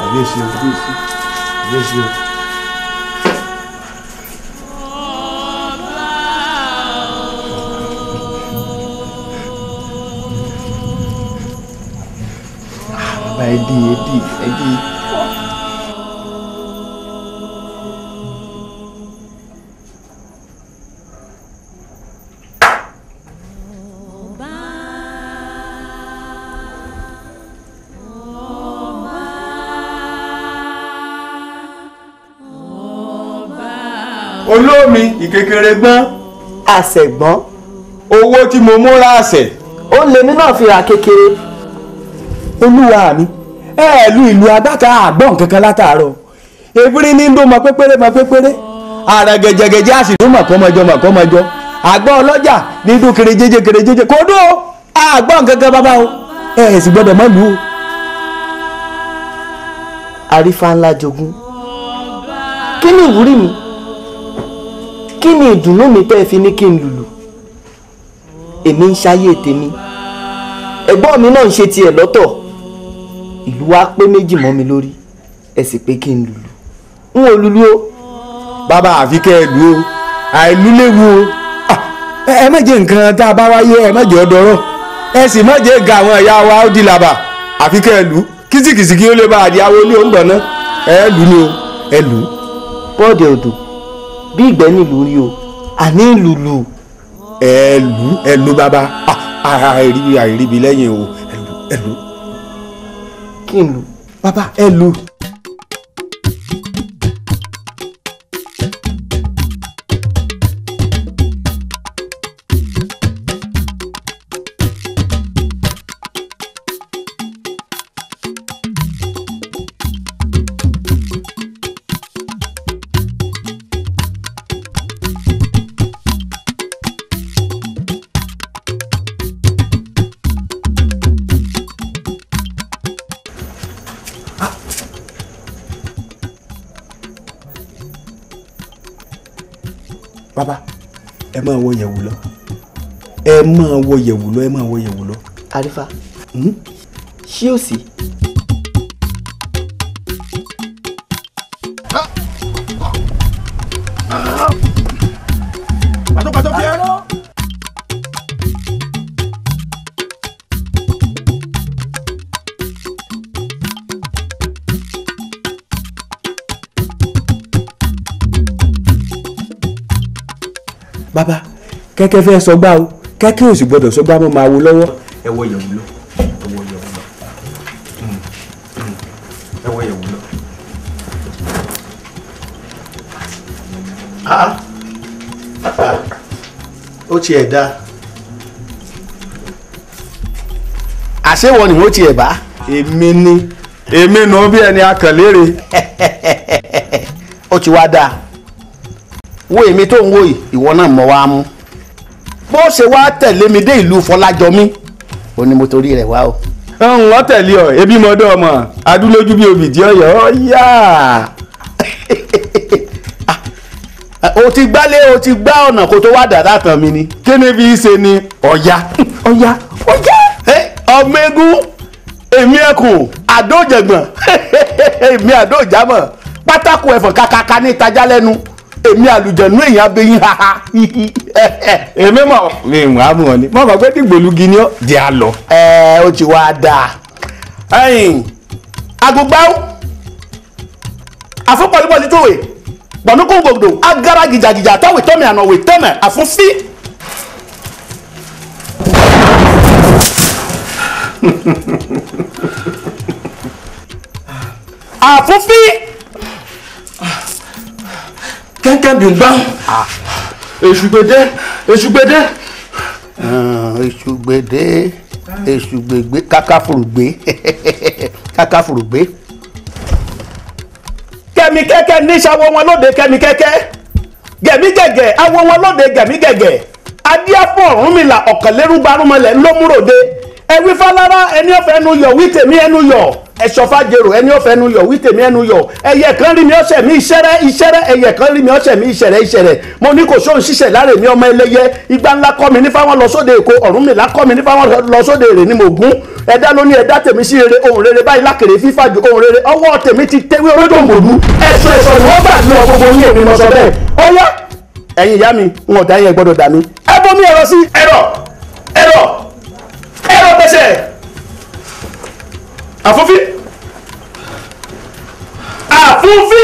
kábíyèsí kábíyèsí kábíyèsí my Eddie, Eddie, Eddie. mi ìkékeré gbọ́n. àṣẹ̀gbọ́n. owó tí mo múra àṣẹ. ó lèmi náà fi ra kékeré. olúwa mi ẹ ẹ lu ìlú agbáka àgbọ̀n kankan látàárọ̀ èbúrí ní ló mọ pépéré mọ pépéré àrà gẹ̀jẹ̀gẹ̀jẹ̀ àṣì ló mọ̀ kọ́mọjọ mọ̀ kọ́mọjọ àgbọ̀n ọlọ́jà ní dún kerejeje kerejeje kò dún o àgbọ̀n kankan bàbá o ẹ ẹ sì gbọ́dọ̀ mọ́ lù ú. àrífà ńlá jogún kí ni ìwúrí mi kí ni ìdùnnú mi tẹ́ ẹ fi ní kí n lùlù èmi ń ṣayé tèmi ẹ̀gbọ́n mi náà ń ṣe tiẹ̀ lọ́tọ̀ ìlú wa pé méjì mọ́ mi lórí ẹ sì pé kí n lùlù n ò lùlù o. bàbá àfi kẹ́ ẹ lù o àìlú léwu o ẹ mẹ́jẹ̀ nǹkan tá a bá wáyé ẹ mẹ́jẹ̀ ọ̀dọ́rọ̀ ẹ sì mẹ́jẹ̀ ga àwọn ẹ̀yà wa ó di làbà àfi kẹ́ ẹ lù kìsìkìsì kí ó lè bá àdìyàwó ilé òǹgbọ̀n náà ẹ lù ni o ẹ lù. bọ́ọ̀dì ọ̀dùn bí ìgbẹ́ nílùú rí o àní lùlù. ẹ lù ẹ lù bàbá ah, àìríbi àìríbi lẹ́yìn o ẹ lù ẹ lù. kí n lù. bàbá ẹ máa wọ yẹ̀wò lọ ẹ máa wọ yẹ̀wò lọ. àrífà hmm? ṣé ò sí. pàtó bàbá kẹ́kẹ́ fẹ́ sọgbà o. kẹ́kẹ́ òsì gbọ́dọ̀ sọ́gbà mọ́ máa wo lọ́wọ́ ẹ wọ ìyẹ̀wò lọ ẹ wọ ìyẹ̀wò lọ hmm. Hmm. ẹ wọ ìyẹ̀wò lọ. Ah. ó ni ó bá èmi ni èmi nù bí ẹni wo èmi tó ń wò yìí ìwọ náà mọ̀ bó ṣe wá tẹ̀lé mi dé ìlú Fọlájọmí ó ní mo torí rẹ̀ wá o. wọ́n tẹ̀lé ọ ebi mọ́dọ́ ọmọ adúlójú bíi òbídìí ọ̀yọ́ ọ̀yà o ti gbálé o ti gbá ọ̀nà kó tó wá dàda tán mi ni. kí ni bí í ṣe ni ọ̀yà [laughs] ọ̀yà ọ̀yà ọmọ egun èmi ẹkùn àdójẹgbọn [laughs] èmi àdójàmọ pátákó ẹfọn kàkàkà ní ìtajà lẹ́nu èmi àlùjẹ̀nú èèyàn abẹ́yìn haha [laughs] èmi mọ̀ mi ìwọ̀n á mú ọ ni mọ̀ bàgbé dìgbòlugi ni ó di àlọ́. ẹ ó ti wá dáa agbègbáwò àfọ́pọ̀lẹ́pọ̀lẹ́ tó wè gbọ̀nùkùngòdò agara gìjàgìjà táwè tọ́mì ànáwè tẹ́mẹ̀ àfúnfí. [laughs] àfúnfí kẹ́ńkẹ́ bí n gbá èṣùgbèdé èṣùgbèdé. èṣùgbèdé èṣùgbègbè kákáfòrògbé [laughs] kákáfòrògbé. kẹ́mi kẹ́kẹ́ níṣàwọ̀ wọn lóde kẹ́mi kẹ́kẹ́ gẹ̀mí gẹ̀gẹ̀ awọ wọn lóde gẹ̀mí gẹ̀gẹ̀ adíáfọ̀ ọ̀rúnmìlà ọ̀kànlérúgbarúmọlẹ̀ ńlọmúròde ẹ̀wí fálára ẹni ọ̀fẹ́ ẹnu yọ̀ wí tèmi ẹnu yọ̀ ẹ̀ṣọ́ fàjèrò ẹni ọ̀fẹ́ nu yọ̀ wítèmí ẹnu yọ̀ ẹyẹ kan rí mi ọ̀sẹ̀ mi ìṣẹ́rẹ́ ìṣẹ́rẹ́ ẹyẹ kan rí mi ọ̀sẹ̀ mi ìṣẹ̀rẹ́ ìṣẹ̀rẹ́ mo ní kò sóhun ṣiṣẹ́ láre mi ọmọ ẹlẹ́yẹ igba ńlá kọ́ mi ní fáwọn lọ sóde èkó ọ̀run mi lákọ́ mi ní fáwọn lọ sóde èrè ni mo gún ẹ̀dá ló ní ẹ̀dá tèmi sí rere ohun rere báyìí lákèrè fífa ju ohun rere ọwọ́ tèmi ti tẹ́wé orójò mòdú ẹ̀sọ́ ẹ̀sọ́ ni wọ́n bá mi ọ̀ gbogbo yín èmi mọ̀ ẹ̀rọ tẹ̀sẹ̀ Ah, àfúnfí àfúnfí.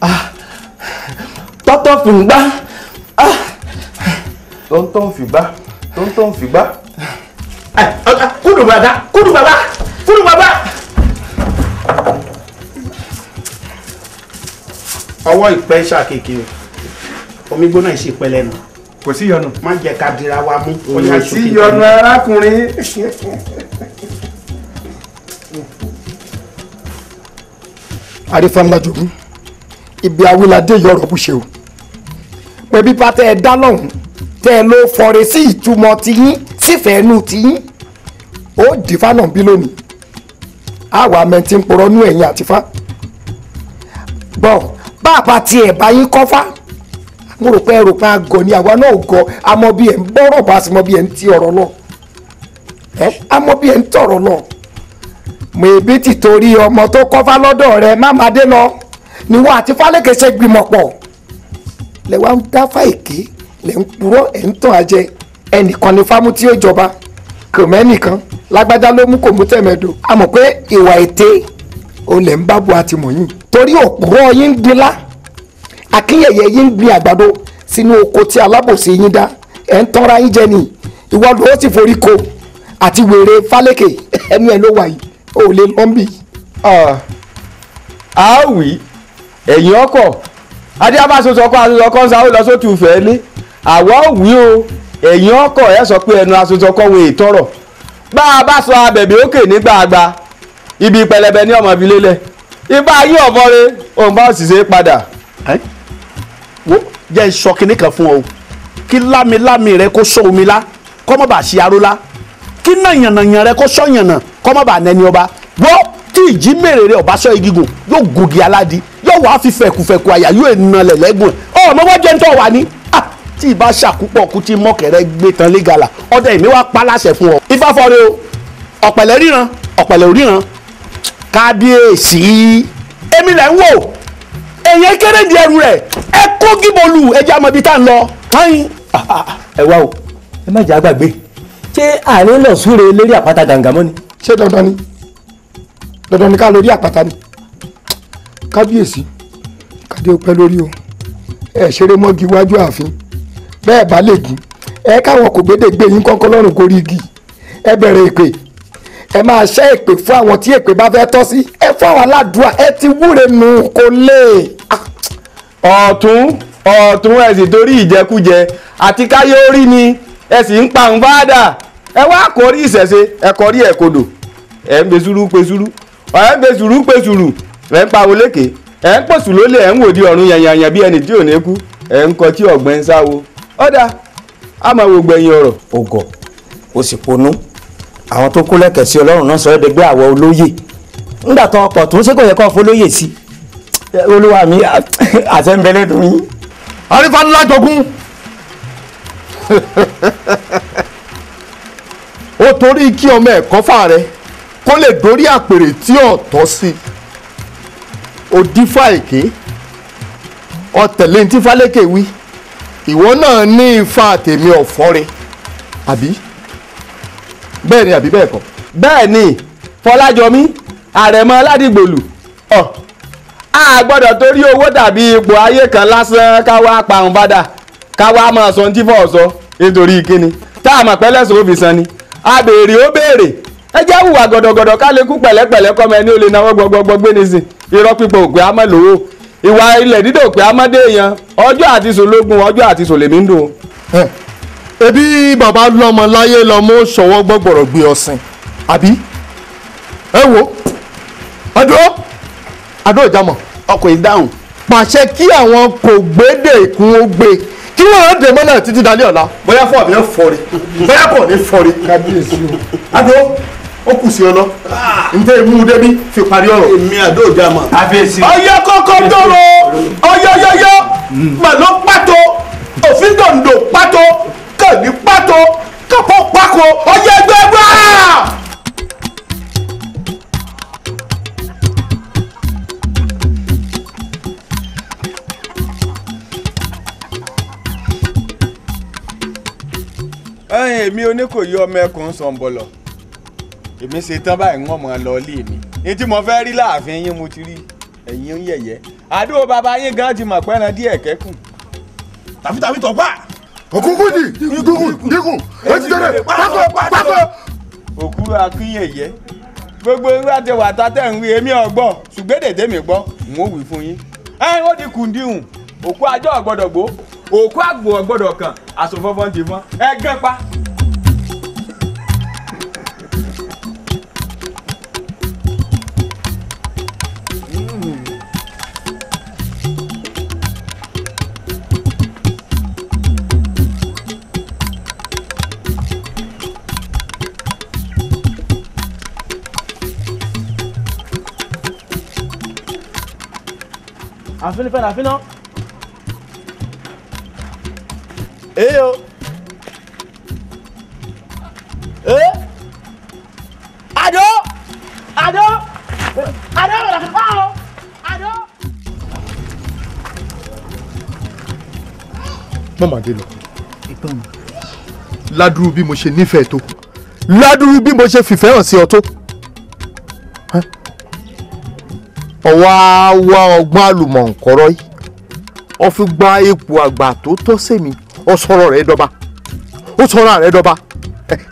Ah, tọ́tọ́ fìgbà ah, tọ́ntọ́n fìgbà tọ́ntọ́n fìgbà. kúdù bàbá kúdù bàbá kúdù bàbá. ọwọ́ ìpẹ́ ṣàkékeré omi gbóná ìṣe pẹlẹnu. kò sí yọnu. má jẹ ká dira wa mú. kò sí yọnu arákùnrin. adéfàmìlàjògún ibi awilade yọrọ bù ṣe o pẹ̀bí bá tẹ́ ẹ dá lọ́hùn tẹ́ ẹ ló fọre sí ìtumọ̀ tiyín sífẹ̀ẹ́nu tiyín ó dìfá náà bí lónìí àwa mẹ́tí ń porọ́ nú ẹ̀yìn àtifá bọ́ọ̀ bá a bá tiẹ̀ bá yín kọ́fá mo rò pé ẹ rò pé ni àwa náà gọ àmọ́ bí ẹ ń bọ́rọ̀ bá a sì mọ bí ẹ ń ti ọ̀rọ̀ lọ ẹ ebi bí ẹ ọmọ tó kọ́fà lọ́dọ̀ rẹ má nọ. dé lọ ni àti Fálékè ṣe gbìmọ̀ pọ̀ lẹ wá ń lẹ ń purọ́ ń tàn ẹnìkan ni fámú tí ó jọba kò mẹ́nìkan lágbájá ló mú kò mú pé akínyẹ̀yẹ yín ń gbin àgbàdo sínú oko tí alábòsí yín dá ẹ̀ ń tanra yín jẹ nìyí ìwọ ló sì forí ko àti wèrè fálékè [laughs] ẹnu ẹ ló wà yìí ó lè lọ́nbì. àáwì ẹ̀yìn ọkọ̀ adéábàṣọ sọkọ asosọkọ sáwó lọ sótù fẹ́ lé àwọ̀ wí o ẹ̀yìn ọkọ̀ ẹ sọ pé ẹnu asosọkọ wo ìtọ́rọ̀ bá a bá sọ abẹ̀bẹ̀ òkè ní gbàgbà ibi pẹlẹbẹ ní ọmọ ìbílẹ̀ lẹ̀ ibà yí ọ̀bọ̀re òun bá òṣìṣẹ́ padà. Eh? wo jẹ́ sọ kinní kan fún ọ o kí lámilámi rẹ kó sọ omi lá kọ́ mọ́ bá ṣe aró lá kí nàyànnàyàn rẹ kó sọ yànnà kọ́ mọ́ bá nẹni ọba wọ́n tí ìjì mèrè rẹ ọba sọ igi gùn yóò gògì aládìí yóò wá fi fẹ̀kùfẹ̀kù àyà yóò nalẹ̀ lẹ́gùn ẹ̀ ọmọ wọ́n jẹ́ ń tọ́ wa ní tí ìbá ṣàkúpọ̀ kú tí mọ́kẹ̀rẹ́ gbé tán lé gàlà ọdẹ ìmí wá pa láṣẹ fún ọ. ifá fọre o ọ̀pẹ̀lẹ̀ ríran ọ̀pẹ̀lẹ̀ òríran kábíyèsí èmi lẹ̀ ń wò ẹ̀yìn kéré di ẹrù rẹ̀ ẹ kó gíbolù ẹja mọ̀ ibi tá à ń lọ. ẹ wá o ẹ má jẹ́ àgbàgbé ṣé àárín lọ súre lórí àpáta gàǹgà mọ́ ni. ṣé dandan ni dandan ni ká lórí àpáta ni kábíyèsí kàdé ọpẹ́ lórí o ẹ ṣeré mọ́gi iwájú ààfin bẹ́ẹ̀ bá lè gùn ẹ káwọn kò gbédè gbé yín kọ́kọ́ lọ́rùn kórí igi ẹ bẹ̀rẹ̀ èpè ẹ máa ṣẹ́ èpè fún àwọn tí èpè bá fẹ́ tọ́ sí ẹ fún àwọn aládùúrà ẹ ti wúre nù kó lè. ọ̀tún ọ̀tún ẹ̀sìn torí ìjẹkújẹ àti káyé orí ni ẹ̀sìn ń pa ń ẹ wá ìṣẹ̀ṣe ẹ kodò ń ń ní kú ń kọ tí ọ̀gbẹ́ ń sáwo ọ̀dà a máa wo gbẹ̀yìn ọ̀rọ̀. ògọ̀ o sì ponú àwọn tó kó lẹ́kẹ̀ẹ́ sí ọlọ́run náà sọ ẹ́ dẹgbẹ́ àwọ̀ olóyè ńgbà olúwa mi àtẹ̀mbẹ́lẹ́ tó yín. arífàdúrà jogún ó torí kí ọmọ ẹ̀kọ́ fà rẹ kó lè dórí àpèrè tí ò tọ́ sí ó dífá èké ó tẹ̀lé tí fálékè wí ìwọ náà ní ifá tèmi ọ̀fọ́re àbí bẹ́ẹ̀ ni àbí bẹ́ẹ̀ kọ́. bẹ́ẹ̀ ni fọlájọmí àrẹ̀mọ aládìgbòlù ọ̀. Oh. a gbọ́dọ̀ torí owó tàbí ipò ayé kan lásán káwá parun bádà káwá máa sọ tí fọ́ọ̀ sọ nítorí kíni tá a mọ̀ pé ó fi san ni a béèrè ó béèrè ẹ jẹ́ gọ̀dọ̀gọ̀dọ̀ ká lè kú pẹ̀lẹ́pẹ̀lẹ́ gbọgbọgbọ gbé ní sìn irọ́ pípọ̀ ìwà ilẹ̀ dídò dé àti ọjọ́ àti ń bàbá lọmọ láyé lọmọ ṣọwọ́ gbọ́gbọ̀rọ̀ gbé ọ̀sìn àbí ọkùnrin dáhùn. pàṣẹ kí àwọn kò gbédè ìkún ó gbé kí wọ́n dè mọ́lẹ̀ títí dalẹ́ ọ̀la. bóyá fún àbíyàn fọrí bóyá kò ní fọrí. kábíyèsí o. adó ó kù sí ọlọ ntẹ ah. mú un débi fi parí ọ̀rọ̀. èmi àdó ìjà mà. kábíyèsí. ọyọ kọkọ dọrọ ọyọyọyọ màlọ pàtó òfin dòǹdò pàtó kàní pàtó kàpọ̀ pàkó ọyọ ẹgbẹ́ wá. èmi oníkòyí ọmọ ẹkùn sọ̀nbọ̀lọ̀ èmi ṣe tán báyìí wọ́n mọ̀ ọ́ lọ ilé mi ní tí mo fẹ́ rí láàfin yín mo ti rí ẹ̀yin yẹ̀yẹ́ àdúgbò bàbá yín gan ti mọ̀ pẹ́ran díẹ̀ kẹ́kùn. di etí pàtó pàtó. òkúrò gbogbo ń rí èmi ṣùgbẹ́dẹ̀dẹ̀ mi gbọ́ n wí fún yín. ó di òkú ajọ́ òkú àgbò ọgbọ́dọ̀ kan àsòfọ́fọ́ ti fọ́n ẹ gán pa. àfin fẹ́ Eyo. Eh? Ado! Ado! Ado! Oh. Ado! Ado! Mọ̀mọ́ dé lọ. Ládùúrú bí mo ṣe nífẹ̀ẹ́ tó. Ládùúrú bí mo ṣe fìfẹ́ hàn sí ọ tó. Ọ̀wá wa ọgbọ́n àlùmọ̀ǹkọ́rọ́ yìí. Ó fi gba ipò àgbà tó tọ́ sí mi ọ sọ̀rọ̀ rẹ̀ dọba ó sọ̀rọ̀ rẹ̀ dọba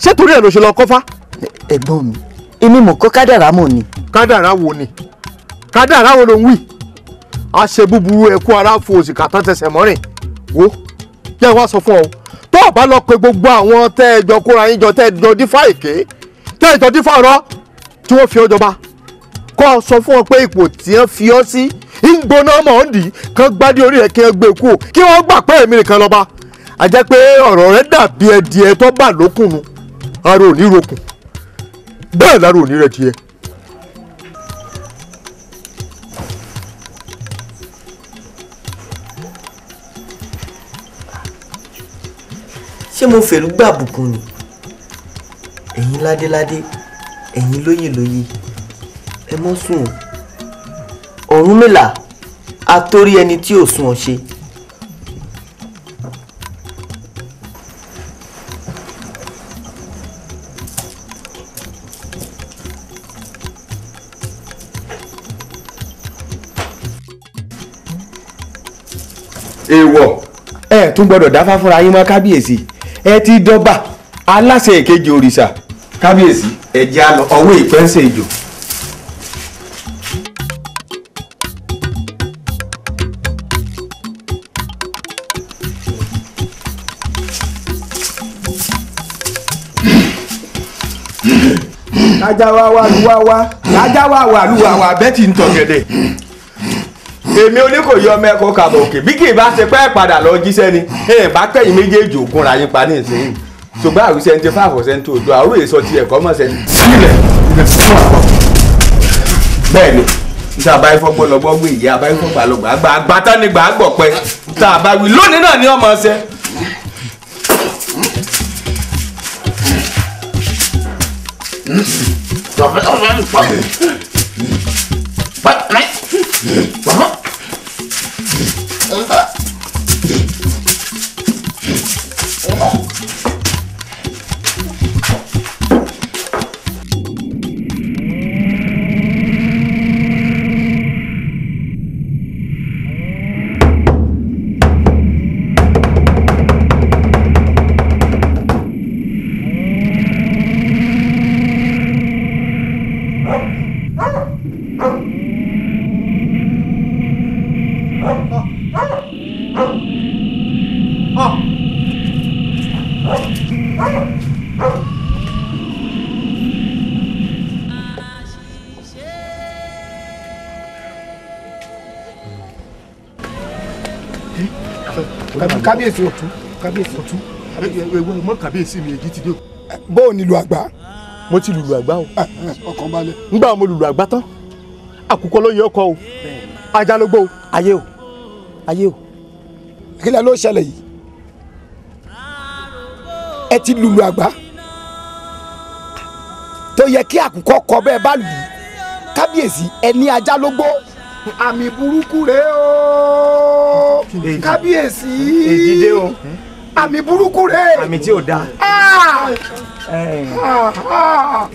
ṣé torí ẹ̀ ló ṣe lọ kọ́fá. ẹ̀gbọ́n mi èmi mọ̀ kó kádàrá mọ̀ ni. kádàrá wo ni kádàrá wo ló ń wí àṣẹ búburú ẹkú ara fún òṣìkà tán tẹsẹ̀ mọ́rìn wo yẹ wá sọ fún ọ tó o bá lọ pe gbogbo àwọn tẹ ẹ jọ kóra yín jọ tẹ ẹ jọ dífá èké tẹ ẹ jọ dífá ọ̀rọ̀ tí wọ́n fi ọ jọba kọ́ ọ sọ fún ọ pé ipò tí wọ́n fi ọ sí ń gbóná mọ̀ ọ́n dì kán gbádìí orí rẹ̀ kí wọ́n gbé e kú kí wọ́n gbà pé èmi nìkan lọ́ba a jẹ́ pé ọ̀rọ̀ rẹ dàbí ẹdìẹ tó bà lókùn nu ara ò ní rokùn bẹ́ẹ̀ lára ò ní rẹ díẹ̀. ṣé mo fèrú gbà bùkún ni ẹ̀yin ládéládé ẹ̀yin lóyè lóyè ẹ mọ́ sùn ọ̀rúnmìlà a torí ẹni tí ò sùn ọ̀ ṣe. ẹ tún gbọ́dọ̀ dáfá fúnra yín mọ́ kábíyèsí ẹ ti dọ́bà aláṣẹ ìkejì òrìṣà kábíyèsí ẹ jẹ́ àlọ́ ọwọ́ ìpẹ́ńsẹ̀ ìjò. kájà wá wá lu wá wá kájà bẹ́ẹ̀ ń tọ̀ gẹ̀dẹ̀. èmi oníkòyí ọmọ ẹ̀kọ́ kàbọ̀ òkè bí kì í bá ṣe pẹ́ padà lọ jíṣẹ́ ni ẹ̀ bá pẹ́yìn méjèèjì òkun ra yín pa ní ìsinyìí ṣùgbọ́n àrùn seventy five percent odò àrùn èso ti ẹ̀kọ́ mọ̀ sẹ́ni. sílẹ̀ ilẹ̀ fún àpapọ̀. bẹ́ẹ̀ ni tá a bá ifọ̀ gbé ìyá a bá ifọ̀ àgbàtà ni gbà pẹ́ tá a bá wí lónìí náà ni ọmọ ọsẹ. ọ̀fẹ́ ọ̀fẹ́ 여기 kábíyèsí ọ̀tún kábíyèsí ọ̀tún ewu mọ kábíyèsí mi èjì ti dé. bó o nílùú àgbà. mo ti lùlù àgbà o. Ah, ah, ọkàn balẹ̀. ngbà mo lùlù àgbà tán àkùkọ ló yẹ ọkọ o ajá ló gbó o ayé o ayé o. kílẹ̀ ló ṣẹlẹ̀ yìí ẹ ti lùlù àgbà tó yẹ kí àkùkọ kọ bẹ́ẹ̀ bá lù ú kábíyèsí ẹni ajá ló gbó. àmì burúkú rèé o kábíyèsí èdìdé o àmì burúkú rẹ àmì tí ò dáa. Ah! Eh. Ah, ah.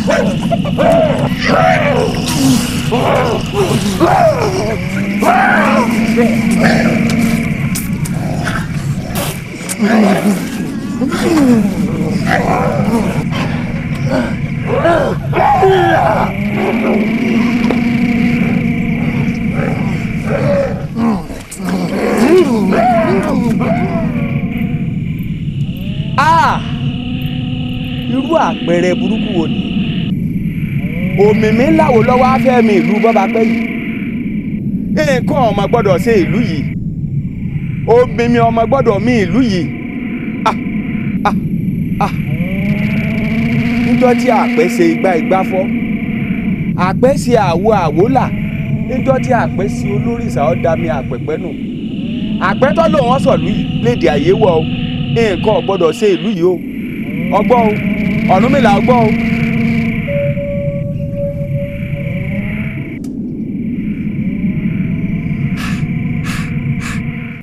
Ah! Irú àpẹẹrẹ burúkú wo ni? òmìmí ńláwo lọ́wọ́ afẹ́mi ìlú bọ́ba pẹ́ yìí nǹkan ọmọ gbọ́dọ̀ ṣe ìlú yìí òmìmí ọmọ gbọ́dọ̀ mi ìlú yìí ah ah ah níjọ́ tí àpẹ́ ṣe igbá igbá fọ́ àpẹ́ ṣe àwo àwo là níjọ́ tí àpẹ́ ṣe olórí ìsàwọ́ dami àpẹ̀pẹ́ nù àpẹ́ tó lò wọ́n sọ̀lú yìí léde àyè wọ̀ o nǹkan ọ̀gbọ́dọ̀ ṣe ìlú yìí o ọgbọ́ o Ọ̀rúnmìlà ọgbọ́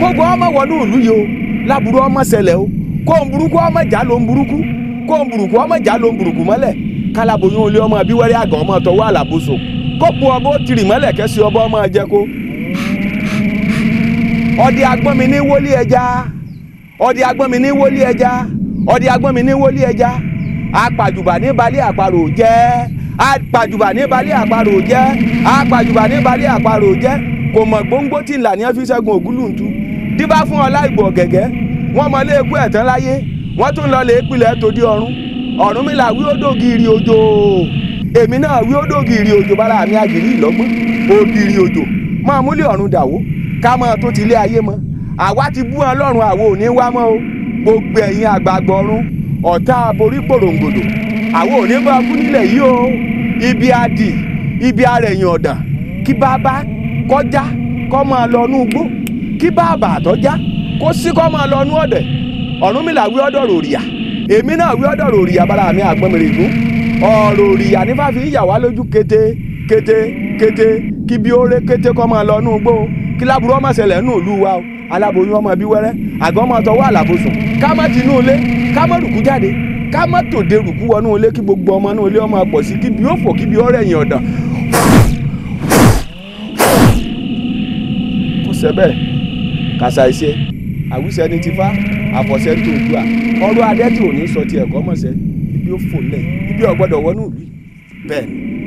kógo ọmọ wọnú ìlú yìí o láburú ọmọ ṣẹlẹ̀ o kó ń burúkú ọmọ jà ló ń burúkú kó ń burúkú ọmọ jà ló ń burúkú mọ́lẹ̀ kálábòyún olé ọmọ abíwẹ́rẹ́ àgàn ọmọ tọwọ́ àlàbòsò kó bu ọbọ̀ tìrì mọ́lẹ̀ kẹ́sì ọbọ̀ ọmọ jẹ kó. ọdẹ agbọ́n mi ní wọlé ẹja ọdẹ agbọ́n mi ní wọlé ẹja ọdẹ agbọ́n mi ní wọlé ẹja apàjùbà ní balẹ̀ àparò jẹ́ apàjùbà ní balẹ̀ àparò jẹ́ apàjùbà ní balẹ̀ àparò jẹ́ kò mọ̀ gbóngbó tí ńlá fi ṣẹ́gun ògúlùntún díbá fún ọlá ìgbò ọ̀gẹ̀gẹ́ wọ́n mọ léèkú ẹ̀tán láyé wọ́n tún lọ lèé pilẹ̀ tòdí ọ̀run ọ̀run mi là wí ó dògìrì òjò èmi náà wí ó dògìrì òjò bára mi àgìrì ìlọ́gbọ́n ògìrì òjò máa múlẹ̀ ọ̀run dàwó ká máa tó ti ilé ayé mọ́ àwa ti bú ọlọ́run àwo ò ní wá mọ́ o gbogbo ẹ̀yin àgbààgbà ọ̀run ọ̀tá aborí gbòròǹgbòdò àwo ò ní bá kú nílẹ̀ yìí o ibi adì ibi arẹ̀yìn ọ̀dàn kí bàbá kọjá kọ́ máa lọ nú igbó kí bàbà já, kó sí kọ́ máa lọ nú ọ̀dẹ̀ Ọ̀rúnmìlà wí ọ̀dọ̀rọ̀ òrìyà èmi náà wí ọ̀dọ̀rọ̀ òrìyà bára mi àgbọ̀nmìrì fún ọ̀rọ̀ òrìyà ní fàfi yà wá lójú kété kété kété kí bí ó ré kété kọ́ máa lọ nú gbó kí láburú ọmọ ṣẹlẹ̀ nù lù wa o aláboyún ọmọ bí wẹ́rẹ́ àgọ́ ọmọ tọwọ́ àlàbòsùn ká má ti nú ilé ká má rùkú jáde ká má tòde rùkú wọnú ilé kí gbogbo ọmọ nú ilé ọmọ pọ̀ sí kí bí ó fò kí bí ó rẹ̀yìn ọ̀dàn kò sẹ́bẹ̀ẹ́ kàṣà iṣẹ́ àwíṣẹ́ ní tifá àfọ̀ṣẹ́ tó ojú à ọ̀rọ̀ adẹ́tù òní sọ ti ẹ̀kọ́ mọ̀ṣẹ́ ibi ó fò lẹ̀ ibi ọ̀gbọ́dọ̀ wọnú ìlú bẹ́ẹ̀ ni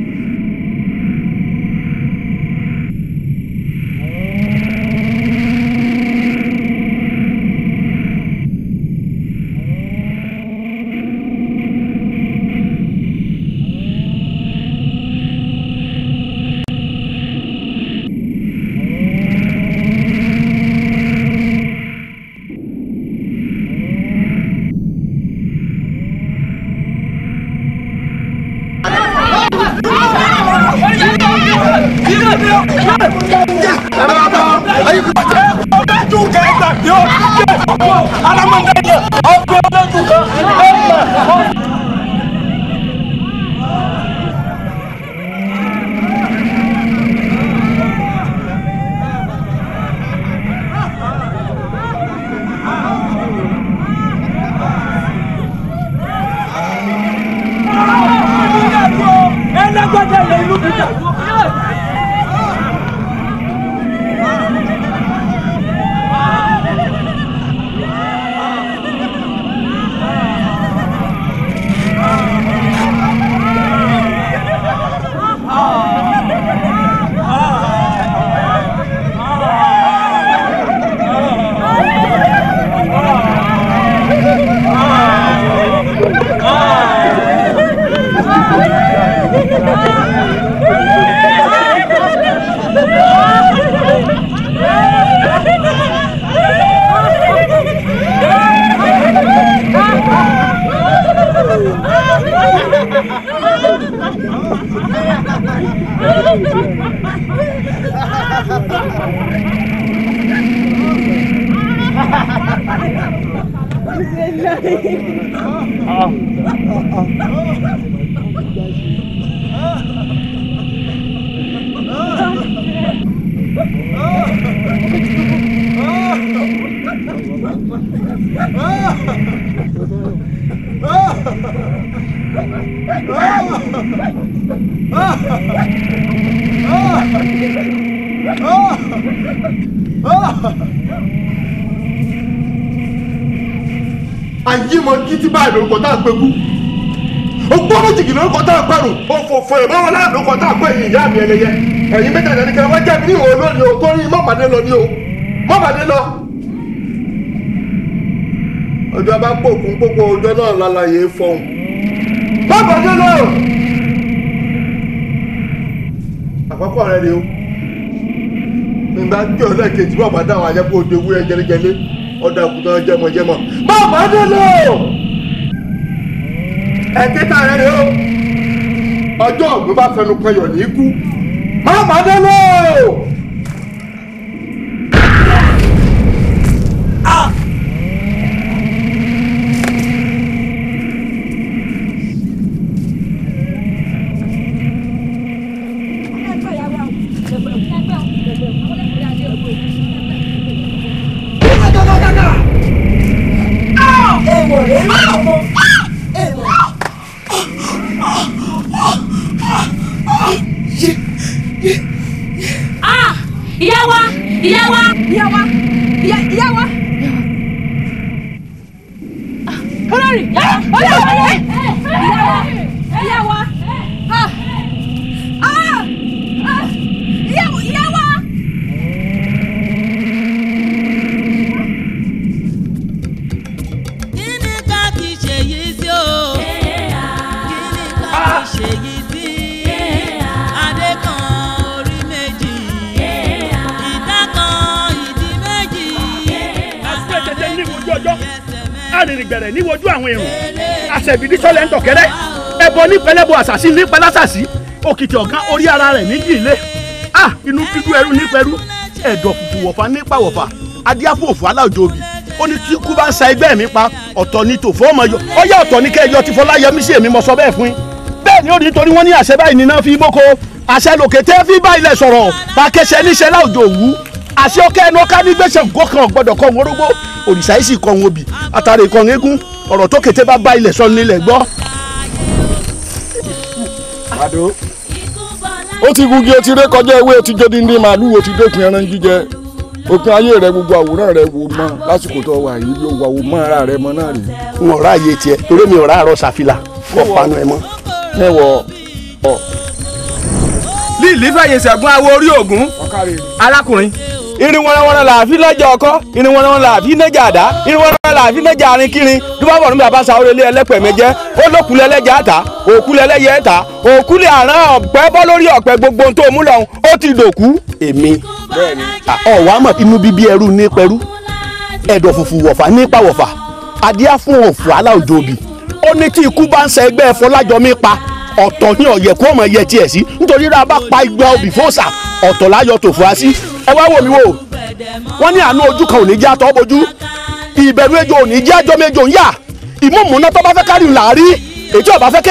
bí ẹlẹ́yẹ ẹ̀yin mẹ́tàlá ní kẹrẹ wọ́n jẹ́ mi ní ìwò lónìí o torí mọ́màdé lọ ní o mọ́màdé lọ. ọjọ́ bá pòkun pópó ọjọ́ náà lálàyé fọhùn. mọ́màdé lọ. àkọ́kọ́ rẹ rèé o nígbà tí ọ̀dọ́ kejì mọ́màdé àwọn ajẹ́pọ̀ òde ewúrẹ́ jẹlẹ́jẹlẹ́ ọ̀dà àkùtàn jẹmọ̀jẹmọ̀ mọ́màdé lọ. ẹ̀kẹ́ta rẹ rèé o ọjọ́ ọ̀gbìn bá fẹnu kan yọ̀ ní ikú. Ramadano! ìyá wa nípẹlẹbọ àṣàṣì nípẹlásàṣì òkìtì ọ̀gán orí ara rẹ̀ níjì ilé ah inú dídú ẹrú nípẹrú ẹ̀dọ̀ fùfù wọ̀fà nípa wọ̀fà adíáfò òfò aláòjò òbí ó ní tí kú bá ń sa ẹgbẹ́ mi pa ọ̀tọ̀ ni tòfó ọmọ yọ ó yá ọ̀tọ̀ ni kẹyọ ti Fọláyẹmí sí èmi mo sọ bẹ́ẹ̀ fún yín bẹ́ẹ̀ ni ó ní torí wọ́n ní àṣẹ báyìí níná fi bóko àṣẹ lòkè tẹ́ fi bá ilẹ̀ sọ̀rọ̀ pàkẹ́sẹ̀ níṣẹ́ láòjò òwú ó ti gungi ó ti kọjá ewé ó ti jó díndín màálùú ti dópin ẹran jíjẹ òpin ayé rẹ gbogbo àwòrán rẹ wò mọ lásìkò tó wà yìí yóò wà ara rẹ mọ náà rè. n ayé tiẹ̀ torí mi ọ̀rá kò panu ọ̀. awo orí ògún alákùnrin irin wọnawọna làáfi lọ́jà ọkọ́ irin wọnawọna làáfi nẹ́jà àdá irin wọnawọna làáfi nẹ́jà arinkirin dúbàbọ̀ níbi àbáṣà orílẹ̀ ẹlẹ́pẹ̀ mẹ́jẹ́ ó lókulẹ̀ ẹlẹ́jà àtà òkulẹ̀ ẹlẹ́yẹ ẹ̀ta òkulẹ̀ àrán ọ̀pẹ bọ́ lórí ọ̀pẹ gbogbo tó mú lọ́hùn ó ti dòkú. èmi ọ̀wá mọ̀ inú bíbí ẹrú ní pẹ̀rú ẹ̀dọ̀ fùfù wọ̀fà nípa wọ̀fà adíá fún òfò aláòjòbí ó ní tí ikú bá ń sẹ pa ọ̀tọ̀ ní ọ̀yẹ̀ kó ọmọ yẹ tiẹ̀ sí nítorí rà bá pa igba obì fòsà ọ̀tọ̀ láyọ̀ tó fura sí ẹ wá wò mí wọ́n ní àánú ojú kan ò ní jẹ́ àtọ́ bojú ìbẹ̀rù ejò ò ní jẹ́ ẹjọ́ méjò ń yà tó bá fẹ́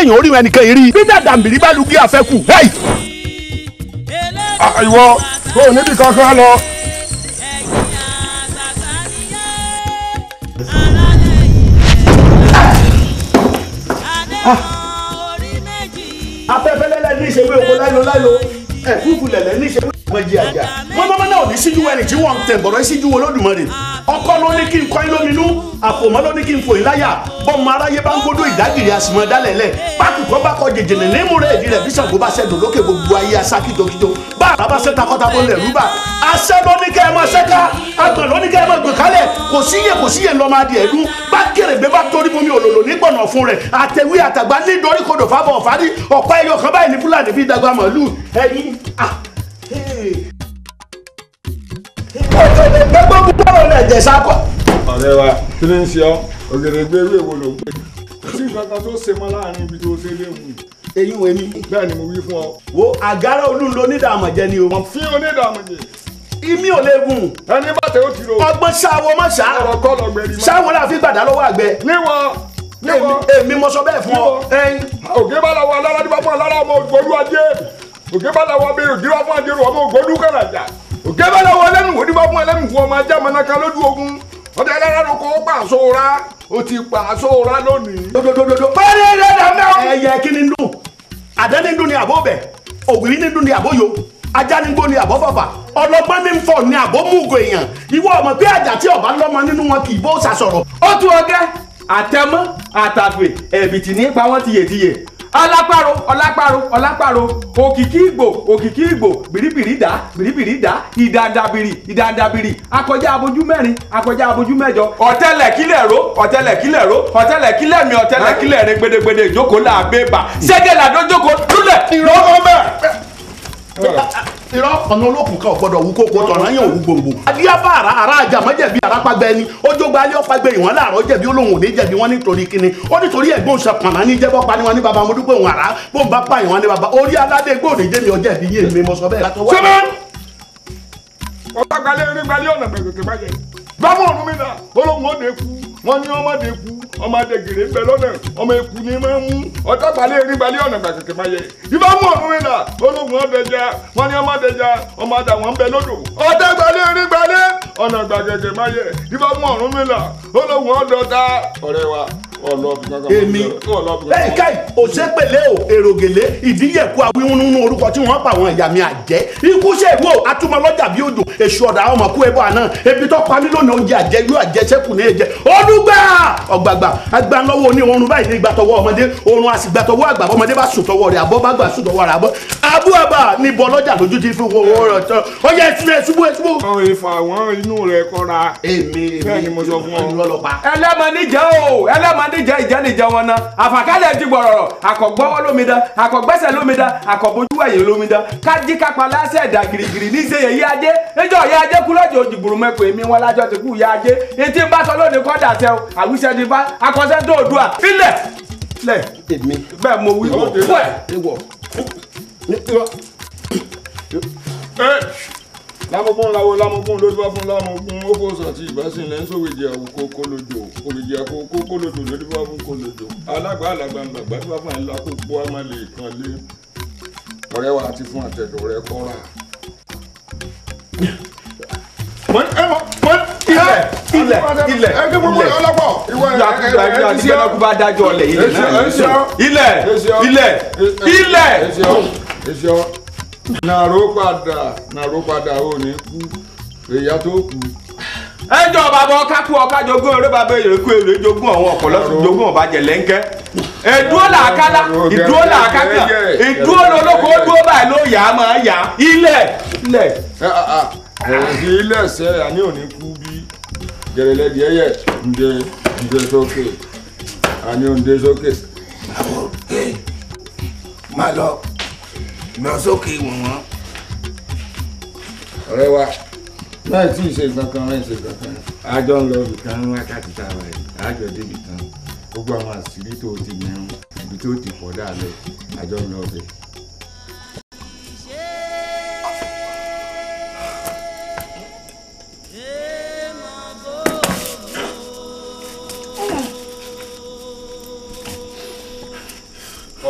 kárí afẹ́fẹ́ lẹ́lẹ́ ní ìṣèwé oko láìlo láìlo ẹ̀fúùfù lẹ̀lẹ́ ní ìṣèwé wọn jẹ àjà mọ́nàmọ́ná ní síjú ẹni tí wọ́n tẹ̀ bọ̀rọ̀ síjú Olódùmarè ọkọ ló ní kí n kọ́ yín lóminú àfòmọ́ ló ní kí n fò ìláyà bọ́mọ aráyé bá ń gbódò ìdágìrì àsìmọ́ dálẹ̀lẹ̀ pákùkọ́ bá kọ jèjèlè nímú rẹ̀ èdè rẹ̀ bísàn kó bá ṣẹ́dọ̀ lókè gbogbo ayé aṣá kìtòkìtò bá àbá ṣe takọ́tabo lẹ̀ rúbà aṣẹ́ ló ní kẹ́ ẹ mọ ṣẹ́ká agbọ̀n ló ní kẹ́ ẹ mọ gbọ̀n kálẹ̀ kò síyè kò síyè lọ́ máa di ẹ̀dún bá kèrègbé bá torí bomi òlòlò nígbọ̀nà fún rẹ̀ àtẹ̀wé àtàgbà nítorí kodò fábọ̀ ọ̀fárí ọ̀pá ẹyọ kan báyìí ní fúlàní fi dàgbà màálù ẹ̀yìn ah ọ̀tọ̀ ìgbẹ́gbẹ́ gbọ́dọ̀ nàìjẹ̀sà kọ́ ọ̀rẹ́ wa kí ni ń ṣe ọ́ ògèrègbè ewé wo ló ń pè kò sí nǹkan kan tó ṣe mọ́ láàrin ibi tó ṣe léwu eyín wo ni. bẹ́ẹ̀ ni mo wí fún ọ. wo àgárá olúlo onídàámọ̀jẹ ni o. fi onídàámọ̀jẹ. imí ò léegun. ẹni bá tẹ ó ti ro. ọgbọ́n ṣáwọ́ mọ́ ṣá. ọ̀rọ̀ kọ́ lọ gbẹ̀rì mọ́. ṣáwọ́ la fi gbàdá lọ́wọ́ àgbẹ̀. níwọ̀n níwọ̀n èmi mo sọ bẹ́ẹ̀ fún ọ. òkè bá la wọ alára nípa fún alára ọmọ ògbólú ajé òkè bá la wọ abẹ́rẹ́ òkè bá fún ajé ọmọ ògbólú kàràjà òkè bá la wọ ẹlẹ́nu òdìbá fún ẹlẹ́nu fún ọmọ ajá mọ́nàká lójú ogun ọdẹ ẹlẹ́rẹ́ ló kó o ti pàṣọ ra lónìí. dodododo pẹ́ẹ́rẹ́ rẹ̀ dàmẹ́. ẹyẹ kí ni dùn àdán ni dùn ni àbó bẹ̀ ògiri ni dùn ni àbó yo ajá ni gbó ni àbó fàfà ọlọ́gbọ́n ni fọ̀ ni àbó mú go èèyàn ìwọ ọmọ pé àjà tí ọba lọ́mọ nínú wọn kì í bó sàsọ̀rọ̀. ó tún ọgẹ́ àtẹmọ́ àtàgbè ẹ̀bìtì ní pa wọ́n tiyètiyè alápárò ọlápárò ọlápárò òkìkí ìgbò òkìkí ìgbò bìrìbìrì dá bìrìbìrì dá ìdàndàbìrì ìdàndàbìrì akọjá abojú mẹ́rin akọjá abojú mẹ́jọ. ọ̀tẹlẹ̀ kílẹ̀ ro ọ̀tẹlẹ̀ kílẹ̀ ro ọ̀tẹlẹ̀ kílẹ̀ mi ọ̀tẹlẹ̀ kílẹ̀ rẹ gbedegbede ìjókòó làbẹ́bà ṣẹ́gẹ̀ làdójókòó lulẹ̀ lọ́wọ́ bẹ́ẹ̀ irọ́ ọ̀nà olókùn kan ọ̀gbọ́dọ̀ wú kókó tọ̀nà yẹn òwú gbòǹgbò adíyábá ara ara àjàmọ́ jẹ̀bi arápágbá ẹni ojógba alẹ́ ọ̀págbé ìwọ̀n láàárọ̀ jẹ̀bi olóhùn òní jẹ̀bi wọ́n nítorí kíni ó nítorí ẹ̀gbọ́n ṣàpànà ní jẹ́bọ́ pa ni wọ́n ní baba mo dúpẹ́ òun àrá bó ń bá pa ìwọ̀n ní baba orí aládé gbòòdè jẹ́mi ọjọ́ ẹ̀bí yé mi mo sọ bẹ́ẹ̀. sọ́mọ́ ọ̀pá gbalẹ́ orí gbalẹ́ ọ̀nà gbẹ̀gbẹ̀ wọ́n ní ọmọ de ku ọmọ adegere ń bẹ lọ́nà ọmọ eku ni máa ń mú ọ̀tá balẹ̀ erin balẹ̀ ọ̀nà gbàkẹ̀kẹ̀ máa yẹ ibà mú ọ̀run rẹ̀ là ológun ọ̀dẹ̀já wọ́n ní ọmọ adẹ̀já ọmọ adà ń bẹ lódò ọ̀tá balẹ̀ erin balẹ̀ ọ̀nà gbàkẹ̀kẹ̀ máa yẹ ibà mú ọ̀run rẹ̀ là ológun ọ̀dọ̀ta ọ̀rẹ́ wa èmi bẹ́ẹ̀ ká òṣèpèlé o èrògèlé ìdíyẹ̀kú awíwúnú orúkọ tí wọ́n pa àwọn ìyá mi àjẹ́ ikú ṣe ìwò atúmọ̀lọ́jà bí odò èṣù ọ̀dà ọmọ kú ẹbọ àná ebi tó pa mí lónìí oúnjẹ àjẹ yóò àjẹ sẹ́kù ní ẹ̀jẹ̀ olùgbà ọ̀gbàgbà agbanlọ́wọ́ ní oorun báyìí ní ìgbàtọ̀wọ́ ọmọdé oorun àsìgbàtọ̀wọ́ àgbà ọmọdé bá sùn tọwọ́ rẹ̀ àbọ̀ bá gbà sùn tọwọ́ rẹ̀ àbọ̀ abúlàbà ní bọ lọ́jà lójú ti fún owó rẹ̀ tán ó yẹ ẹtú ẹtúbú ẹtúbú. àwọn ìfà wọn inú rẹ kọra èmi èmi mo sọ fún ọ. ẹlẹ́mọ̀nìjà o ẹlẹ́mọ̀nìjà ìjẹ́nìjà wọn na àfàkálẹ̀ ti gbọ̀rọ̀rọ̀ àkọ́gbọ́wọ́ lómìnira àkọ́gbẹ́sẹ̀ lómìnira àkọ́bójúwẹ̀yẹ lómìnira kájí lásẹ̀ ẹ̀dà gìrìgìrì ní ìṣe yẹ̀yí ajé níjọ́ yẹ ajé kú lọ́jọ́ òjìgbòrò lámọ̀gún láwo lámọ̀gún ló dúpá fún lámọ̀gún ó fò sàtì ìbásìn lẹ́yìn sówèjì àwòkó kólójò òwèjì àkókó kólójò ló dúpá fún kólójò alágbá alàgbà gbàgbà dúpá fún alákòókò amálè ìkànlé ọ̀rẹ́ wa ti fún àtẹ̀dọ̀ rẹ kọ́ra. mọ ẹ mọ mọ ilẹ̀ ilẹ̀ ilẹ̀ ilẹ̀ yakuba ẹgbẹ́ ti sẹ́yìn ọkùnrin bá dájọ́ Ịsịọ nàró padà nàró padà ò ní kú tó kú. Ẹjọ́ bàbá ọká kú ọká eré bàbá èrè èrè jogún àwọn ọ̀pọ̀lọ́ jogún ọ̀bàjẹ́ lẹ́ńkẹ́. Èdúró làákàlà ìdúró làákàkà ìdúró lolóko dúró báyìí ló yà á máa yà á ilẹ̀ ilẹ̀. àní òní kú bí sókè àní sókè. lọ. lọ sókè ìwọ̀n wọn. ọ̀rẹ́ wa láì tí ì ṣe kankan láì ṣe kankan àjọ ń lọ ibìkan wákàtí tá a wà yìí àjọ débi kan gbogbo àwọn àṣírí tó ti yẹn ibi tó ti pọ̀ dáadọ́ àjọ ń lọ bẹ̀.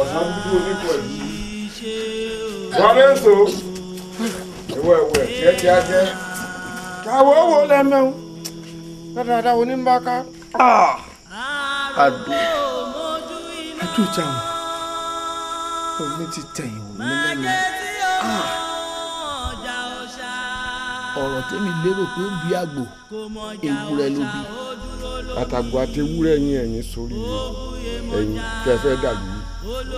ọ̀sán dúdú wọ́n ń so ìwọ ìwọ ẹ̀ tí a jẹ́. káwọ́ wo lẹ́mẹ̀ọ́ dáadáa onímbàká. àdó àdó ìjàmù omi ti tẹ̀yìn omi lẹ́nu. Ah! ọ̀rọ̀ tẹ́mi lérò pé ó bí àgbò ewúrẹ́ ló bí. àtàgbò àti ewúrẹ́ yín ẹ̀yìn sórí ẹ̀yìn kẹfẹ́ dàgbù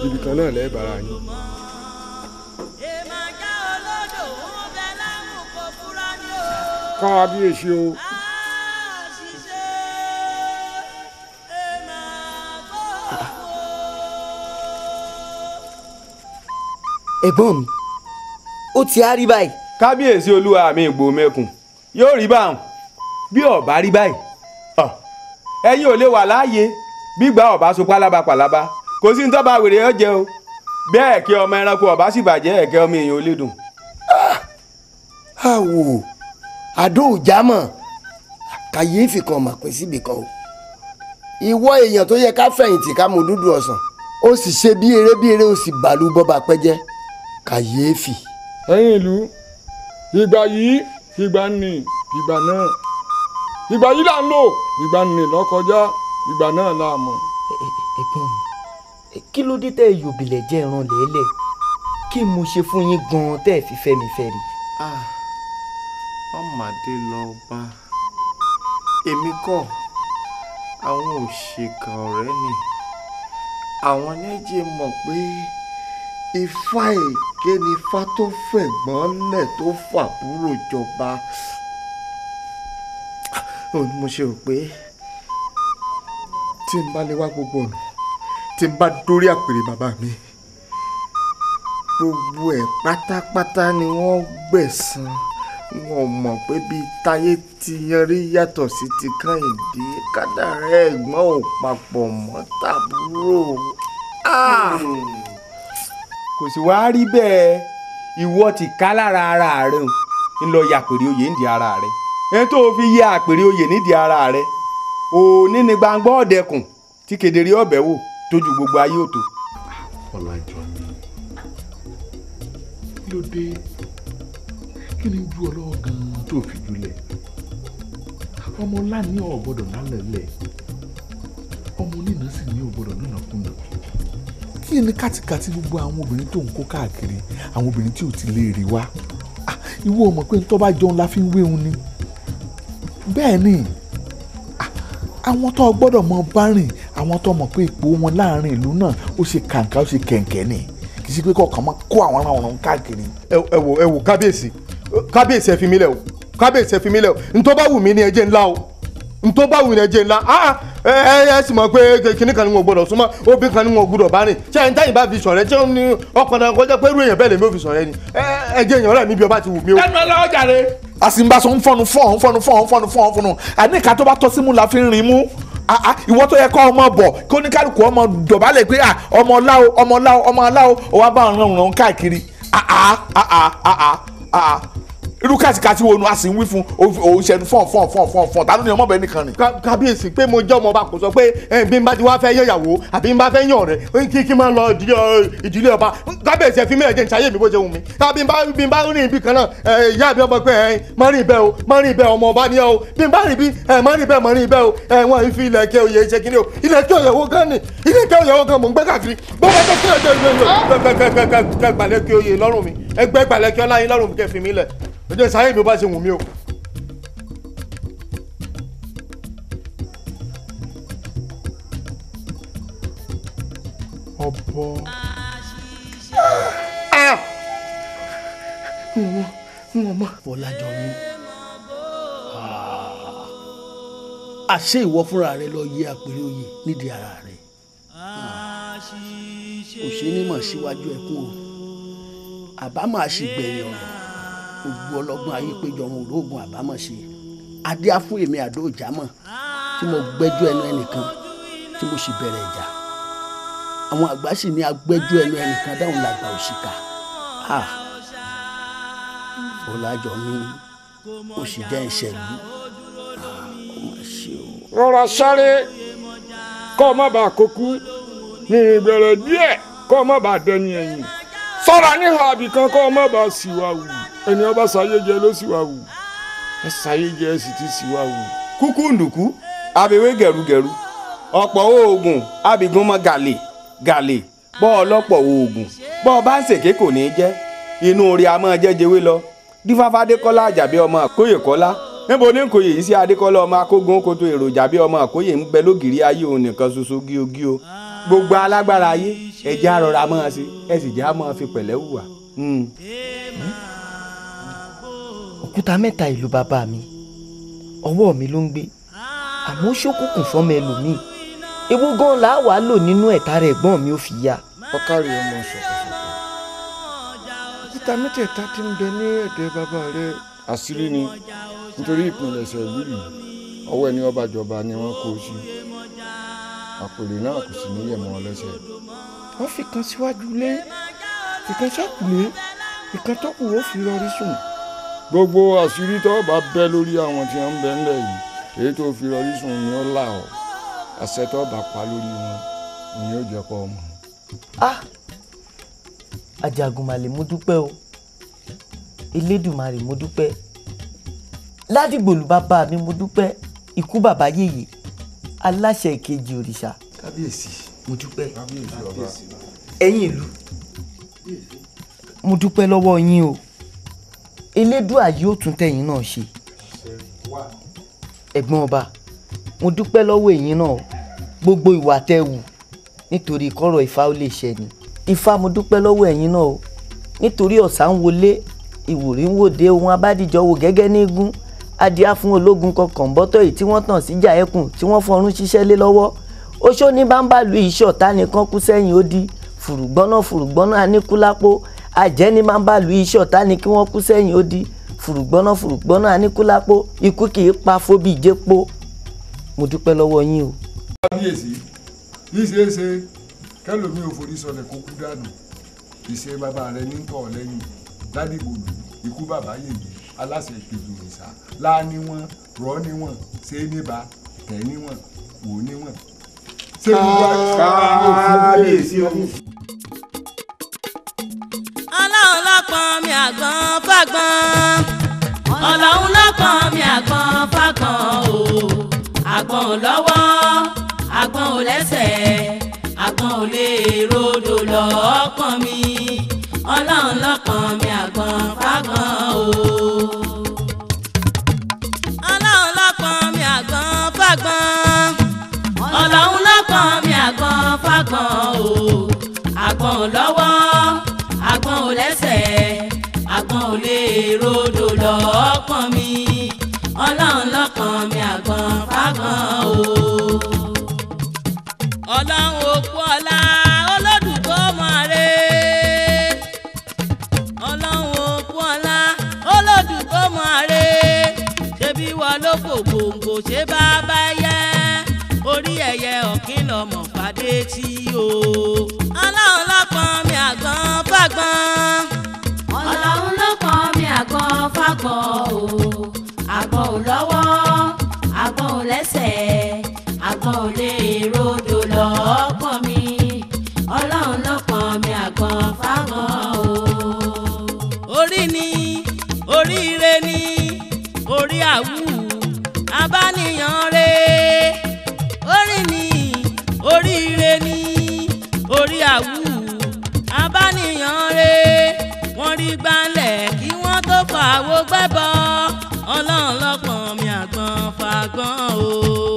ibì kan náà lẹ́ẹ̀ yín. kábíyèsí o. ẹ̀gbọ́n mi ó ti á rí báyìí. kábíyèsí olúwa mi Ìgbòho mẹ́kùn yóò rí báwọn bí ọ̀bá rí báyìí ẹ̀yin ò lè wà láàyè gbígbà ọ̀bá so pálábà pálábà kò sí ní tọ́ba wèrè ọ jẹ o bẹ́ẹ̀ kí ọmọ ẹranko ọ̀bá sì bàjẹ́ ẹ̀kẹ́ ọmọ èèyàn ò lè dùn. Ah, àwò. Ah, ah, àdó òjámọ̀ kàyéfì kan mà pín síbi kan o ìwọ èèyàn tó yẹ ká fẹ̀yìntì ká mú dúdú ọ̀sán ó sì ṣe bí eré bí eré ó sì bàlú bọ́ba pẹ́jẹ́ kàyéfì. ẹ̀yin ìlú ìgbà yìí ìgbà nì ìgbà náà ìgbà yìí là ń lò ìgbà nì lọ́kọjá ìgbà náà là mọ̀. ẹ̀gbọ́n mi kí ló dé tẹ́ yòbìlẹ̀ jẹ́ ẹran lẹ́lẹ̀ kí mo ṣe fún yín gan-an tẹ́ ẹ fi fẹ́ mi fẹ́ rí ọmọdé lọ́ọ́ bá èmi kọ́ àwọn òṣèkà ọ̀rẹ́ ni àwọn méjì mọ̀ pé ifá èké ni ifá tó fẹ̀gbọ́n lẹ̀ tó fàbúrò jọba òun mo ṣe rò pé tí n bá lè wá gbogbo ọ̀nà tí n bá dórí àpèrè bàbá mi gbogbo ẹ̀ pátápátá ni wọ́n gbẹ̀san wọn ò mọ̀ pé bíi táyé ti yanrí yàtọ̀ sí ti kan ìdí kádàrá ẹ̀gbọ́n ò papọ̀ mọ́ tàbúrò. Ah! kò sì wá rí bẹ́ẹ̀ ìwọ ti ká lára ara rẹ o ń lọ yẹ àpèrè oyè ń di ara rẹ ẹni tó fi yẹ àpèrè oyè nídìí ara rẹ òní ni gbangba ọ̀dẹ̀kùn tí kedere ọ̀bẹ̀ wò tójú gbogbo ayé òtò. ọ̀làjọ mi ló kí ni ju ọlọ́wọ́ gan-an tó fi jùlẹ̀ ọmọ ńlá ní ọ̀ gbọ́dọ̀ lálẹ́lẹ̀ ọmọ onínà sì ní ò gbọ́dọ̀ nínàkúnà kí ni kàtìkàtì gbogbo àwọn obìnrin tó ń kó káàkiri àwọn obìnrin tí ò ti lè rí wa ah, ìwọ ọmọ pé tó bá jọun la fi ń wéhun ni bẹ́ẹ̀ ni ah, àwọn tó gbọ́dọ̀ mọ bá rìn àwọn tó mọ̀ pé ipò wọn láàrin ìlú náà ó ṣe kàǹkà ó ṣe kẹ̀ǹkẹ́ ni kì í ṣe pé kọ̀ọ̀kan máa kó àwọn ará káàkiri. ẹ wò ẹ wò kábíyèsí kábíyèsí ẹ fi mí o kábíyèsí ẹ fi mí lẹ̀ o ntọ́ bá wù mí ní ẹjẹ́ ńlá o ntọ́ bá wù ní ẹjẹ́ ńlá a ah, ah, ẹ ẹ sì mọ̀ pé kinní kan ni wọn gbọdọ̀ súnmọ́ obì kan ni wọn gbọdọ̀ bá rìn ṣé ẹni táyìn bá fi sọ̀rẹ́ ṣé ní ọkàn náà kọjá pé irú èèyàn bẹ́ẹ̀ lèmi ò fi sọ̀rẹ́ ni ẹ èèyàn rẹ̀ mi bí ọba ti wù mí o. ẹnu jàre. ń fọnu la fi rin mú tó yẹ kọ́ ọmọ bọ̀ irú kàtìkàtì wo nu a sì ń wí fún òun ṣẹnu fọ̀n fọ̀n fọ̀n fọ̀n fọ̀n tánú ni ọmọbìnrin nìkan ni. kábíyèsí pé mo jẹ́ ọmọ ọba kò sọ pé bí n bá ti wá fẹ́ yọ̀yàwó àbí n bá fẹ́ yàn rẹ̀ kí kí n máa lọ ìdílé ọba kábíyèsí ẹ̀fín mẹ́rẹ̀ẹ́dẹ́ ìṣayé mi bó ṣe wù mí. bí n bá rìn ibi kan náà ìyá mi ọmọ pé má rìn o má rìn ọmọ ọba ni ẹ o bí n bá rìn ẹjọ́ ìsáyé mi ò bá ṣe wù mí o. ọ̀bọ. wọ́n ah! mọ̀ fọlájọ mi ah! àṣé ìwọ fúnra rẹ lọ yẹ àpèrè oyè nídìí ara rẹ ah! kò ṣe é ní mọ̀ síwájú ẹkún o àbá máa ṣègbẹ̀yìn ọ̀rọ̀ gbogbo ọlọ́gbọ́n ayé péjọ ọmọ olóògùn àbámọ̀ ṣe adé á fún èmi àdó ìjàmọ̀ tí mo gbẹ́jọ́ ẹnu ẹnìkan tí mo sì bẹ̀rẹ̀ ìjà àwọn àgbà sì ní agbẹ́jọ́ ẹnu ẹnìkan dáhùn làgbà òṣìkà ọ̀làjọ mi ó sì jẹ́ ìṣẹ̀lú rọra sáré kọ́ ọ má bàa kókú ní ìbẹ̀rẹ̀ díẹ̀ kọ́ ọ má bàa dẹni ẹ̀yìn fara níhà àbìkan kọ́ ọ má bàa sì wù ẹni ọba ṣàyéjẹ ló sì wà wù ẹ ṣàyéjẹ ẹ sì ti sì wà wù. kúkú ǹdùkú abèwé gẹ̀rúgẹ̀rú ọ̀pọ̀ oògùn abìgún mọ́ gàlè gàlè bọ́ ọlọ́pọ̀ oògùn bọ́ ọba ń ṣèké kò ní í jẹ́ inú orí a máa jẹ́ jewé lọ dífáfá adékọ́lá àjàbí ọmọ àkóyè kọ́lá níbo ní nkòyè yìí sí adékọ́lá ọmọ akógun kòtò èròjà bí ọmọ àkóyè ń bẹ lógìrì ayé òun nìkan ṣoṣo gíogío gbogbo alágbára ayé ẹ̀jẹ̀ àrọ̀ra máa ṣe ẹ̀ sì jẹ́ àmọ́ fi pẹ̀lẹ́ hùwà. Mm òkúta mẹ́ta ìlú bàbá mi ọwọ́ mi ló ń gbé àmọ́ ó ṣókùnkùn fọ́mọ ẹlòmíì ewu gan la wàá lò nínú ẹ̀ta rẹ̀ gbọ́n mi ò fi yá. ọkàrí ọmọ ṣọkọṣọkọ òkúta mẹ́tẹ̀ẹ̀ta ti ń bẹ ní ẹ̀dẹ̀ bàbá rẹ àṣírí ni nítorí ìpilẹ̀ṣẹ̀ ìlú yìí ọwọ́ ẹni ọba jọba ni wọ́n kó sí àpèlè náà kò sì ní yẹ̀mọ́ ọlẹ́sẹ̀. wọ́n fi kan síwájú lé ìkan sápùlé ìkan tó kù ó fi rọrí sùn gbogbo àṣírí tó bá bẹ́ lórí àwọn tí wọ́n bẹ ńlẹ̀ yìí èyí tó fi rọrí sùn ni ó là ọ́ àṣẹ tó bá pa lórí wọn ni ó jẹ́ pọ̀ mọ́. Ah! Àjàgùnmàlè mo dúpẹ́ o Elédùmarè mo dúpẹ́ Ládìgbòlù bàbá mi mo dúpẹ́ ikú bàbá yèyè aláṣẹ ìkejì òrìṣà. mo dúpẹ́ ẹ̀yin ìlú mo dúpẹ́ lọ́wọ́ yín o elédùà yóò tún tẹ̀yìn náà ṣe ẹ̀gbọ́n ọba mo dúpẹ́ lọ́wọ́ ẹ̀yin náà gbogbo ìwà tẹ́ wù nítorí kọ́rọ̀ ifá ó lè ṣẹ ni ifá mo dúpẹ́ lọ́wọ́ ẹ̀yin náà o nítorí ọ̀sà ń wọlé ìwòrí ń wòde ohun abádìjọ wo gẹ́gẹ́ ní igun adìá fún ológun kọkàn bọ́tọ̀ yìí tí wọ́n tàn síjà ẹkùn tí wọ́n fọrún ṣiṣẹ́ lé lọ́wọ́ oṣó ní bámbá lu iṣẹ́ ọ̀tá nìkan kú sẹ́yìn ó di fùrùgbọ́nà fùrùgbọ́nà aníkúlápó àjẹ́ ni máa ń bá lu iṣẹ́ ọ̀tá ni kí wọ́n kú sẹ́yìn ó di fùrùgbọ́nà fùrùgbọ́nà aníkúlápó ikú kì í pa fóbi ìjẹ́pó mo dúpẹ́ lọ́wọ́ yín o. kábíyèsí yìí ṣe é ṣe kẹlòmíì ò forí sọlẹ̀ kó kú dànù ìṣe bàbá rẹ ní tọ̀ lẹ́yìn ládìgbòlù ikú bàbá yèyí aláṣẹ ìkejì òrìṣà láàánú wọn rọ ní wọn ṣe é níbà tẹ ní wọn wò ní wọn. ṣé ìwà kábíyèsí ọ̀hún ọlọ́pọ̀n mi àgbọn fàgbọn. ọlọ́run lọ́pọ̀n mi àgbọn fàgbọn o. àgbọn ò lọ́wọ́ àgbọn ò lẹ́sẹ̀ àgbọn ò lè rodò lọ́pọ̀n mi. ọlọ́run lọ́pọ̀n mi àgbọn. lọ́kàn mi ọlọ́run lọ́kàn mi àgbọn fágbọn o. ọlọ́run òkú ọlá olódùkọ́ ọmọ rẹ̀ ọlọ́run òkú ọlá olódùkọ́ ọmọ rẹ̀ ṣebí wọ́n ló fò gbòǹgbò ṣe bá bá yẹ orí ẹ̀yẹ ọ̀kìn lọ́mọ̀ fàdé tí o. àgbọ̀n o àgbọ̀n ò lọ́wọ́ àgbọ̀n ò lẹ́sẹ̀ àgbọ̀n ò lè rodò lọ́pọ̀ mi ọlọ́run lọ́pọ̀ mi àgbọ̀n fáwọn o. orí ni oríire ni orí àwù abániyàn re orí ni oríire ni orí àwù abániyàn re rí gbálẹ̀ kí àwo gbẹ́bọ ọlọ́run lọ́pọ̀ mi àgbọn fàgbọ́n o.